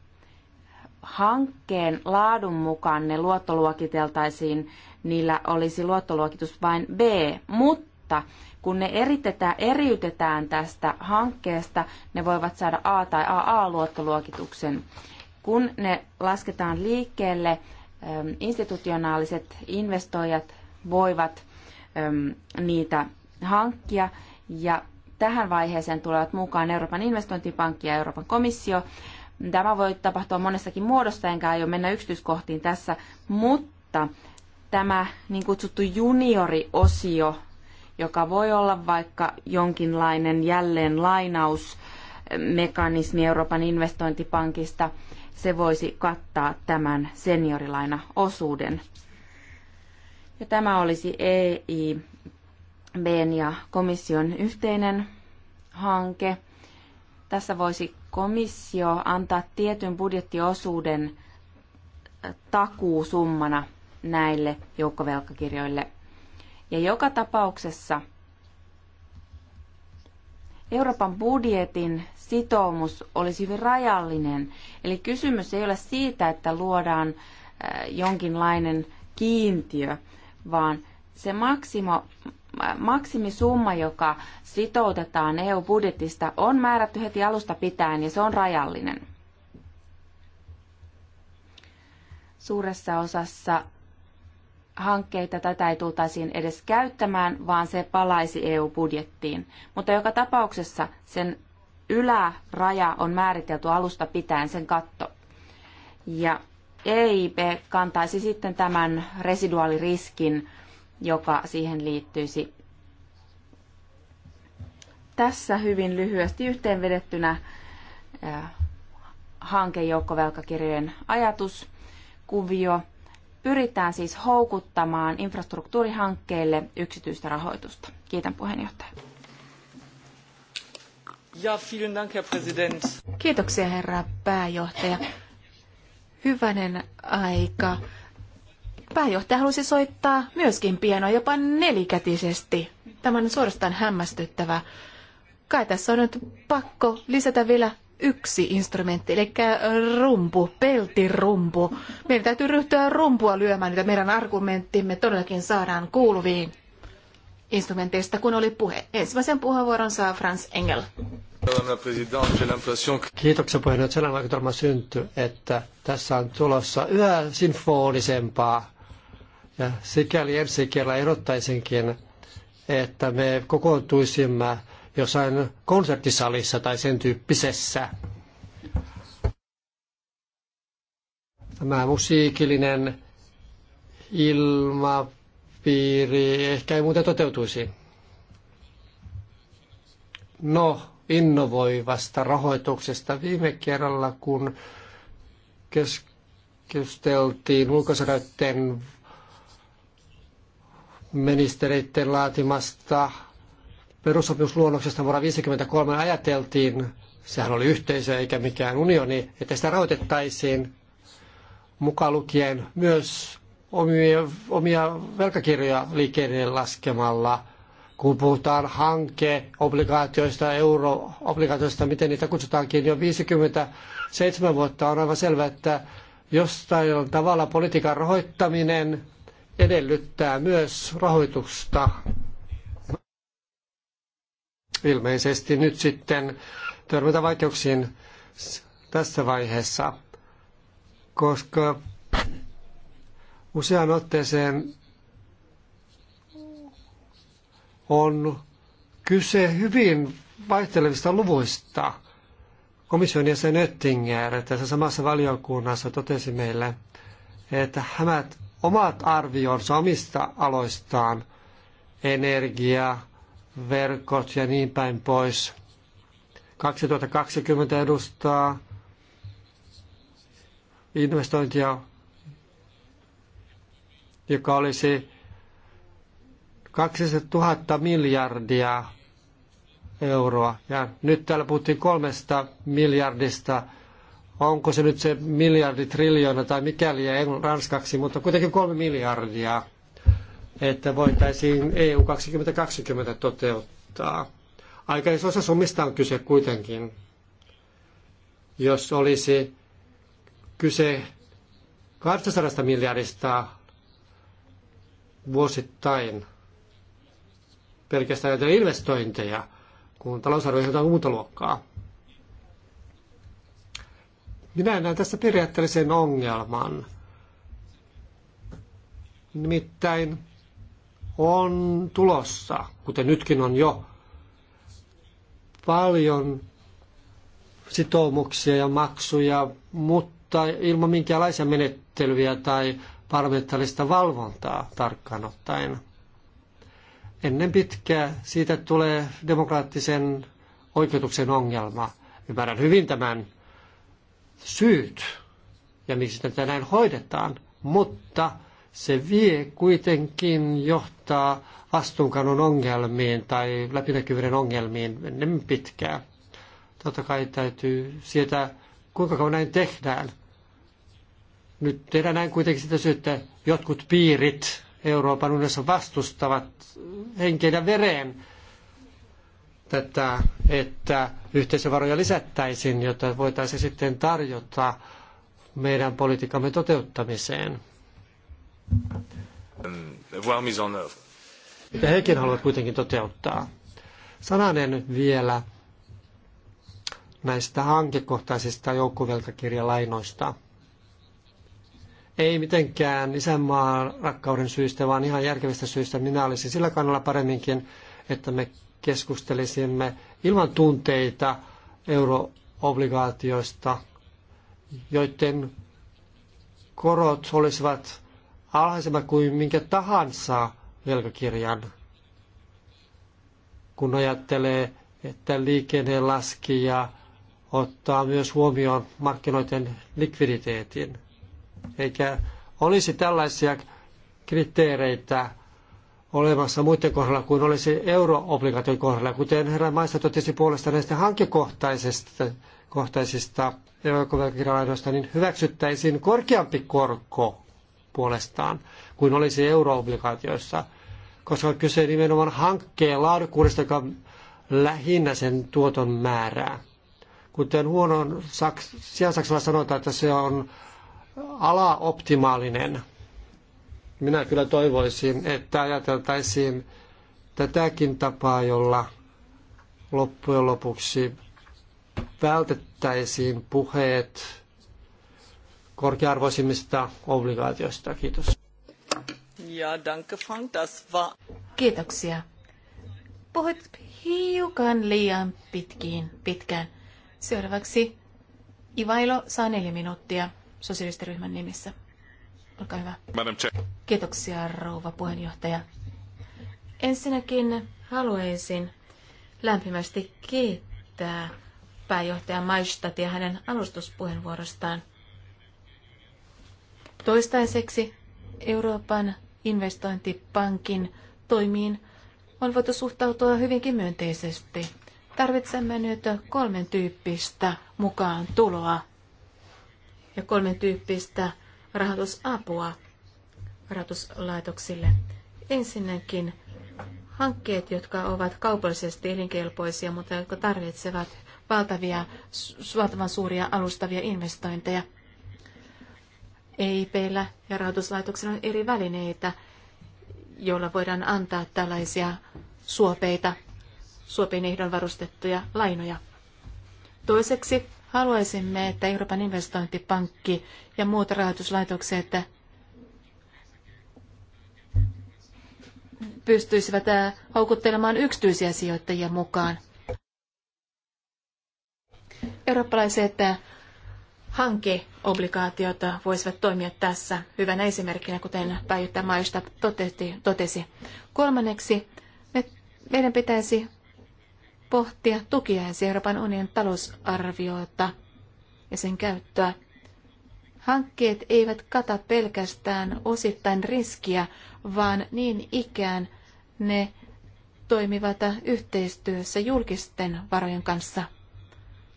hankkeen laadun mukaan ne luottoluokiteltaisiin niillä olisi luottoluokitus vain B, mutta kun ne eritetään, eriytetään tästä hankkeesta, ne voivat saada A- tai AA-luottoluokituksen. Kun ne lasketaan liikkeelle, institutionaaliset investoijat voivat niitä hankkia ja tähän vaiheeseen tulevat mukaan Euroopan investointipankki ja Euroopan komissio. Tämä voi tapahtua monessakin muodossa, enkä aio mennä yksityiskohtiin tässä, mutta tämä niin kutsuttu junioriosio, joka voi olla vaikka jonkinlainen jälleen lainausmekanismi eh, Euroopan investointipankista, se voisi kattaa tämän seniorilainaosuuden. Ja tämä olisi EIBn ja komission yhteinen hanke. Tässä voisi komissio antaa tietyn budjettiosuuden eh, takuusummana näille joukkovelkakirjoille. Ja joka tapauksessa Euroopan budjetin sitoumus olisi hyvin rajallinen. Eli kysymys ei ole siitä, että luodaan äh, jonkinlainen kiintiö, vaan se maksimo, maksimisumma, joka sitoutetaan EU-budjetista, on määrätty heti alusta pitäen ja se on rajallinen. Suuressa osassa hankkeita tätä ei tultaisiin edes käyttämään, vaan se palaisi EU-budjettiin. Mutta joka tapauksessa sen yläraja on määritelty alusta pitäen sen katto. Ja EIP kantaisi sitten tämän residuaaliriskin, joka siihen liittyisi. Tässä hyvin lyhyesti yhteenvedettynä hankejoukkovelkakirjojen ajatuskuvio – Pyritään siis houkuttamaan infrastruktuurihankkeille yksityistä rahoitusta. Kiitän puheenjohtaja. Ja, vielen Dank, Herr Präsident. Kiitoksia, herra pääjohtaja. Hyvänen aika. Pääjohtaja halusi soittaa myöskin pienoa jopa nelikätisesti. Tämä on suorastaan hämmästyttävää. Kai tässä on nyt pakko lisätä vielä yksi instrumentti, eli rumpu, peltirumpu. Meidän täytyy ryhtyä rumpua lyömään, että meidän argumenttimme todellakin saadaan kuuluviin instrumenteista, kun oli puhe. Ensimmäisen puheenvuoron saa Franz Engel. Kiitoksia puheenjohtaja. Sellainen vaikutelma syntyi, että tässä on tulossa yhä sinfonisempaa. Ja sikäli ensi kerralla ehdottaisinkin, että me kokoontuisimme jossain konserttisalissa tai sen tyyppisessä. Tämä musiikillinen ilmapiiri ehkä ei muuten toteutuisi. No, innovoivasta rahoituksesta viime kerralla, kun keskusteltiin ulkosadoitteen ministereiden laatimasta perussopimusluonnoksesta vuonna 1953 ajateltiin, sehän oli yhteisö eikä mikään unioni, että sitä rahoitettaisiin mukaan lukien myös omia, omia velkakirjoja liikkeelle laskemalla. Kun puhutaan hanke, obligaatioista, euro obligaatioista, miten niitä kutsutaankin, jo 57 vuotta on aivan selvää, että jostain tavalla politiikan rahoittaminen edellyttää myös rahoitusta ilmeisesti nyt sitten törmätä vaikeuksiin tässä vaiheessa, koska useaan otteeseen on kyse hyvin vaihtelevista luvuista. Komission jäsen Oettinger tässä samassa valiokunnassa totesi meille, että hämät omat arvionsa omista aloistaan, energia, verkot ja niin päin pois. 2020 edustaa investointia, joka olisi 200 000 miljardia euroa. Ja nyt täällä puhuttiin kolmesta miljardista. Onko se nyt se miljardi, triljoona tai mikäli ranskaksi, mutta kuitenkin kolme miljardia että voitaisiin EU 2020 toteuttaa. Aika isossa summista on kyse kuitenkin. Jos olisi kyse 200 miljardista vuosittain pelkästään näitä investointeja, kun talousarvio on muuta luokkaa. Minä näen tässä periaatteellisen ongelman. Nimittäin on tulossa, kuten nytkin on jo, paljon sitoumuksia ja maksuja, mutta ilman minkäänlaisia menettelyjä tai parlamentaarista valvontaa tarkkaan ottaen. Ennen pitkää siitä tulee demokraattisen oikeutuksen ongelma. Ymmärrän hyvin tämän syyt ja miksi tätä näin hoidetaan, mutta – se vie kuitenkin johtaa vastuunkannon ongelmiin tai läpinäkyvyyden ongelmiin ennen pitkään. Totta kai täytyy sietää, kuinka kauan näin tehdään. Nyt tehdään näin kuitenkin sitä syyttä, että jotkut piirit Euroopan unionissa vastustavat henkeen ja vereen tätä, että yhteisövaroja lisättäisiin, jotta voitaisiin sitten tarjota meidän politiikkamme toteuttamiseen. Ja hekin haluavat kuitenkin toteuttaa. Sananen vielä näistä hankekohtaisista joukkuvelkakirjalainoista. Ei mitenkään isänmaan rakkauden syystä, vaan ihan järkevistä syistä. Minä olisin sillä kannalla paremminkin, että me keskustelisimme ilman tunteita euroobligaatioista, joiden korot olisivat alhaisemmat kuin minkä tahansa velkakirjan. Kun ajattelee, että liikenne laski ja ottaa myös huomioon markkinoiden likviditeetin. Eikä olisi tällaisia kriteereitä olemassa muiden kohdalla kuin olisi euroobligaation kohdalla, kuten herra Maista totesi puolesta näistä hankekohtaisista kohtaisista eurovelkakirjalainoista, niin hyväksyttäisiin korkeampi korko puolestaan kuin olisi euroobligaatioissa, koska on kyse nimenomaan hankkeen laadukkuudesta, joka lähinnä sen tuoton määrää. Kuten huono saks, saksalla sanotaan, että se on alaoptimaalinen. Minä kyllä toivoisin, että ajateltaisiin tätäkin tapaa, jolla loppujen lopuksi vältettäisiin puheet korkearvoisimmista obligaatioista. Kiitos. Ja danke Frank, das war... Kiitoksia. Puhuit hiukan liian pitkiin, pitkään. Seuraavaksi Ivailo saa neljä minuuttia sosialistiryhmän nimissä. Olkaa hyvä. Kiitoksia, rouva puheenjohtaja. Ensinnäkin haluaisin lämpimästi kiittää pääjohtaja Maistatia hänen alustuspuheenvuorostaan. Toistaiseksi Euroopan investointipankin toimiin on voitu suhtautua hyvinkin myönteisesti. Tarvitsemme nyt kolmen tyyppistä mukaan tuloa ja kolmen tyyppistä rahoitusapua rahoituslaitoksille. Ensinnäkin hankkeet, jotka ovat kaupallisesti elinkelpoisia, mutta jotka tarvitsevat valtavia, valtavan suuria alustavia investointeja – EIPllä ja rahoituslaitoksella on eri välineitä, joilla voidaan antaa tällaisia suopeita, suopein ehdon varustettuja lainoja. Toiseksi haluaisimme, että Euroopan investointipankki ja muut rahoituslaitokset pystyisivät houkuttelemaan yksityisiä sijoittajia mukaan. Eurooppalaiset hankeobligaatiot voisivat toimia tässä hyvänä esimerkkinä, kuten pääjohtaja Maista totesi. Kolmanneksi me, meidän pitäisi pohtia tukiaisia Euroopan unionin talousarviota ja sen käyttöä. Hankkeet eivät kata pelkästään osittain riskiä, vaan niin ikään ne toimivat yhteistyössä julkisten varojen kanssa,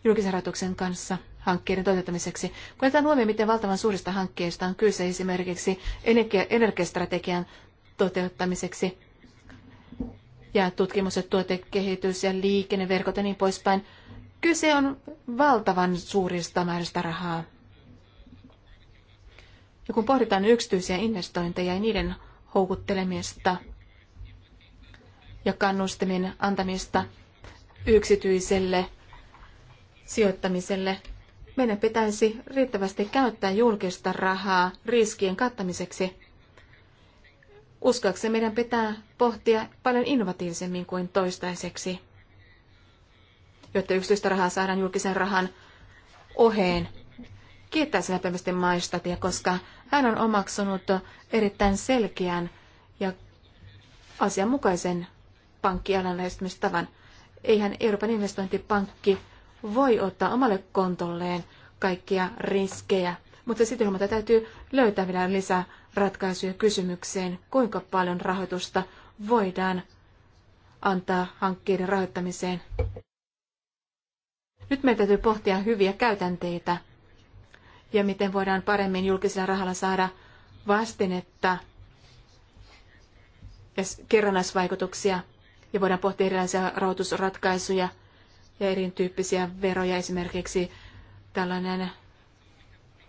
julkisen rahoituksen kanssa – hankkeiden toteuttamiseksi. Kun otetaan huomioon, miten valtavan suurista hankkeista on kyse esimerkiksi energia- energiastrategian toteuttamiseksi ja tutkimus- ja tuotekehitys ja liikenneverkot ja niin poispäin, kyse on valtavan suurista määristä rahaa. Ja kun pohditaan yksityisiä investointeja ja niiden houkuttelemista ja kannustimien antamista yksityiselle sijoittamiselle, meidän pitäisi riittävästi käyttää julkista rahaa riskien kattamiseksi. Uskoakseni meidän pitää pohtia paljon innovatiivisemmin kuin toistaiseksi, jotta yksityistä rahaa saadaan julkisen rahan oheen. Kiittäisin lämpimästi maistatia, koska hän on omaksunut erittäin selkeän ja asianmukaisen pankkialan lähestymistavan. Eihän Euroopan investointipankki voi ottaa omalle kontolleen kaikkia riskejä, mutta sitten huomata täytyy löytää vielä lisää ratkaisuja kysymykseen, kuinka paljon rahoitusta voidaan antaa hankkeiden rahoittamiseen. Nyt meidän täytyy pohtia hyviä käytänteitä ja miten voidaan paremmin julkisella rahalla saada vastinetta ja kerrannaisvaikutuksia ja voidaan pohtia erilaisia rahoitusratkaisuja – ja erityyppisiä veroja, esimerkiksi tällainen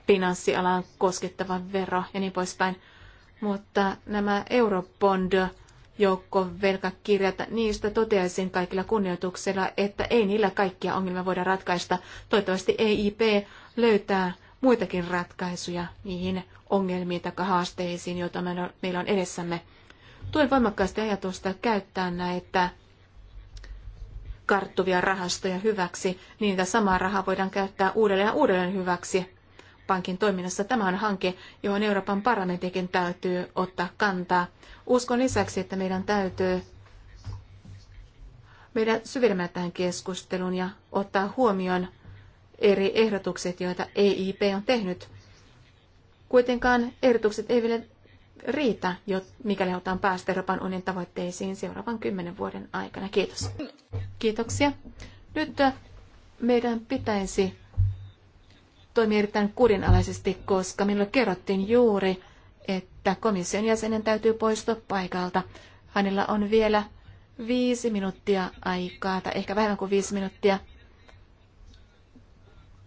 finanssialan koskettava vero ja niin poispäin. Mutta nämä eurobond velkakirjat, niistä toteaisin kaikilla kunnioituksella, että ei niillä kaikkia ongelmia voida ratkaista. Toivottavasti EIP löytää muitakin ratkaisuja niihin ongelmiin tai haasteisiin, joita meillä on edessämme. Tuen voimakkaasti ajatusta käyttää näitä karttuvia rahastoja hyväksi, niin että samaa rahaa voidaan käyttää uudelleen ja uudelleen hyväksi pankin toiminnassa. Tämä on hanke, johon Euroopan parlamentikin täytyy ottaa kantaa. Uskon lisäksi, että meidän täytyy meidän syvemmän tähän keskusteluun ja ottaa huomioon eri ehdotukset, joita EIP on tehnyt. Kuitenkaan ehdotukset eivät riitä, mikäli halutaan päästä Euroopan unionin tavoitteisiin seuraavan kymmenen vuoden aikana. Kiitos. Kiitoksia. Nyt äh, meidän pitäisi toimia erittäin kurinalaisesti, koska minulle kerrottiin juuri, että komission jäsenen täytyy poistua paikalta. Hänellä on vielä viisi minuuttia aikaa, tai ehkä vähemmän kuin viisi minuuttia.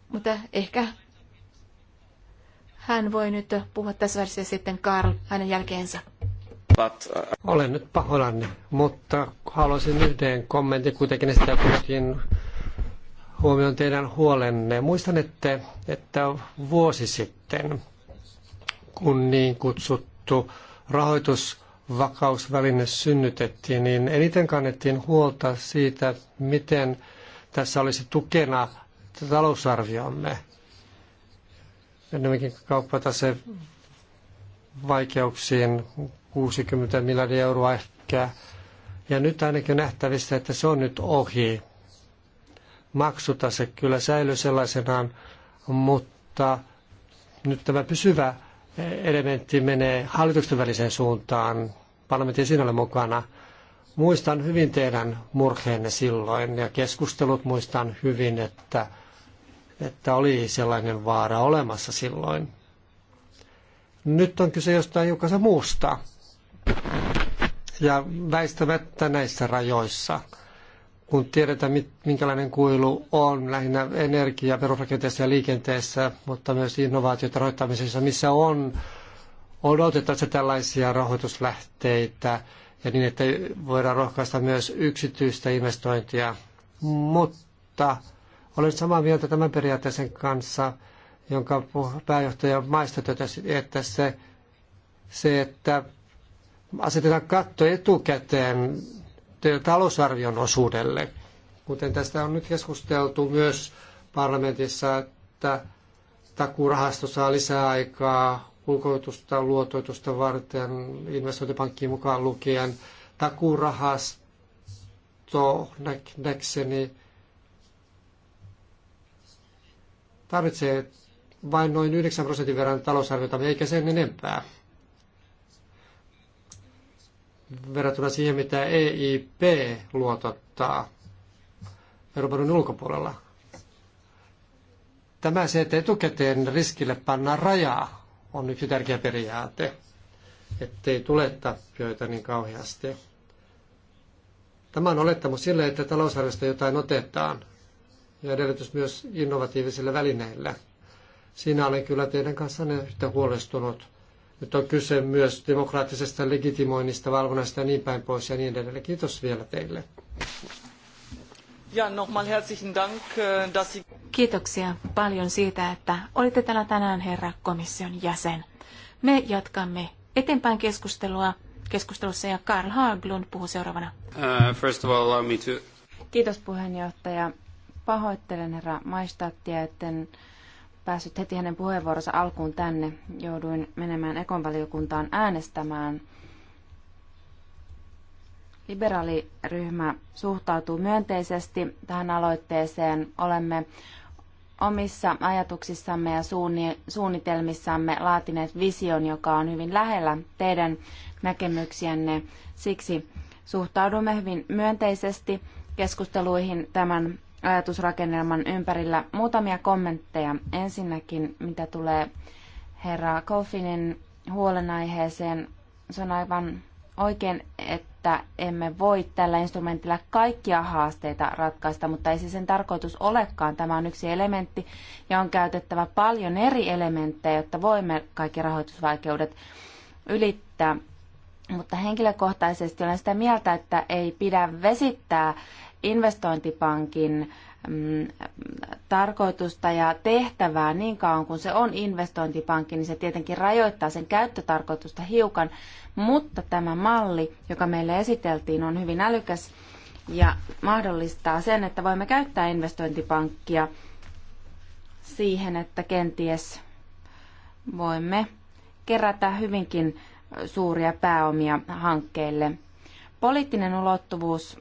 Mutta ehkä hän voi nyt puhua tässä välissä sitten Karl hänen jälkeensä. Olen nyt pahoillani, mutta haluaisin yhden kommentin kuitenkin sitä kuitenkin huomioon teidän huolenne. Muistan, että, että vuosi sitten, kun niin kutsuttu rahoitusvakausväline synnytettiin, niin eniten kannettiin huolta siitä, miten tässä olisi tukena talousarviomme kauppa tase vaikeuksiin 60 miljardia euroa ehkä. Ja nyt ainakin nähtävissä, että se on nyt ohi. Maksutase kyllä säilyy sellaisenaan, mutta nyt tämä pysyvä elementti menee hallituksen väliseen suuntaan. parlamentin sinulle mukana. Muistan hyvin teidän murheenne silloin ja keskustelut muistan hyvin, että että oli sellainen vaara olemassa silloin. Nyt on kyse jostain jokaisen muusta. Ja väistämättä näissä rajoissa, kun tiedetään, minkälainen kuilu on lähinnä energia, perusrakenteessa ja liikenteessä, mutta myös innovaatioita rahoittamisessa, missä on odotettavissa tällaisia rahoituslähteitä ja niin, että voidaan rohkaista myös yksityistä investointia, mutta olen samaa mieltä tämän periaatteen kanssa, jonka pääjohtaja Maisto totesi, että se, se, että asetetaan katto etukäteen talousarvion osuudelle, kuten tästä on nyt keskusteltu myös parlamentissa, että takurahasto saa lisää aikaa ulkoitusta, luotoitusta varten, investointipankkiin mukaan lukien. Takurahasto näkseni tarvitsee vain noin 9 prosentin verran talousarviota, eikä sen enempää verrattuna siihen, mitä EIP luotottaa Euroopan ulkopuolella. Tämä se, että etukäteen riskille pannaan rajaa, on yksi tärkeä periaate, ettei tule tappioita niin kauheasti. Tämä on olettamus sille, että talousarviosta jotain otetaan ja edellytys myös innovatiivisille välineille. Siinä olen kyllä teidän kanssanne yhtä huolestunut. Nyt on kyse myös demokraattisesta legitimoinnista, valvonnasta ja niin päin pois ja niin edelleen. Kiitos vielä teille. Ja nochmal herzlichen Dank, äh, dass Kiitoksia paljon siitä, että olitte täällä tänään herra komission jäsen. Me jatkamme eteenpäin keskustelua keskustelussa ja Karl Haglund puhuu seuraavana. Uh, first of all, allow me to... Kiitos puheenjohtaja. Pahoittelen herra maistaattia, etten päässyt heti hänen puheenvuoronsa alkuun tänne. Jouduin menemään ekonvaliokuntaan äänestämään. Liberaaliryhmä suhtautuu myönteisesti tähän aloitteeseen. Olemme omissa ajatuksissamme ja suunnitelmissamme laatineet vision, joka on hyvin lähellä teidän näkemyksienne. Siksi suhtaudumme hyvin myönteisesti keskusteluihin tämän ajatusrakennelman ympärillä. Muutamia kommentteja. Ensinnäkin, mitä tulee herra Kofinin huolenaiheeseen, se on aivan oikein, että emme voi tällä instrumentilla kaikkia haasteita ratkaista, mutta ei se sen tarkoitus olekaan. Tämä on yksi elementti ja on käytettävä paljon eri elementtejä, jotta voimme kaikki rahoitusvaikeudet ylittää. Mutta henkilökohtaisesti olen sitä mieltä, että ei pidä vesittää investointipankin mm, tarkoitusta ja tehtävää niin kauan kuin se on investointipankki, niin se tietenkin rajoittaa sen käyttötarkoitusta hiukan, mutta tämä malli, joka meille esiteltiin, on hyvin älykäs ja mahdollistaa sen, että voimme käyttää investointipankkia siihen, että kenties voimme kerätä hyvinkin suuria pääomia hankkeille. Poliittinen ulottuvuus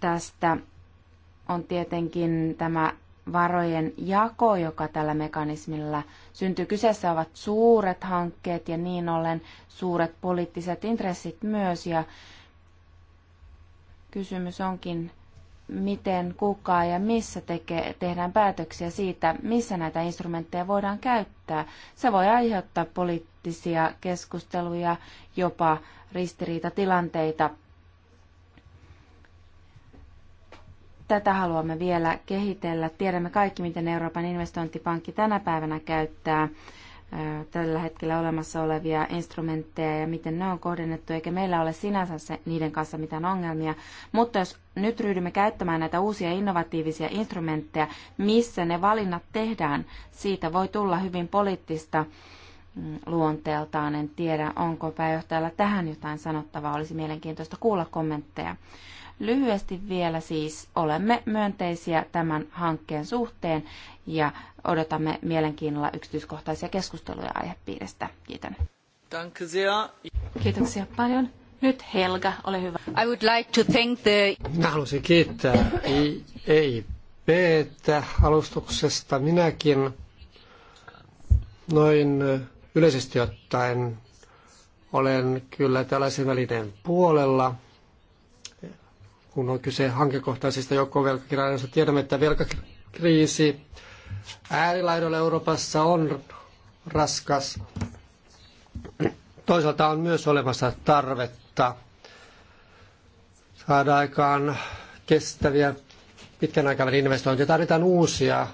Tästä on tietenkin tämä varojen jako, joka tällä mekanismilla syntyy. Kyseessä ovat suuret hankkeet ja niin ollen suuret poliittiset intressit myös. Ja kysymys onkin, miten, kuka ja missä tekee, tehdään päätöksiä siitä, missä näitä instrumentteja voidaan käyttää. Se voi aiheuttaa poliittisia keskusteluja, jopa ristiriitatilanteita Tätä haluamme vielä kehitellä. Tiedämme kaikki, miten Euroopan investointipankki tänä päivänä käyttää tällä hetkellä olemassa olevia instrumentteja ja miten ne on kohdennettu, eikä meillä ole sinänsä se, niiden kanssa mitään ongelmia. Mutta jos nyt ryhdymme käyttämään näitä uusia innovatiivisia instrumentteja, missä ne valinnat tehdään, siitä voi tulla hyvin poliittista mm, luonteeltaan. En tiedä, onko pääjohtajalla tähän jotain sanottavaa. Olisi mielenkiintoista kuulla kommentteja. Lyhyesti vielä siis olemme myönteisiä tämän hankkeen suhteen ja odotamme mielenkiinnolla yksityiskohtaisia keskusteluja aihepiiristä. Kiitän. Kiitoksia. paljon. Nyt Helga, ole hyvä. I would like to thank the... Minä haluaisin kiittää eip alustuksesta. Minäkin noin yleisesti ottaen olen kyllä tällaisen välineen puolella – kun on kyse hankekohtaisista joukkovelkakirjoista. Tiedämme, että velkakriisi äärilaidoilla Euroopassa on raskas. Toisaalta on myös olemassa tarvetta saada aikaan kestäviä pitkän aikavälin investointeja. Tarvitaan uusia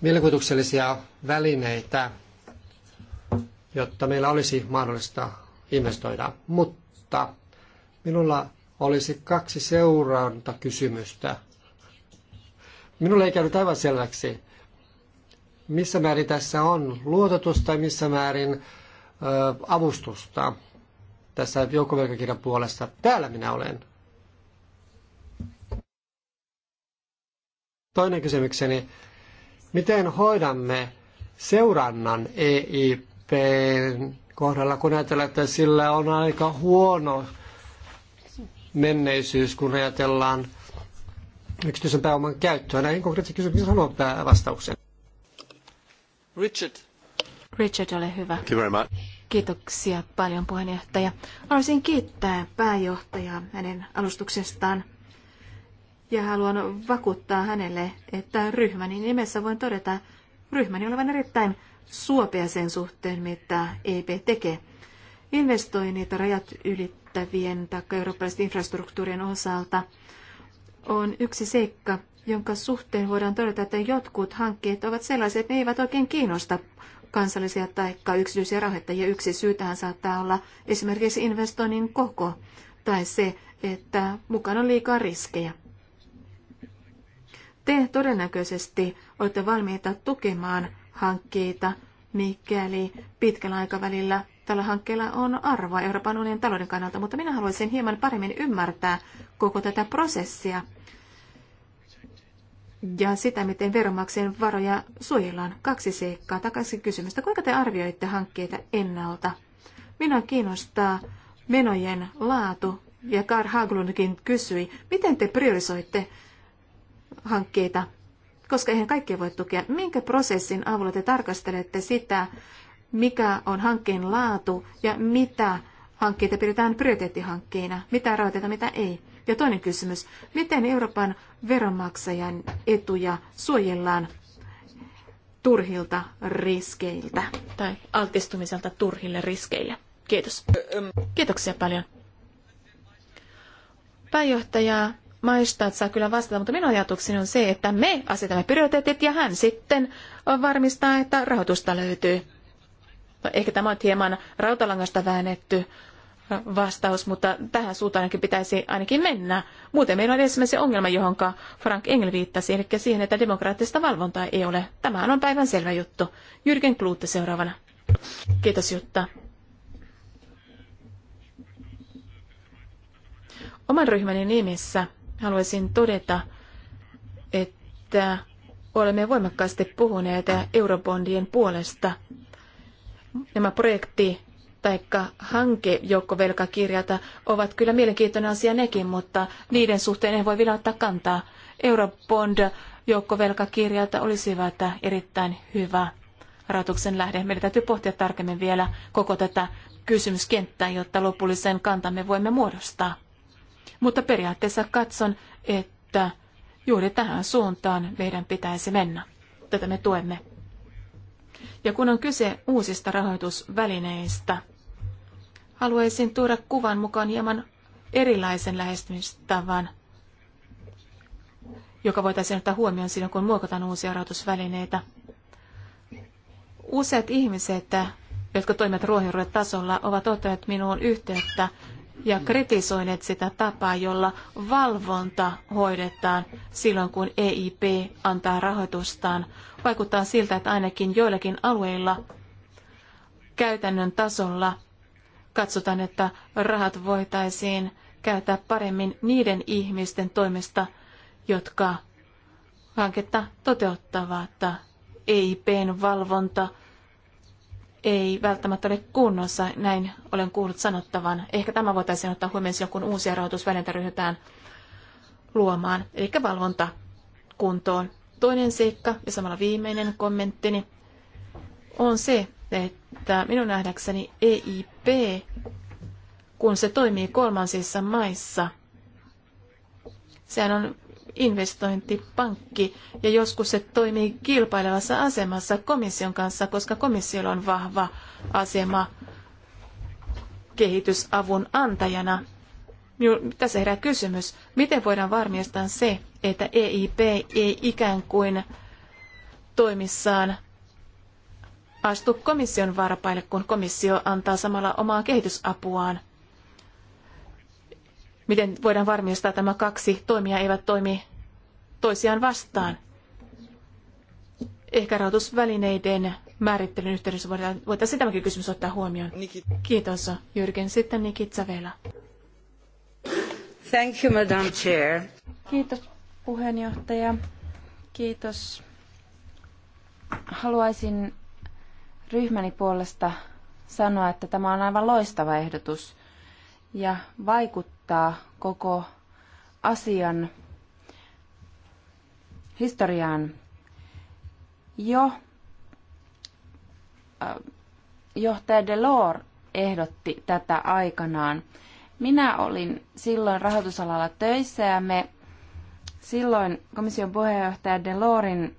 mielikuvituksellisia välineitä, jotta meillä olisi mahdollista investoida. Mutta minulla olisi kaksi kysymystä. Minulle ei käynyt aivan selväksi, missä määrin tässä on luototusta ja missä määrin ö, avustusta tässä joukkovelkakirjan puolesta. Täällä minä olen. Toinen kysymykseni, miten hoidamme seurannan EIP kohdalla, kun ajatellaan, että sillä on aika huono menneisyys, kun ajatellaan yksityisen pääoman käyttöä? Näihin konkreettisiin kysymyksiin haluan vastauksen. Richard. Richard, ole hyvä. Thank you very much. Kiitoksia paljon puheenjohtaja. Haluaisin kiittää pääjohtajaa hänen alustuksestaan ja haluan vakuuttaa hänelle, että ryhmäni nimessä voin todeta ryhmäni olevan erittäin suopea sen suhteen, mitä EP tekee. Investoinnit rajat ylittävien tai eurooppalaisten infrastruktuurien osalta on yksi seikka, jonka suhteen voidaan todeta, että jotkut hankkeet ovat sellaisia, että ne eivät oikein kiinnosta kansallisia tai yksityisiä rahoittajia. Yksi syy tähän saattaa olla esimerkiksi investoinnin koko tai se, että mukana on liikaa riskejä. Te todennäköisesti olette valmiita tukemaan hankkeita, mikäli pitkällä aikavälillä Tällä hankkeella on arvoa Euroopan unionin talouden kannalta, mutta minä haluaisin hieman paremmin ymmärtää koko tätä prosessia ja sitä, miten veronmaksajien varoja suojellaan. Kaksi seikkaa. Takaisin kysymystä. Kuinka te arvioitte hankkeita ennalta? Minua kiinnostaa menojen laatu, ja Karl Haglundkin kysyi, miten te priorisoitte hankkeita, koska eihän kaikkea voi tukea. Minkä prosessin avulla te tarkastelette sitä, mikä on hankkeen laatu ja mitä hankkeita pidetään prioriteettihankkeina, mitä rahoitetaan, mitä ei. Ja toinen kysymys, miten Euroopan veronmaksajan etuja suojellaan turhilta riskeiltä tai altistumiselta turhille riskeille? Kiitos. Kiitoksia paljon. Pääjohtaja Maistat saa kyllä vastata, mutta minun ajatukseni on se, että me asetamme prioriteetit ja hän sitten varmistaa, että rahoitusta löytyy. No, ehkä tämä on hieman rautalangasta väännetty äh, vastaus, mutta tähän suuntaan ainakin pitäisi ainakin mennä. Muuten meillä on ensimmäisen ongelma, johon Frank Engel viittasi, eli siihen, että demokraattista valvontaa ei ole. Tämähän on päivän selvä juttu. Jyrgen Kluutte seuraavana. Kiitos Jutta. Oman ryhmäni nimissä haluaisin todeta, että olemme voimakkaasti puhuneet eurobondien puolesta – nämä projekti- tai hankejoukkovelkakirjat ovat kyllä mielenkiintoinen asia nekin, mutta niiden suhteen ei voi vielä ottaa kantaa. Eurobond joukkovelkakirjat olisivat erittäin hyvä rahoituksen lähde. Meidän täytyy pohtia tarkemmin vielä koko tätä kysymyskenttää, jotta lopullisen kantamme voimme muodostaa. Mutta periaatteessa katson, että juuri tähän suuntaan meidän pitäisi mennä. Tätä me tuemme. Ja kun on kyse uusista rahoitusvälineistä, haluaisin tuoda kuvan mukaan hieman erilaisen lähestymistavan, joka voitaisiin ottaa huomioon silloin, kun muokataan uusia rahoitusvälineitä. Useat ihmiset, jotka toimivat tasolla, ovat ottaneet minuun yhteyttä ja kritisoineet sitä tapaa, jolla valvonta hoidetaan silloin, kun EIP antaa rahoitustaan vaikuttaa siltä, että ainakin joillakin alueilla käytännön tasolla katsotaan, että rahat voitaisiin käyttää paremmin niiden ihmisten toimesta, jotka hanketta toteuttavat. EIPn valvonta ei välttämättä ole kunnossa, näin olen kuullut sanottavan. Ehkä tämä voitaisiin ottaa huomioon silloin, kun uusia rahoitusvälineitä ryhdytään luomaan, eli valvonta kuntoon. Toinen seikka ja samalla viimeinen kommenttini on se, että minun nähdäkseni EIP, kun se toimii kolmansissa maissa, sehän on investointipankki ja joskus se toimii kilpailevassa asemassa komission kanssa, koska komissiolla on vahva asema kehitysavun antajana tässä herää kysymys, miten voidaan varmistaa se, että EIP ei ikään kuin toimissaan astu komission varpaille, kun komissio antaa samalla omaa kehitysapuaan. Miten voidaan varmistaa, että nämä kaksi toimia eivät toimi toisiaan vastaan? Ehkä rahoitusvälineiden määrittelyn yhteydessä voitaisiin tämäkin kysymys ottaa huomioon. Kiitos, Jyrgen. Sitten Nikitsa vielä. Thank you, Madam Chair. Kiitos puheenjohtaja. Kiitos. Haluaisin ryhmäni puolesta sanoa, että tämä on aivan loistava ehdotus ja vaikuttaa koko asian historiaan jo äh, johtaja Delors ehdotti tätä aikanaan. Minä olin silloin rahoitusalalla töissä ja me silloin komission puheenjohtaja Delorin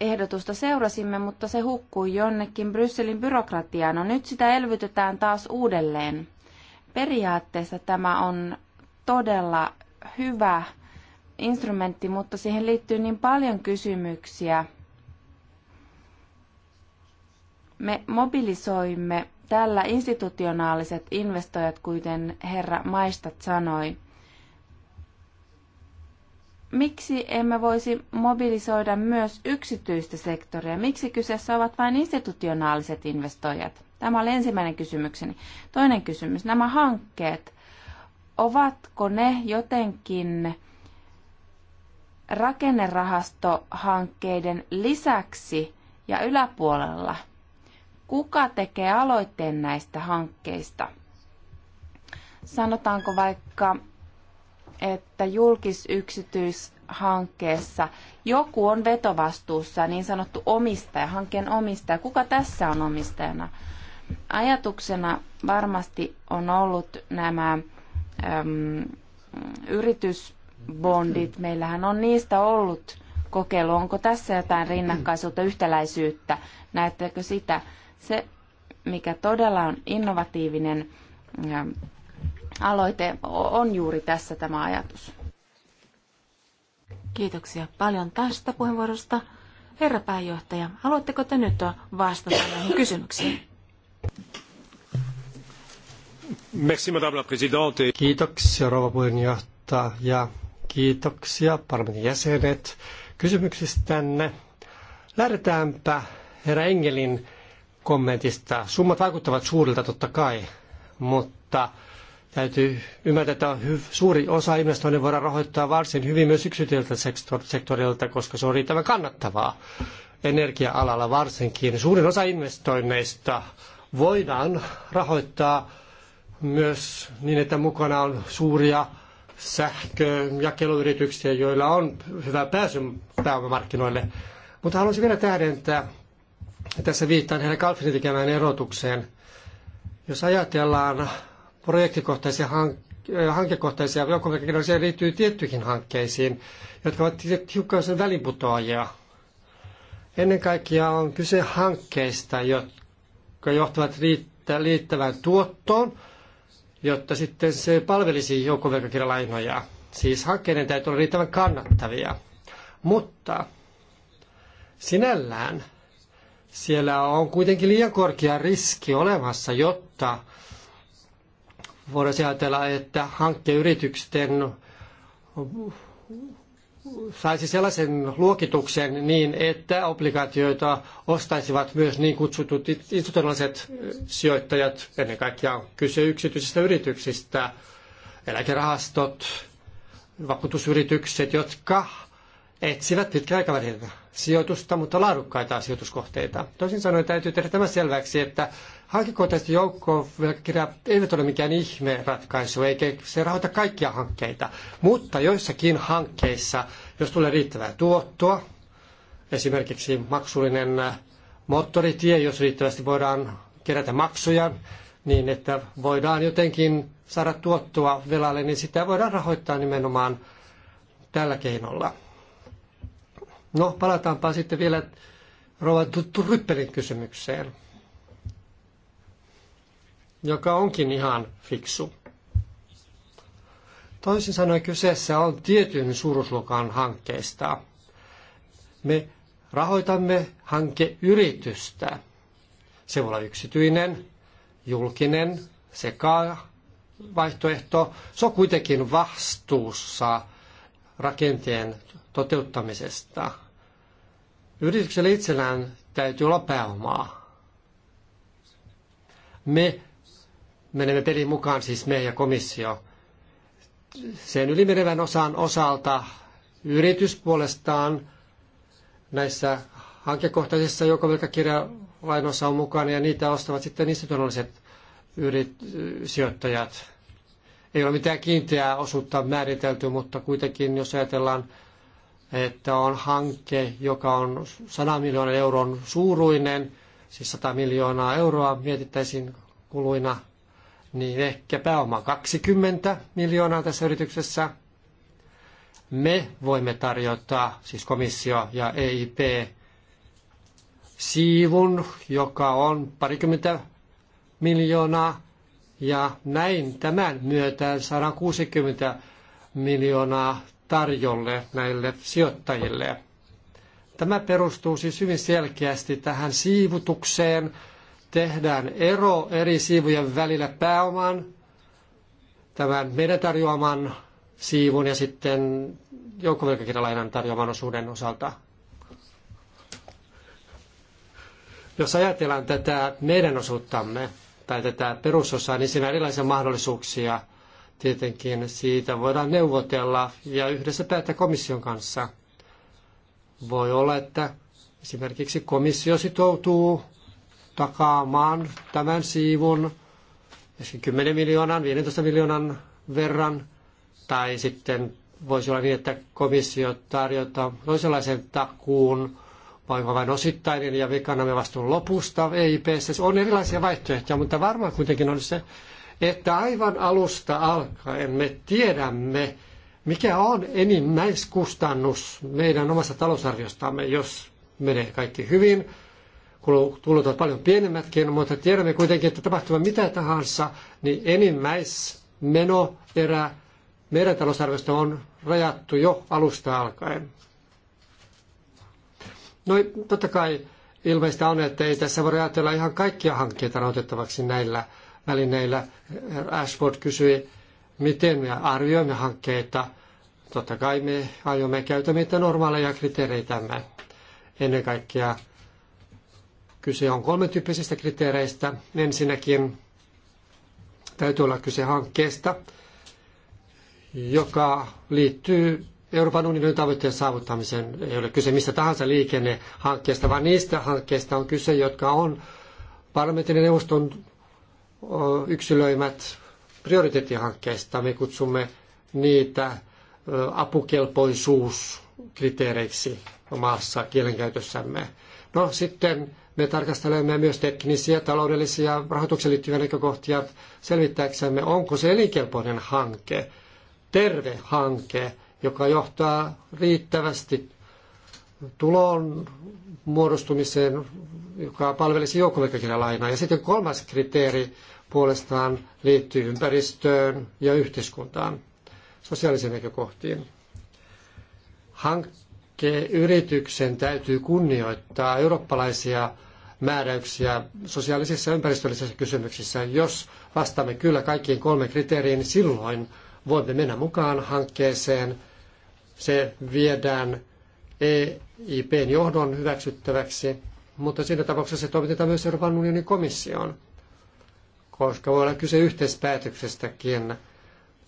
ehdotusta seurasimme, mutta se hukkui jonnekin Brysselin byrokratiaan. No nyt sitä elvytetään taas uudelleen. Periaatteessa tämä on todella hyvä instrumentti, mutta siihen liittyy niin paljon kysymyksiä. Me mobilisoimme Tällä institutionaaliset investoijat, kuten herra Maistat sanoi, miksi emme voisi mobilisoida myös yksityistä sektoria? Miksi kyseessä ovat vain institutionaaliset investoijat? Tämä oli ensimmäinen kysymykseni. Toinen kysymys, nämä hankkeet, ovatko ne jotenkin rakennerahastohankkeiden lisäksi ja yläpuolella – kuka tekee aloitteen näistä hankkeista. Sanotaanko vaikka, että julkis-yksityishankkeessa joku on vetovastuussa, niin sanottu omistaja, hankkeen omistaja. Kuka tässä on omistajana? Ajatuksena varmasti on ollut nämä äm, yritysbondit. Meillähän on niistä ollut kokeilu. Onko tässä jotain rinnakkaisuutta, yhtäläisyyttä? Näettekö sitä? Se, mikä todella on innovatiivinen aloite, on juuri tässä tämä ajatus. Kiitoksia paljon tästä puheenvuorosta. Herra pääjohtaja, haluatteko te nyt vastata näihin kysymyksiin? Merci, madame la présidente. Kiitoksia, rouva puheenjohtaja. Kiitoksia, parlamentin jäsenet, kysymyksistänne. Lähdetäänpä herra Engelin kommentista. Summat vaikuttavat suurilta totta kai, mutta täytyy ymmärtää, että suuri osa investoinnin voidaan rahoittaa varsin hyvin myös yksityiseltä sektorilta, koska se on riittävän kannattavaa energia-alalla varsinkin. Suurin osa investoinneista voidaan rahoittaa myös niin, että mukana on suuria sähköjakeluyrityksiä, joilla on hyvä pääsy pääomamarkkinoille. Mutta haluaisin vielä tähdentää ja tässä viittaan herra Kalfinin tekemään erotukseen. Jos ajatellaan projektikohtaisia hank- hankekohtaisia joukkomerkinnallisia niin liittyy tiettyihin hankkeisiin, jotka ovat hiukan sen väliputoajia. Ennen kaikkea on kyse hankkeista, jotka johtavat riittävään tuottoon, jotta sitten se palvelisi joukkovelkakirjalainoja. Siis hankkeiden täytyy olla riittävän kannattavia. Mutta sinällään siellä on kuitenkin liian korkea riski olemassa, jotta voidaan ajatella, että hankkeyritysten saisi sellaisen luokituksen niin, että obligaatioita ostaisivat myös niin kutsutut institutionaaliset sijoittajat, ennen kaikkea on kyse yksityisistä yrityksistä, eläkerahastot, vakuutusyritykset, jotka etsivät pitkäaikavälillä sijoitusta, mutta laadukkaita sijoituskohteita. Toisin sanoen täytyy tehdä tämä selväksi, että hankekohtaiset joukkovelkakirjat eivät ole mikään ihme ratkaisu, eikä se rahoita kaikkia hankkeita. Mutta joissakin hankkeissa, jos tulee riittävää tuottoa, esimerkiksi maksullinen moottoritie, jos riittävästi voidaan kerätä maksuja, niin että voidaan jotenkin saada tuottoa velalle, niin sitä voidaan rahoittaa nimenomaan tällä keinolla. No, palataanpa sitten vielä Rova Ryppelin kysymykseen, joka onkin ihan fiksu. Toisin sanoen kyseessä on tietyn suuruusluokan hankkeista. Me rahoitamme hankeyritystä. Se voi olla yksityinen, julkinen, sekä vaihtoehto. Se on kuitenkin vastuussa rakenteen toteuttamisesta. Yrityksellä itsellään täytyy olla pääomaa. Me menemme pelin mukaan, siis me ja komissio. Sen ylimenevän osan osalta yritys puolestaan näissä hankekohtaisissa joukovelkakirjalainoissa on mukana ja niitä ostavat sitten institutionaaliset yrit- sijoittajat. Ei ole mitään kiinteää osuutta määritelty, mutta kuitenkin jos ajatellaan että on hanke, joka on 100 miljoonan euron suuruinen, siis 100 miljoonaa euroa mietittäisiin kuluina, niin ehkä pääoma 20 miljoonaa tässä yrityksessä. Me voimme tarjota, siis komissio ja EIP, siivun, joka on parikymmentä miljoonaa, ja näin tämän myötä 160 miljoonaa tarjolle näille sijoittajille. Tämä perustuu siis hyvin selkeästi tähän siivutukseen. Tehdään ero eri siivujen välillä pääoman, tämän meidän tarjoaman siivun ja sitten joukkovelkakirjalainan tarjoaman osuuden osalta. Jos ajatellaan tätä meidän osuuttamme tai tätä perusosaa, niin siinä on erilaisia mahdollisuuksia – Tietenkin siitä voidaan neuvotella ja yhdessä päättää komission kanssa. Voi olla, että esimerkiksi komissio sitoutuu takaamaan tämän siivun ehkä 10 miljoonan, 15 miljoonan verran, tai sitten voisi olla niin, että komissio tarjota toisenlaisen takuun, vaikka vain osittainen ja me kannamme vastuun lopusta EIPssä. On erilaisia vaihtoehtoja, mutta varmaan kuitenkin on se että aivan alusta alkaen me tiedämme, mikä on enimmäiskustannus meidän omassa talousarviostamme, jos menee kaikki hyvin. Tulot ovat paljon pienemmätkin, mutta tiedämme kuitenkin, että tapahtuu mitä tahansa, niin enimmäismenoerä meidän talousarviosta on rajattu jo alusta alkaen. No totta kai ilmeistä on, että ei tässä voi ajatella ihan kaikkia hankkeita otettavaksi näillä välineillä. Ashford kysyi, miten me arvioimme hankkeita. Totta kai me aiomme käytämme niitä normaaleja kriteereitämme. Ennen kaikkea kyse on kolmen tyyppisistä kriteereistä. Ensinnäkin täytyy olla kyse hankkeesta, joka liittyy Euroopan unionin tavoitteen saavuttamiseen. Ei ole kyse mistä tahansa liikennehankkeesta, vaan niistä hankkeista on kyse, jotka on parlamentin neuvoston yksilöimät prioriteettihankkeista. Me kutsumme niitä apukelpoisuuskriteereiksi omassa kielenkäytössämme. No sitten me tarkastelemme myös teknisiä, taloudellisia, rahoitukseen liittyviä näkökohtia selvittääksemme, onko se elinkelpoinen hanke, terve hanke, joka johtaa riittävästi tulon muodostumiseen, joka palvelisi joukkovelkakirjalainaa. Ja sitten kolmas kriteeri puolestaan liittyy ympäristöön ja yhteiskuntaan, sosiaalisiin näkökohtiin. Hankkeyrityksen täytyy kunnioittaa eurooppalaisia määräyksiä sosiaalisissa ja ympäristöllisissä kysymyksissä. Jos vastaamme kyllä kaikkiin kolmeen kriteeriin, niin silloin voimme mennä mukaan hankkeeseen. Se viedään EIPn johdon hyväksyttäväksi, mutta siinä tapauksessa se toimitetaan myös Euroopan unionin komissioon koska voi olla kyse yhteispäätöksestäkin,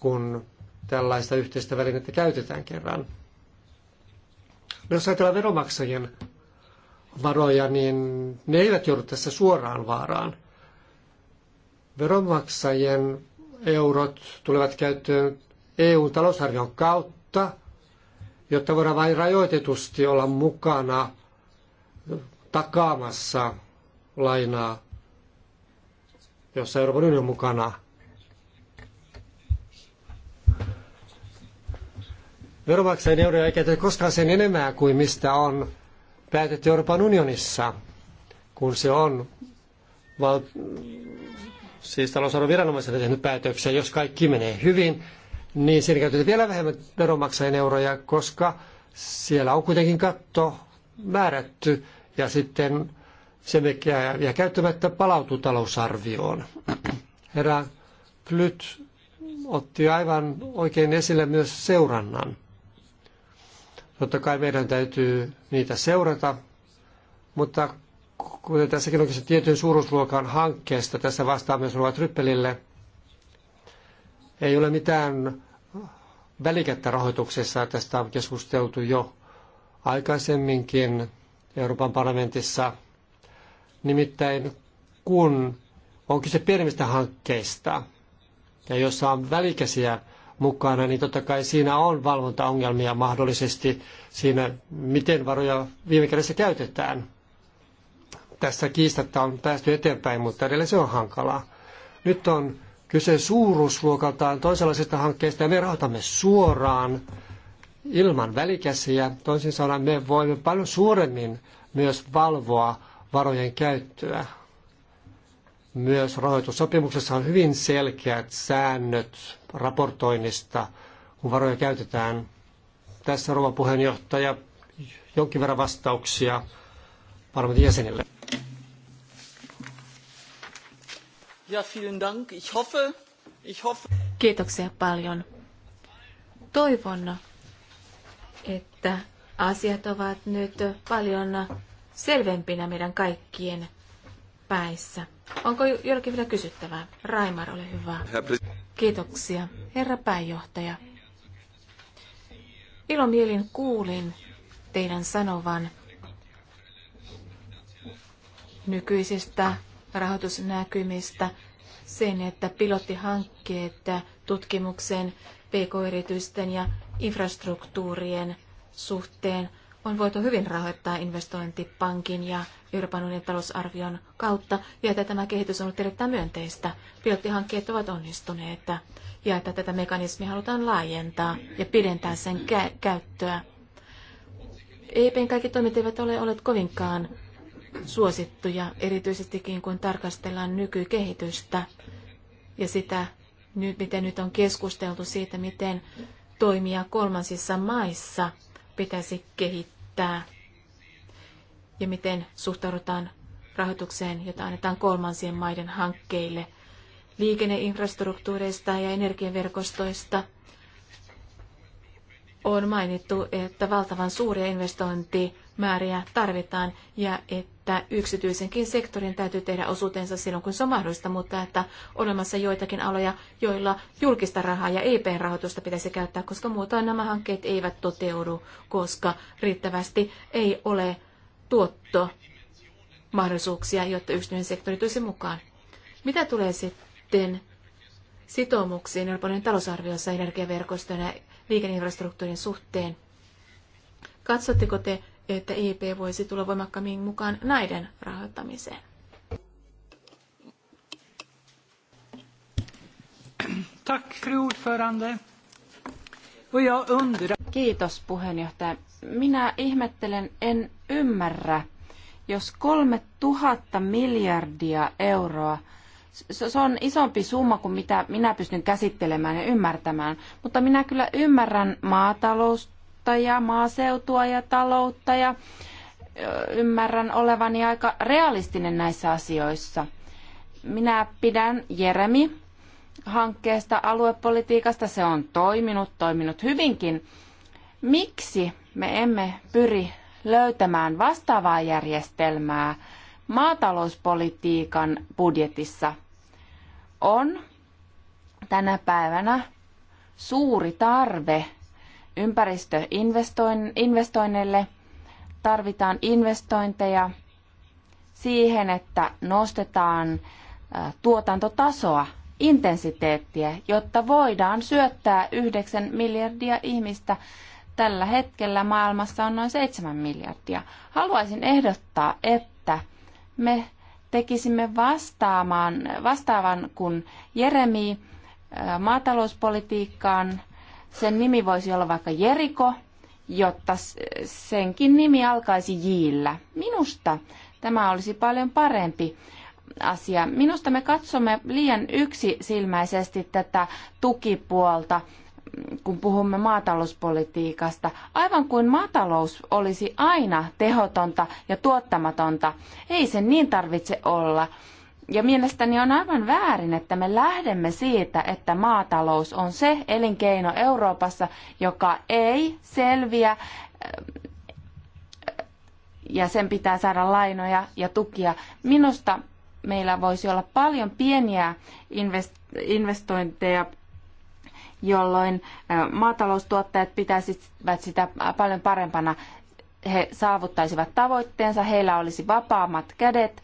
kun tällaista yhteistä välinettä käytetään kerran. No, jos ajatellaan veromaksajien varoja, niin ne eivät joudu tässä suoraan vaaraan. Veronmaksajien eurot tulevat käyttöön EU-talousarvion kautta, jotta voidaan vain rajoitetusti olla mukana takaamassa lainaa jossa Euroopan unioni on mukana. Veronmaksajien euroja ei käytetä koskaan sen enemmän kuin mistä on päätetty Euroopan unionissa, kun se on val- siis talousarvon viranomaisena tehnyt päätöksiä. Jos kaikki menee hyvin, niin siinä käytetään vielä vähemmän veronmaksajien euroja, koska siellä on kuitenkin katto määrätty ja sitten se mikä jää käyttämättä palautuu talousarvioon. Herra Flyt otti aivan oikein esille myös seurannan. Totta kai meidän täytyy niitä seurata, mutta kuten tässäkin on kyse tietyn suuruusluokan hankkeesta, tässä vastaa myös Ruva Tryppelille, ei ole mitään välikättä rahoituksessa. Tästä on keskusteltu jo aikaisemminkin Euroopan parlamentissa – Nimittäin kun on kyse pienemmistä hankkeista ja jossa on välikäsiä mukana, niin totta kai siinä on valvontaongelmia mahdollisesti siinä, miten varoja viime kädessä käytetään. Tässä kiistatta on päästy eteenpäin, mutta edelleen se on hankalaa. Nyt on kyse suuruusluokaltaan toisenlaisista hankkeista ja me rahoitamme suoraan ilman välikäsiä. Toisin sanoen me voimme paljon suuremmin myös valvoa varojen käyttöä. Myös rahoitussopimuksessa on hyvin selkeät säännöt raportoinnista, kun varoja käytetään. Tässä rouva puheenjohtaja jonkin verran vastauksia parlamentin jäsenille. Ja, vielen dank. Ich hoffe, ich hoffe. Kiitoksia paljon. Toivon, että asiat ovat nyt paljon selvempinä meidän kaikkien päissä. Onko jollakin vielä kysyttävää? Raimar, ole hyvä. Kiitoksia, herra pääjohtaja. Ilomielin kuulin teidän sanovan nykyisistä rahoitusnäkymistä sen, että pilottihankkeet tutkimuksen, pk-yritysten ja infrastruktuurien suhteen – on voitu hyvin rahoittaa investointipankin ja Euroopan unionin talousarvion kautta, ja että tämä kehitys on ollut erittäin myönteistä. Pilottihankkeet ovat onnistuneet, ja että tätä mekanismia halutaan laajentaa ja pidentää sen kä- käyttöä. EIPn kaikki toimet eivät ole olleet kovinkaan suosittuja, erityisestikin kun tarkastellaan nykykehitystä ja sitä, miten nyt on keskusteltu siitä, miten toimia kolmansissa maissa pitäisi kehittää päättää ja miten suhtaudutaan rahoitukseen, jota annetaan kolmansien maiden hankkeille liikenneinfrastruktuureista ja energiaverkostoista on mainittu, että valtavan suuria investointimääriä tarvitaan ja että yksityisenkin sektorin täytyy tehdä osuutensa silloin, kun se on mahdollista, mutta että olemassa joitakin aloja, joilla julkista rahaa ja EP-rahoitusta pitäisi käyttää, koska muutoin nämä hankkeet eivät toteudu, koska riittävästi ei ole tuotto mahdollisuuksia, jotta yksityinen sektori tulisi mukaan. Mitä tulee sitten sitoumuksiin Euroopan talousarviossa energiaverkostojen ja liikenneinfrastruktuurin suhteen. Katsotteko te, että EP voisi tulla voimakkaammin mukaan näiden rahoittamiseen? Tack, fru ordförande. Kiitos puheenjohtaja. Minä ihmettelen, en ymmärrä, jos kolme tuhatta miljardia euroa – se on isompi summa kuin mitä minä pystyn käsittelemään ja ymmärtämään. Mutta minä kyllä ymmärrän maataloutta ja maaseutua ja taloutta ja ymmärrän olevani aika realistinen näissä asioissa. Minä pidän Jeremi hankkeesta aluepolitiikasta. Se on toiminut, toiminut hyvinkin. Miksi me emme pyri löytämään vastaavaa järjestelmää maatalouspolitiikan budjetissa – on tänä päivänä suuri tarve ympäristöinvestoinneille. Tarvitaan investointeja siihen, että nostetaan tuotantotasoa, intensiteettiä, jotta voidaan syöttää 9 miljardia ihmistä. Tällä hetkellä maailmassa on noin 7 miljardia. Haluaisin ehdottaa, että me tekisimme vastaamaan, vastaavan kuin Jeremi maatalouspolitiikkaan. Sen nimi voisi olla vaikka Jeriko, jotta senkin nimi alkaisi Jillä. Minusta tämä olisi paljon parempi asia. Minusta me katsomme liian yksisilmäisesti tätä tukipuolta kun puhumme maatalouspolitiikasta, aivan kuin maatalous olisi aina tehotonta ja tuottamatonta. Ei sen niin tarvitse olla. Ja mielestäni on aivan väärin, että me lähdemme siitä, että maatalous on se elinkeino Euroopassa, joka ei selviä äh, ja sen pitää saada lainoja ja tukia. Minusta meillä voisi olla paljon pieniä investointeja jolloin maataloustuottajat pitäisivät sitä paljon parempana. He saavuttaisivat tavoitteensa, heillä olisi vapaammat kädet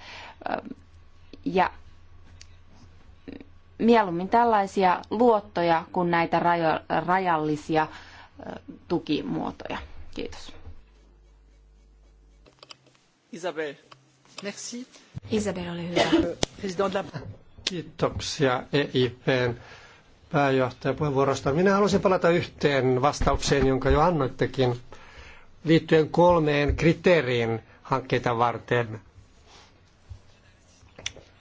ja mieluummin tällaisia luottoja kuin näitä rajallisia tukimuotoja. Kiitos. Isabel, merci. Isabel, ole hyvä. Kiitoksia EIPn pääjohtaja puheenvuorosta. Minä haluaisin palata yhteen vastaukseen, jonka jo annoittekin, liittyen kolmeen kriteeriin hankkeita varten,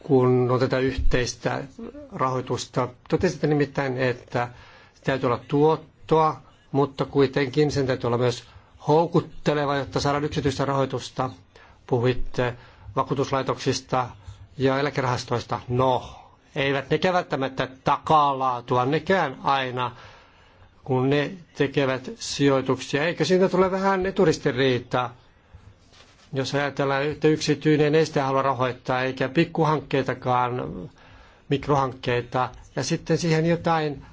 kun on tätä yhteistä rahoitusta. Totesitte nimittäin, että täytyy olla tuottoa, mutta kuitenkin sen täytyy olla myös houkutteleva, jotta saadaan yksityistä rahoitusta. Puhuitte vakuutuslaitoksista ja eläkerahastoista. No, eivät nekään välttämättä takaa laatua nekään aina, kun ne tekevät sijoituksia. Eikö siitä tule vähän eturistiriitaa, jos ajatellaan, että yksityinen ei sitä halua rahoittaa, eikä pikkuhankkeitakaan, mikrohankkeita, ja sitten siihen jotain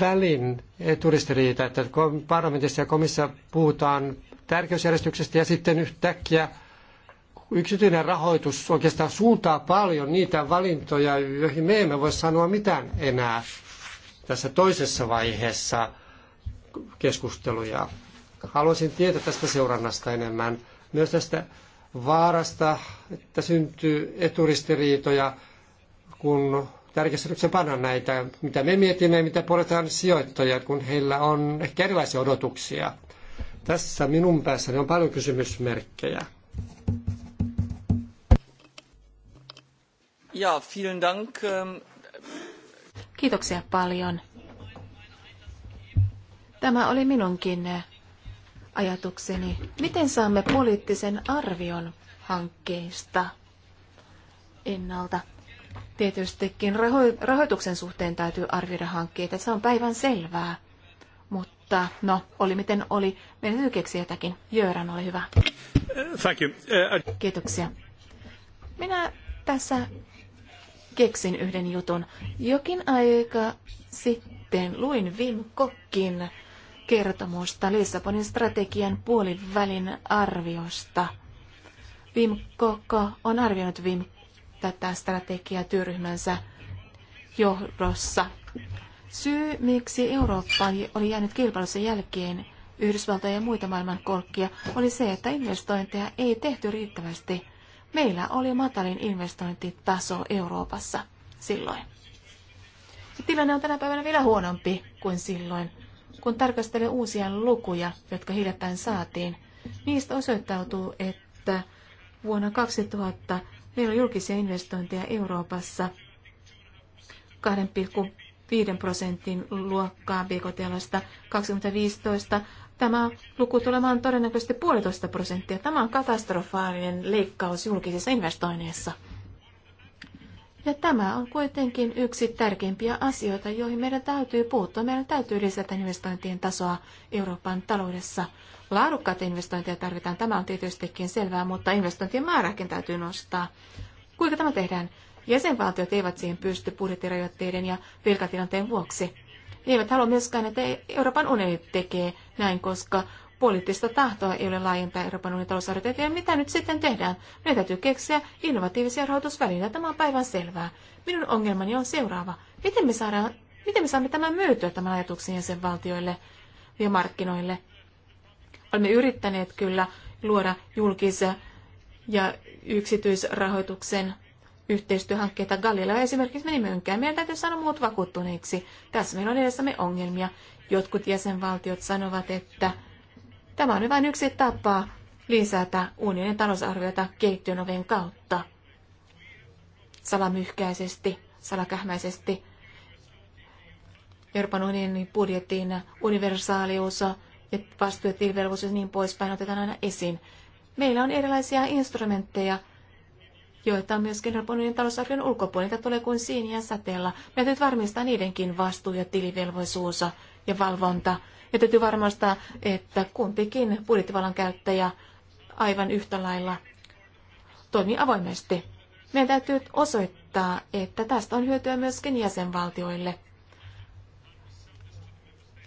välin eturistiriita, että parlamentissa ja komissa puhutaan tärkeysjärjestyksestä ja sitten yhtäkkiä yksityinen rahoitus oikeastaan suuntaa paljon niitä valintoja, joihin me emme voi sanoa mitään enää tässä toisessa vaiheessa keskusteluja. Haluaisin tietää tästä seurannasta enemmän, myös tästä vaarasta, että syntyy eturistiriitoja, kun tärkeysjärjestyksen pannaan näitä, mitä me mietimme ja mitä puoletaan sijoittajat, kun heillä on ehkä erilaisia odotuksia. Tässä minun päässäni on paljon kysymysmerkkejä. Ja, vielen Dank. Ähm, Kiitoksia paljon. Tämä oli minunkin äh, ajatukseni. Miten saamme poliittisen arvion hankkeista ennalta? Tietystikin raho- rahoituksen suhteen täytyy arvioida hankkeita, se on päivän selvää. Mutta no, oli miten oli, meidän täytyy keksiä jotakin. Jöran, ole hyvä. Thank you. Uh, Kiitoksia. Minä tässä keksin yhden jutun. Jokin aika sitten luin Vim Kokkin kertomusta Lissabonin strategian puolivälin arviosta. Vim Kokko on arvioinut Vim tätä strategiatyöryhmänsä työryhmänsä johdossa. Syy, miksi Eurooppa oli jäänyt kilpailussa jälkeen Yhdysvaltojen ja muita kolkkia, oli se, että investointeja ei tehty riittävästi Meillä oli matalin investointitaso Euroopassa silloin. Ja tilanne on tänä päivänä vielä huonompi kuin silloin. Kun tarkastelee uusia lukuja, jotka hiljattain saatiin, niistä osoittautuu, että vuonna 2000 meillä on julkisia investointeja Euroopassa 2,5 prosentin luokkaa BKT-alasta 2015 tämä luku tulemaan todennäköisesti puolitoista prosenttia. Tämä on katastrofaalinen leikkaus julkisissa investoinneissa. Ja tämä on kuitenkin yksi tärkeimpiä asioita, joihin meidän täytyy puuttua. Meidän täytyy lisätä investointien tasoa Euroopan taloudessa. Laadukkaat investointeja tarvitaan, tämä on tietystikin selvää, mutta investointien määräkin täytyy nostaa. Kuinka tämä tehdään? Jäsenvaltiot eivät siihen pysty budjettirajoitteiden ja velkatilanteen vuoksi he eivät halua myöskään, että Euroopan unioni tekee näin, koska poliittista tahtoa ei ole laajentaa Euroopan unionin talousarviota. Ja mitä nyt sitten tehdään? Meidän täytyy keksiä innovatiivisia rahoitusvälineitä. Tämä on päivän selvää. Minun ongelmani on seuraava. Miten me, saadaan, miten me saamme tämän myytyä tämän ajatuksen jäsenvaltioille ja markkinoille? Olemme yrittäneet kyllä luoda julkisen ja yksityisrahoituksen yhteistyöhankkeita Galileo esimerkiksi meni mönkään. Meidän täytyy sanoa muut vakuuttuneiksi. Tässä meillä on edessämme ongelmia. Jotkut jäsenvaltiot sanovat, että tämä on vain yksi tapa lisätä unionin talousarviota keittiön oven kautta. Salamyhkäisesti, salakähmäisesti. Euroopan unionin budjettiin universaalius ja vastuutilvelvollisuus ja niin poispäin otetaan aina esiin. Meillä on erilaisia instrumentteja, joita on myöskin Euroopan unionin talousarvion ulkopuolelta tulee kuin siiniä sateella. Meidän täytyy varmistaa niidenkin vastuu ja tilivelvollisuus ja valvonta. Ja täytyy varmistaa, että kumpikin budjettivallan käyttäjä aivan yhtä lailla toimii avoimesti. Meidän täytyy osoittaa, että tästä on hyötyä myöskin jäsenvaltioille.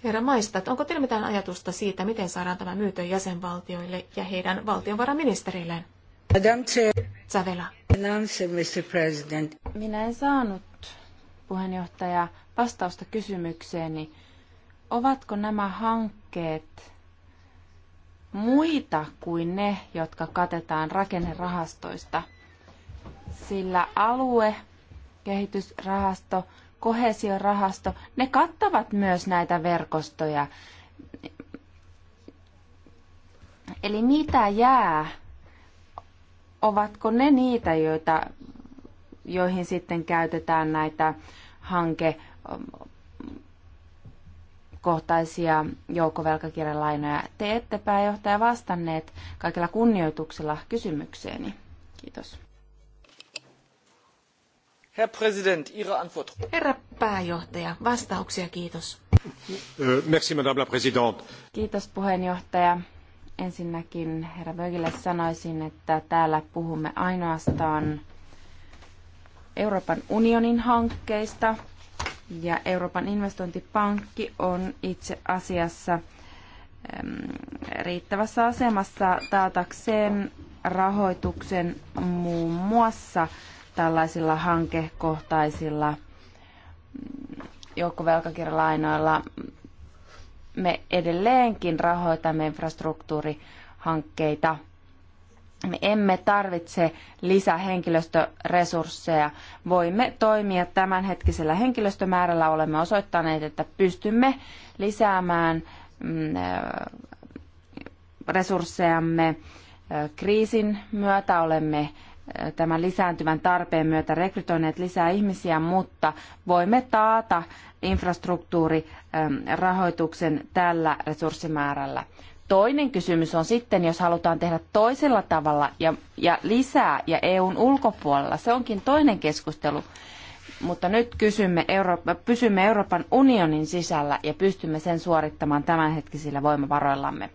Herra Maistat, onko teillä mitään ajatusta siitä, miten saadaan tämä myytö jäsenvaltioille ja heidän valtionvarainministerilleen? Savela. Minä en saanut puheenjohtaja vastausta kysymykseeni. Ovatko nämä hankkeet muita kuin ne, jotka katetaan rakennerahastoista? Sillä alue, kehitysrahasto, kohesiorahasto, ne kattavat myös näitä verkostoja. Eli mitä jää ovatko ne niitä, joita, joihin sitten käytetään näitä hanke um, kohtaisia joukkovelkakirjalainoja. Te ette pääjohtaja vastanneet kaikilla kunnioituksella kysymykseeni. Kiitos. Herr Präsident, Ihre Antwort. Herra pääjohtaja, vastauksia kiitos. Euh, merci, Madame la Présidente. Kiitos puheenjohtaja. Ensinnäkin herra Bögille sanoisin, että täällä puhumme ainoastaan Euroopan unionin hankkeista ja Euroopan investointipankki on itse asiassa riittävässä asemassa taatakseen rahoituksen muun muassa tällaisilla hankekohtaisilla joukkovelkakirjalainoilla me edelleenkin rahoitamme infrastruktuurihankkeita. Me emme tarvitse lisää henkilöstöresursseja. Voimme toimia tämänhetkisellä henkilöstömäärällä. Olemme osoittaneet, että pystymme lisäämään mm, resurssejamme kriisin myötä. Olemme tämän lisääntyvän tarpeen myötä rekrytoineet lisää ihmisiä, mutta voimme taata infrastruktuurirahoituksen tällä resurssimäärällä. Toinen kysymys on sitten, jos halutaan tehdä toisella tavalla ja, ja lisää ja EUn ulkopuolella. Se onkin toinen keskustelu. Mutta nyt kysymme Euroopan pysymme Euroopan unionin sisällä ja pystymme sen suorittamaan tämänhetkisillä voimavaroillamme.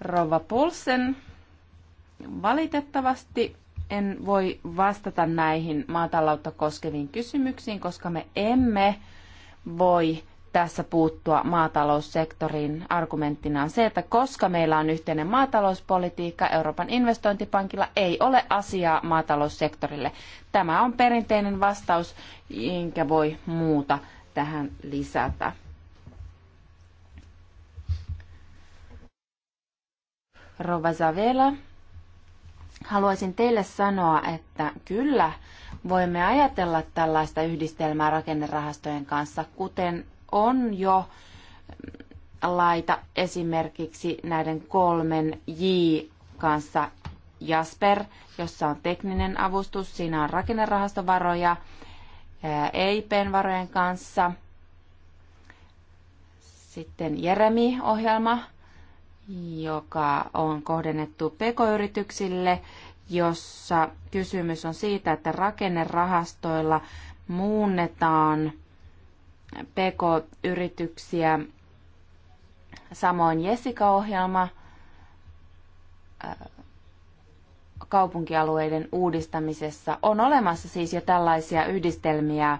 Rova Pulsen. Valitettavasti en voi vastata näihin maataloutta koskeviin kysymyksiin, koska me emme voi tässä puuttua maataloussektoriin. Argumenttina on se, että koska meillä on yhteinen maatalouspolitiikka, Euroopan investointipankilla ei ole asiaa maataloussektorille. Tämä on perinteinen vastaus, enkä voi muuta tähän lisätä. Rova Zavela haluaisin teille sanoa, että kyllä voimme ajatella tällaista yhdistelmää rakennerahastojen kanssa, kuten on jo laita esimerkiksi näiden kolmen J kanssa Jasper, jossa on tekninen avustus, siinä on rakennerahastovaroja EIPn varojen kanssa. Sitten Jeremi-ohjelma, joka on kohdennettu pk-yrityksille, jossa kysymys on siitä, että rakennerahastoilla muunnetaan pk-yrityksiä. Samoin Jessica-ohjelma äh, kaupunkialueiden uudistamisessa on olemassa siis jo tällaisia yhdistelmiä,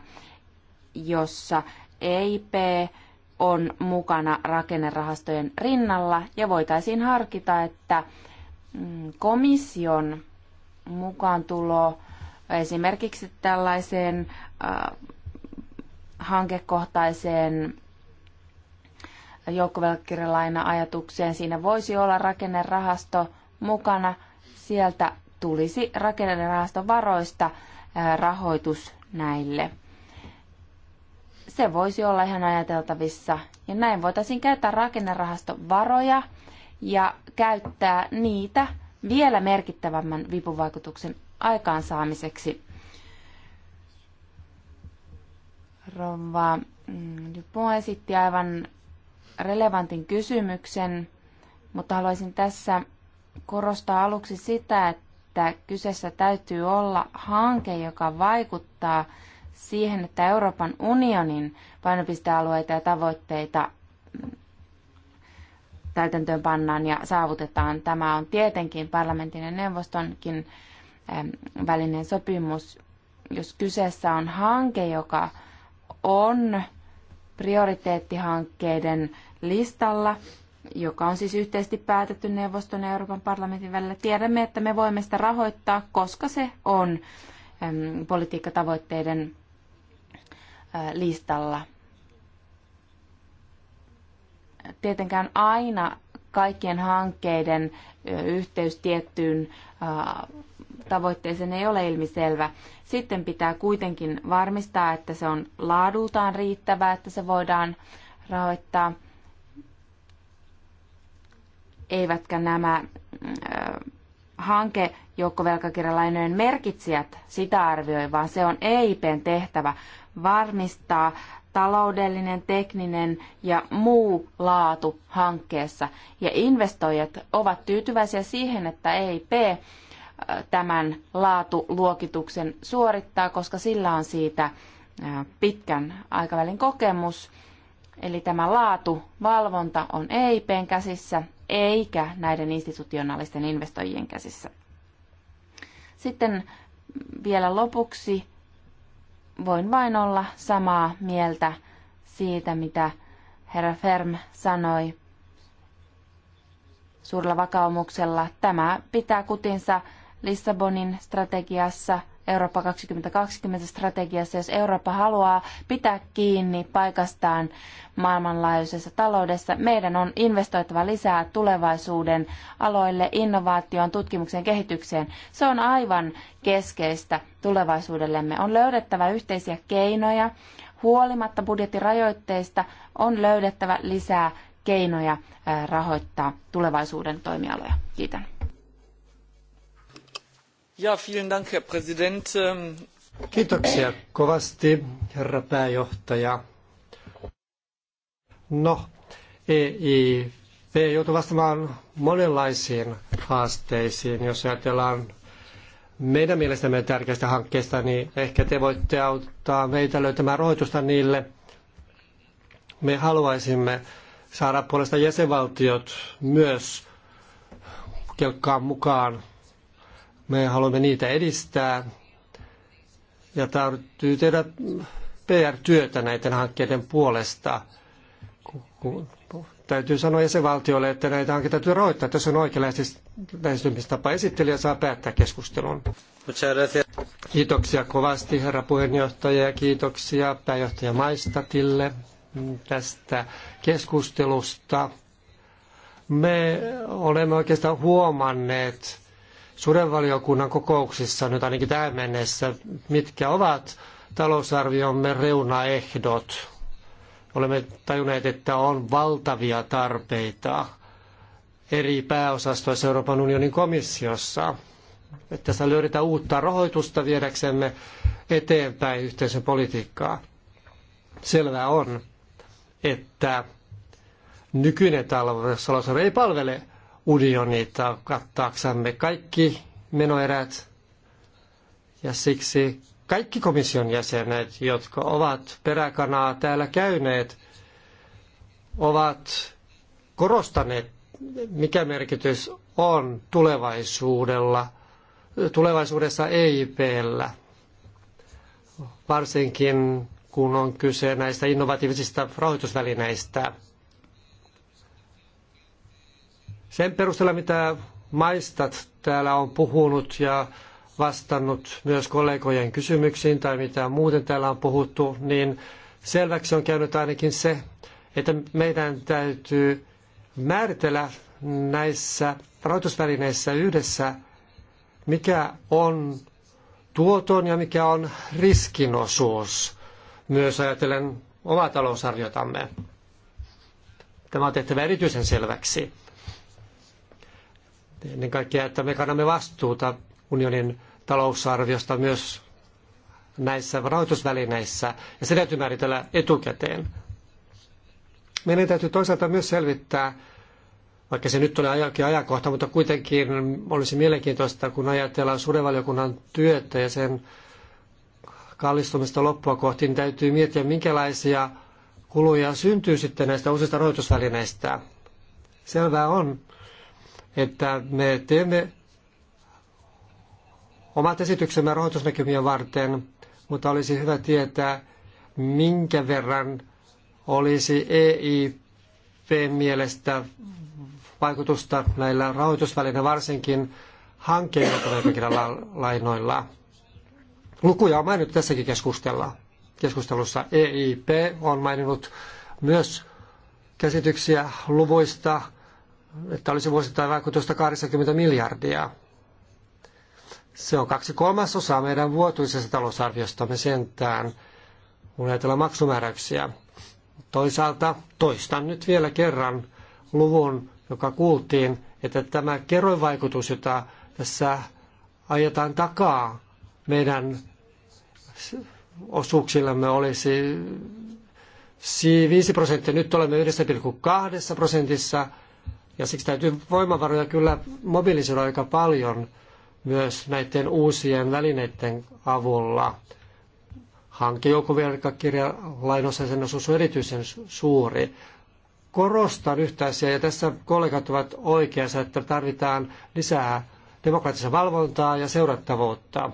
jossa EIP, on mukana rakennerahastojen rinnalla ja voitaisiin harkita, että mm, komission mukaan tulo esimerkiksi tällaiseen äh, hankekohtaiseen joukkovelkkirjalaina-ajatukseen. Siinä voisi olla rakennerahasto mukana. Sieltä tulisi rakennerahaston varoista rahoitus näille se voisi olla ihan ajateltavissa. Ja näin voitaisiin käyttää varoja ja käyttää niitä vielä merkittävämmän vipuvaikutuksen aikaansaamiseksi. Rova mm, Dupont esitti aivan relevantin kysymyksen, mutta haluaisin tässä korostaa aluksi sitä, että kyseessä täytyy olla hanke, joka vaikuttaa siihen, että Euroopan unionin painopistealueita ja tavoitteita täytäntöön pannaan ja saavutetaan. Tämä on tietenkin parlamentin ja neuvostonkin ähm, välinen sopimus. Jos kyseessä on hanke, joka on prioriteettihankkeiden listalla, joka on siis yhteisesti päätetty neuvoston ja Euroopan parlamentin välillä. Tiedämme, että me voimme sitä rahoittaa, koska se on ähm, politiikkatavoitteiden listalla. Tietenkään aina kaikkien hankkeiden yhteys tiettyyn tavoitteeseen ei ole ilmiselvä. Sitten pitää kuitenkin varmistaa, että se on laadultaan riittävää, että se voidaan rahoittaa. Eivätkä nämä hanke joukkovelkakirjalainojen merkitsijät sitä arvioi, vaan se on EIPn tehtävä varmistaa taloudellinen, tekninen ja muu laatu hankkeessa. Ja investoijat ovat tyytyväisiä siihen, että EIP äh, tämän laatuluokituksen suorittaa, koska sillä on siitä äh, pitkän aikavälin kokemus. Eli tämä laatuvalvonta on EIPn käsissä eikä näiden institutionaalisten investoijien käsissä. Sitten vielä lopuksi voin vain olla samaa mieltä siitä, mitä herra Ferm sanoi suurella vakaumuksella. Tämä pitää kutinsa Lissabonin strategiassa – Eurooppa 2020 strategiassa, jos Eurooppa haluaa pitää kiinni paikastaan maailmanlaajuisessa taloudessa, meidän on investoitava lisää tulevaisuuden aloille, innovaatioon, tutkimukseen, kehitykseen. Se on aivan keskeistä tulevaisuudellemme. On löydettävä yhteisiä keinoja. Huolimatta budjettirajoitteista on löydettävä lisää keinoja rahoittaa tulevaisuuden toimialoja. Kiitän. Herr Präsident. Ähm, Kiitoksia kovasti, herra pääjohtaja. No, EIV joutuu vastaamaan monenlaisiin haasteisiin. Jos ajatellaan meidän mielestämme tärkeistä hankkeista, niin ehkä te voitte auttaa meitä löytämään rahoitusta niille. Me haluaisimme saada puolesta jäsenvaltiot myös kelkkaan mukaan me haluamme niitä edistää ja täytyy tehdä PR-työtä näiden hankkeiden puolesta. Täytyy sanoa jäsenvaltioille, että näitä hankkeita täytyy rahoittaa. Tässä on oikea lähestymistapa. Esittelijä saa päättää keskustelun. Kiitoksia kovasti herra puheenjohtaja ja kiitoksia pääjohtaja Maistatille tästä keskustelusta. Me olemme oikeastaan huomanneet, sudenvaliokunnan kokouksissa nyt ainakin tähän mennessä, mitkä ovat talousarviomme reunaehdot. Olemme tajunneet, että on valtavia tarpeita eri pääosastoissa Euroopan unionin komissiossa. Että tässä löydetään uutta rahoitusta viedäksemme eteenpäin yhteisön politiikkaa. Selvää on, että nykyinen talousarvio ei palvele unionita kattaaksemme kaikki menoerät. Ja siksi kaikki komission jäsenet, jotka ovat peräkanaa täällä käyneet, ovat korostaneet, mikä merkitys on tulevaisuudella, tulevaisuudessa EIPllä, varsinkin kun on kyse näistä innovatiivisista rahoitusvälineistä – sen perusteella, mitä maistat täällä on puhunut ja vastannut myös kollegojen kysymyksiin tai mitä muuten täällä on puhuttu, niin selväksi on käynyt ainakin se, että meidän täytyy määritellä näissä rahoitusvälineissä yhdessä, mikä on tuoton ja mikä on riskin osuus, myös ajatellen omaa talousarviotamme. Tämä on tehtävä erityisen selväksi. Ennen kaikkea, että me kannamme vastuuta unionin talousarviosta myös näissä rahoitusvälineissä, ja se täytyy määritellä etukäteen. Meidän täytyy toisaalta myös selvittää, vaikka se nyt oli ajakin ajankohta, mutta kuitenkin olisi mielenkiintoista, kun ajatellaan sudenvaliokunnan työtä ja sen kallistumista loppua kohti, niin täytyy miettiä, minkälaisia kuluja syntyy sitten näistä uusista rahoitusvälineistä. Selvää on, että me teemme omat esityksemme rahoitusnäkymien varten, mutta olisi hyvä tietää, minkä verran olisi EIP mielestä vaikutusta näillä rahoitusvälineillä, varsinkin hankkeen johtavilla lainoilla. Lukuja on mainittu tässäkin keskustella. keskustelussa. EIP on maininnut myös käsityksiä luvuista että olisi vuosittain vaikutusta 80 miljardia. Se on kaksi kolmasosaa meidän vuotuisesta talousarviostamme sentään, kun ajatellaan maksumääräyksiä. Toisaalta toistan nyt vielä kerran luvun, joka kuultiin, että tämä kerroinvaikutus, jota tässä ajetaan takaa meidän osuuksillamme olisi 5 prosenttia. Nyt olemme 1,2 prosentissa ja siksi täytyy voimavaroja kyllä mobilisoida aika paljon myös näiden uusien välineiden avulla. Hankejoukkovelkakirja lainossa osuus on erityisen suuri. Korostan yhtä asiaa, ja tässä kollegat ovat oikeassa, että tarvitaan lisää demokraattista valvontaa ja seurattavuutta.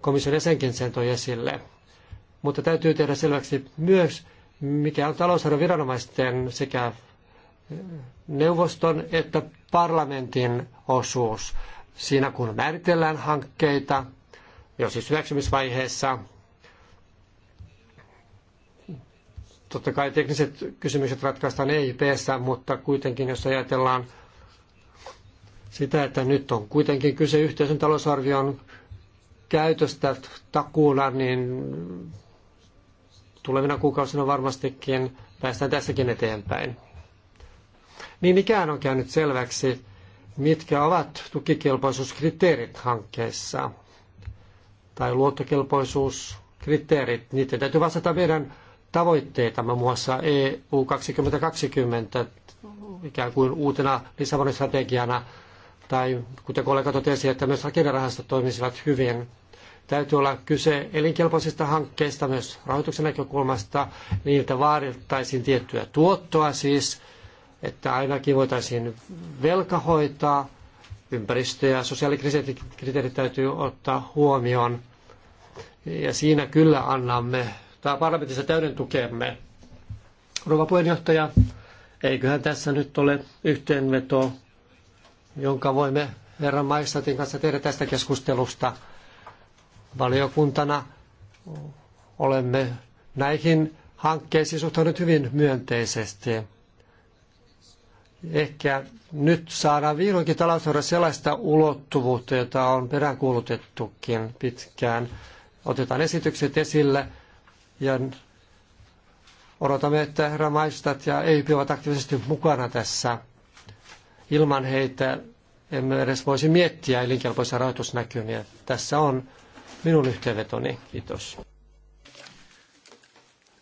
Komission jäsenkin sen toi esille. Mutta täytyy tehdä selväksi myös, mikä on talousarvoviranomaisten sekä neuvoston että parlamentin osuus siinä, kun määritellään hankkeita, jo siis hyväksymisvaiheessa. Totta kai tekniset kysymykset ratkaistaan EIPssä, mutta kuitenkin jos ajatellaan sitä, että nyt on kuitenkin kyse yhteisön talousarvion käytöstä takuuna, niin tulevina kuukausina varmastikin päästään tässäkin eteenpäin. Niin ikään on käynyt selväksi, mitkä ovat tukikelpoisuuskriteerit hankkeissa tai luottokelpoisuuskriteerit. Niiden täytyy vastata meidän tavoitteitamme muun muassa EU 2020 ikään kuin uutena Lissabonin strategiana tai kuten kollega totesi, että myös rakennerahastot toimisivat hyvin. Täytyy olla kyse elinkelpoisista hankkeista myös rahoituksen näkökulmasta. Niiltä vaadittaisiin tiettyä tuottoa siis – että ainakin voitaisiin velka hoitaa, ympäristö- ja sosiaalikriteerit täytyy ottaa huomioon. Ja siinä kyllä annamme tämä parlamentissa täyden tukemme. Rouva puheenjohtaja, eiköhän tässä nyt ole yhteenveto, jonka voimme herran Maistatin kanssa tehdä tästä keskustelusta. Valiokuntana olemme näihin hankkeisiin suhtautuneet hyvin myönteisesti ehkä nyt saadaan vihdoinkin talousarvioon sellaista ulottuvuutta, jota on peräänkuulutettukin pitkään. Otetaan esitykset esille ja odotamme, että herra ja EIP ovat aktiivisesti mukana tässä. Ilman heitä emme edes voisi miettiä elinkelpoisia rahoitusnäkymiä. Tässä on minun yhteenvetoni. Kiitos.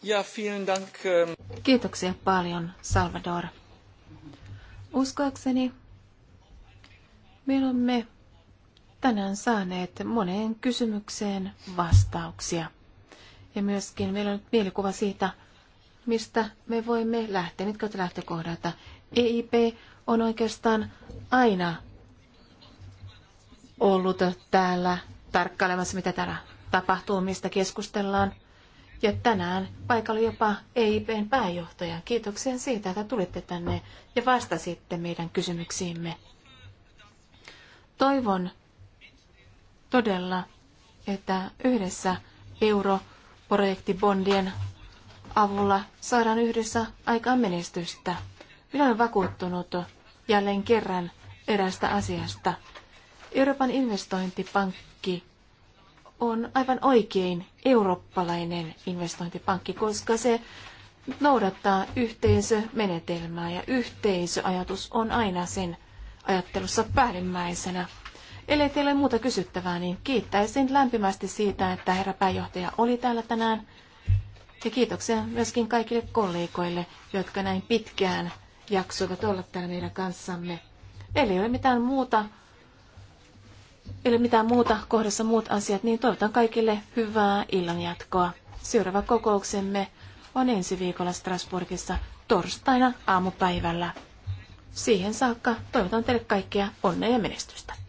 Ja, vielen dank. Ähm. Kiitoksia paljon, Salvador. Uskoakseni me olemme tänään saaneet moneen kysymykseen vastauksia. Ja myöskin meillä on nyt mielikuva siitä, mistä me voimme lähteä, mitkä ovat lähtökohdat. EIP on oikeastaan aina ollut täällä tarkkailemassa, mitä täällä tapahtuu, mistä keskustellaan. Ja tänään paikalla jopa EIPn pääjohtaja. Kiitoksia siitä, että tulitte tänne ja vastasitte meidän kysymyksiimme. Toivon todella, että yhdessä europrojektibondien avulla saadaan yhdessä aikaan menestystä. Minä olen vakuuttunut jälleen kerran erästä asiasta. Euroopan investointipankki on aivan oikein eurooppalainen investointipankki, koska se noudattaa yhteisömenetelmää ja yhteisöajatus on aina sen ajattelussa päällimmäisenä. Eli teillä muuta kysyttävää, niin kiittäisin lämpimästi siitä, että herra pääjohtaja oli täällä tänään. Ja kiitoksia myöskin kaikille kollegoille, jotka näin pitkään jaksoivat olla täällä meidän kanssamme. Eli ei ole mitään muuta Eli ole mitään muuta kohdassa muut asiat, niin toivotan kaikille hyvää illanjatkoa. Seuraava kokouksemme on ensi viikolla Strasbourgissa torstaina aamupäivällä. Siihen saakka toivotan teille kaikkia onnea ja menestystä.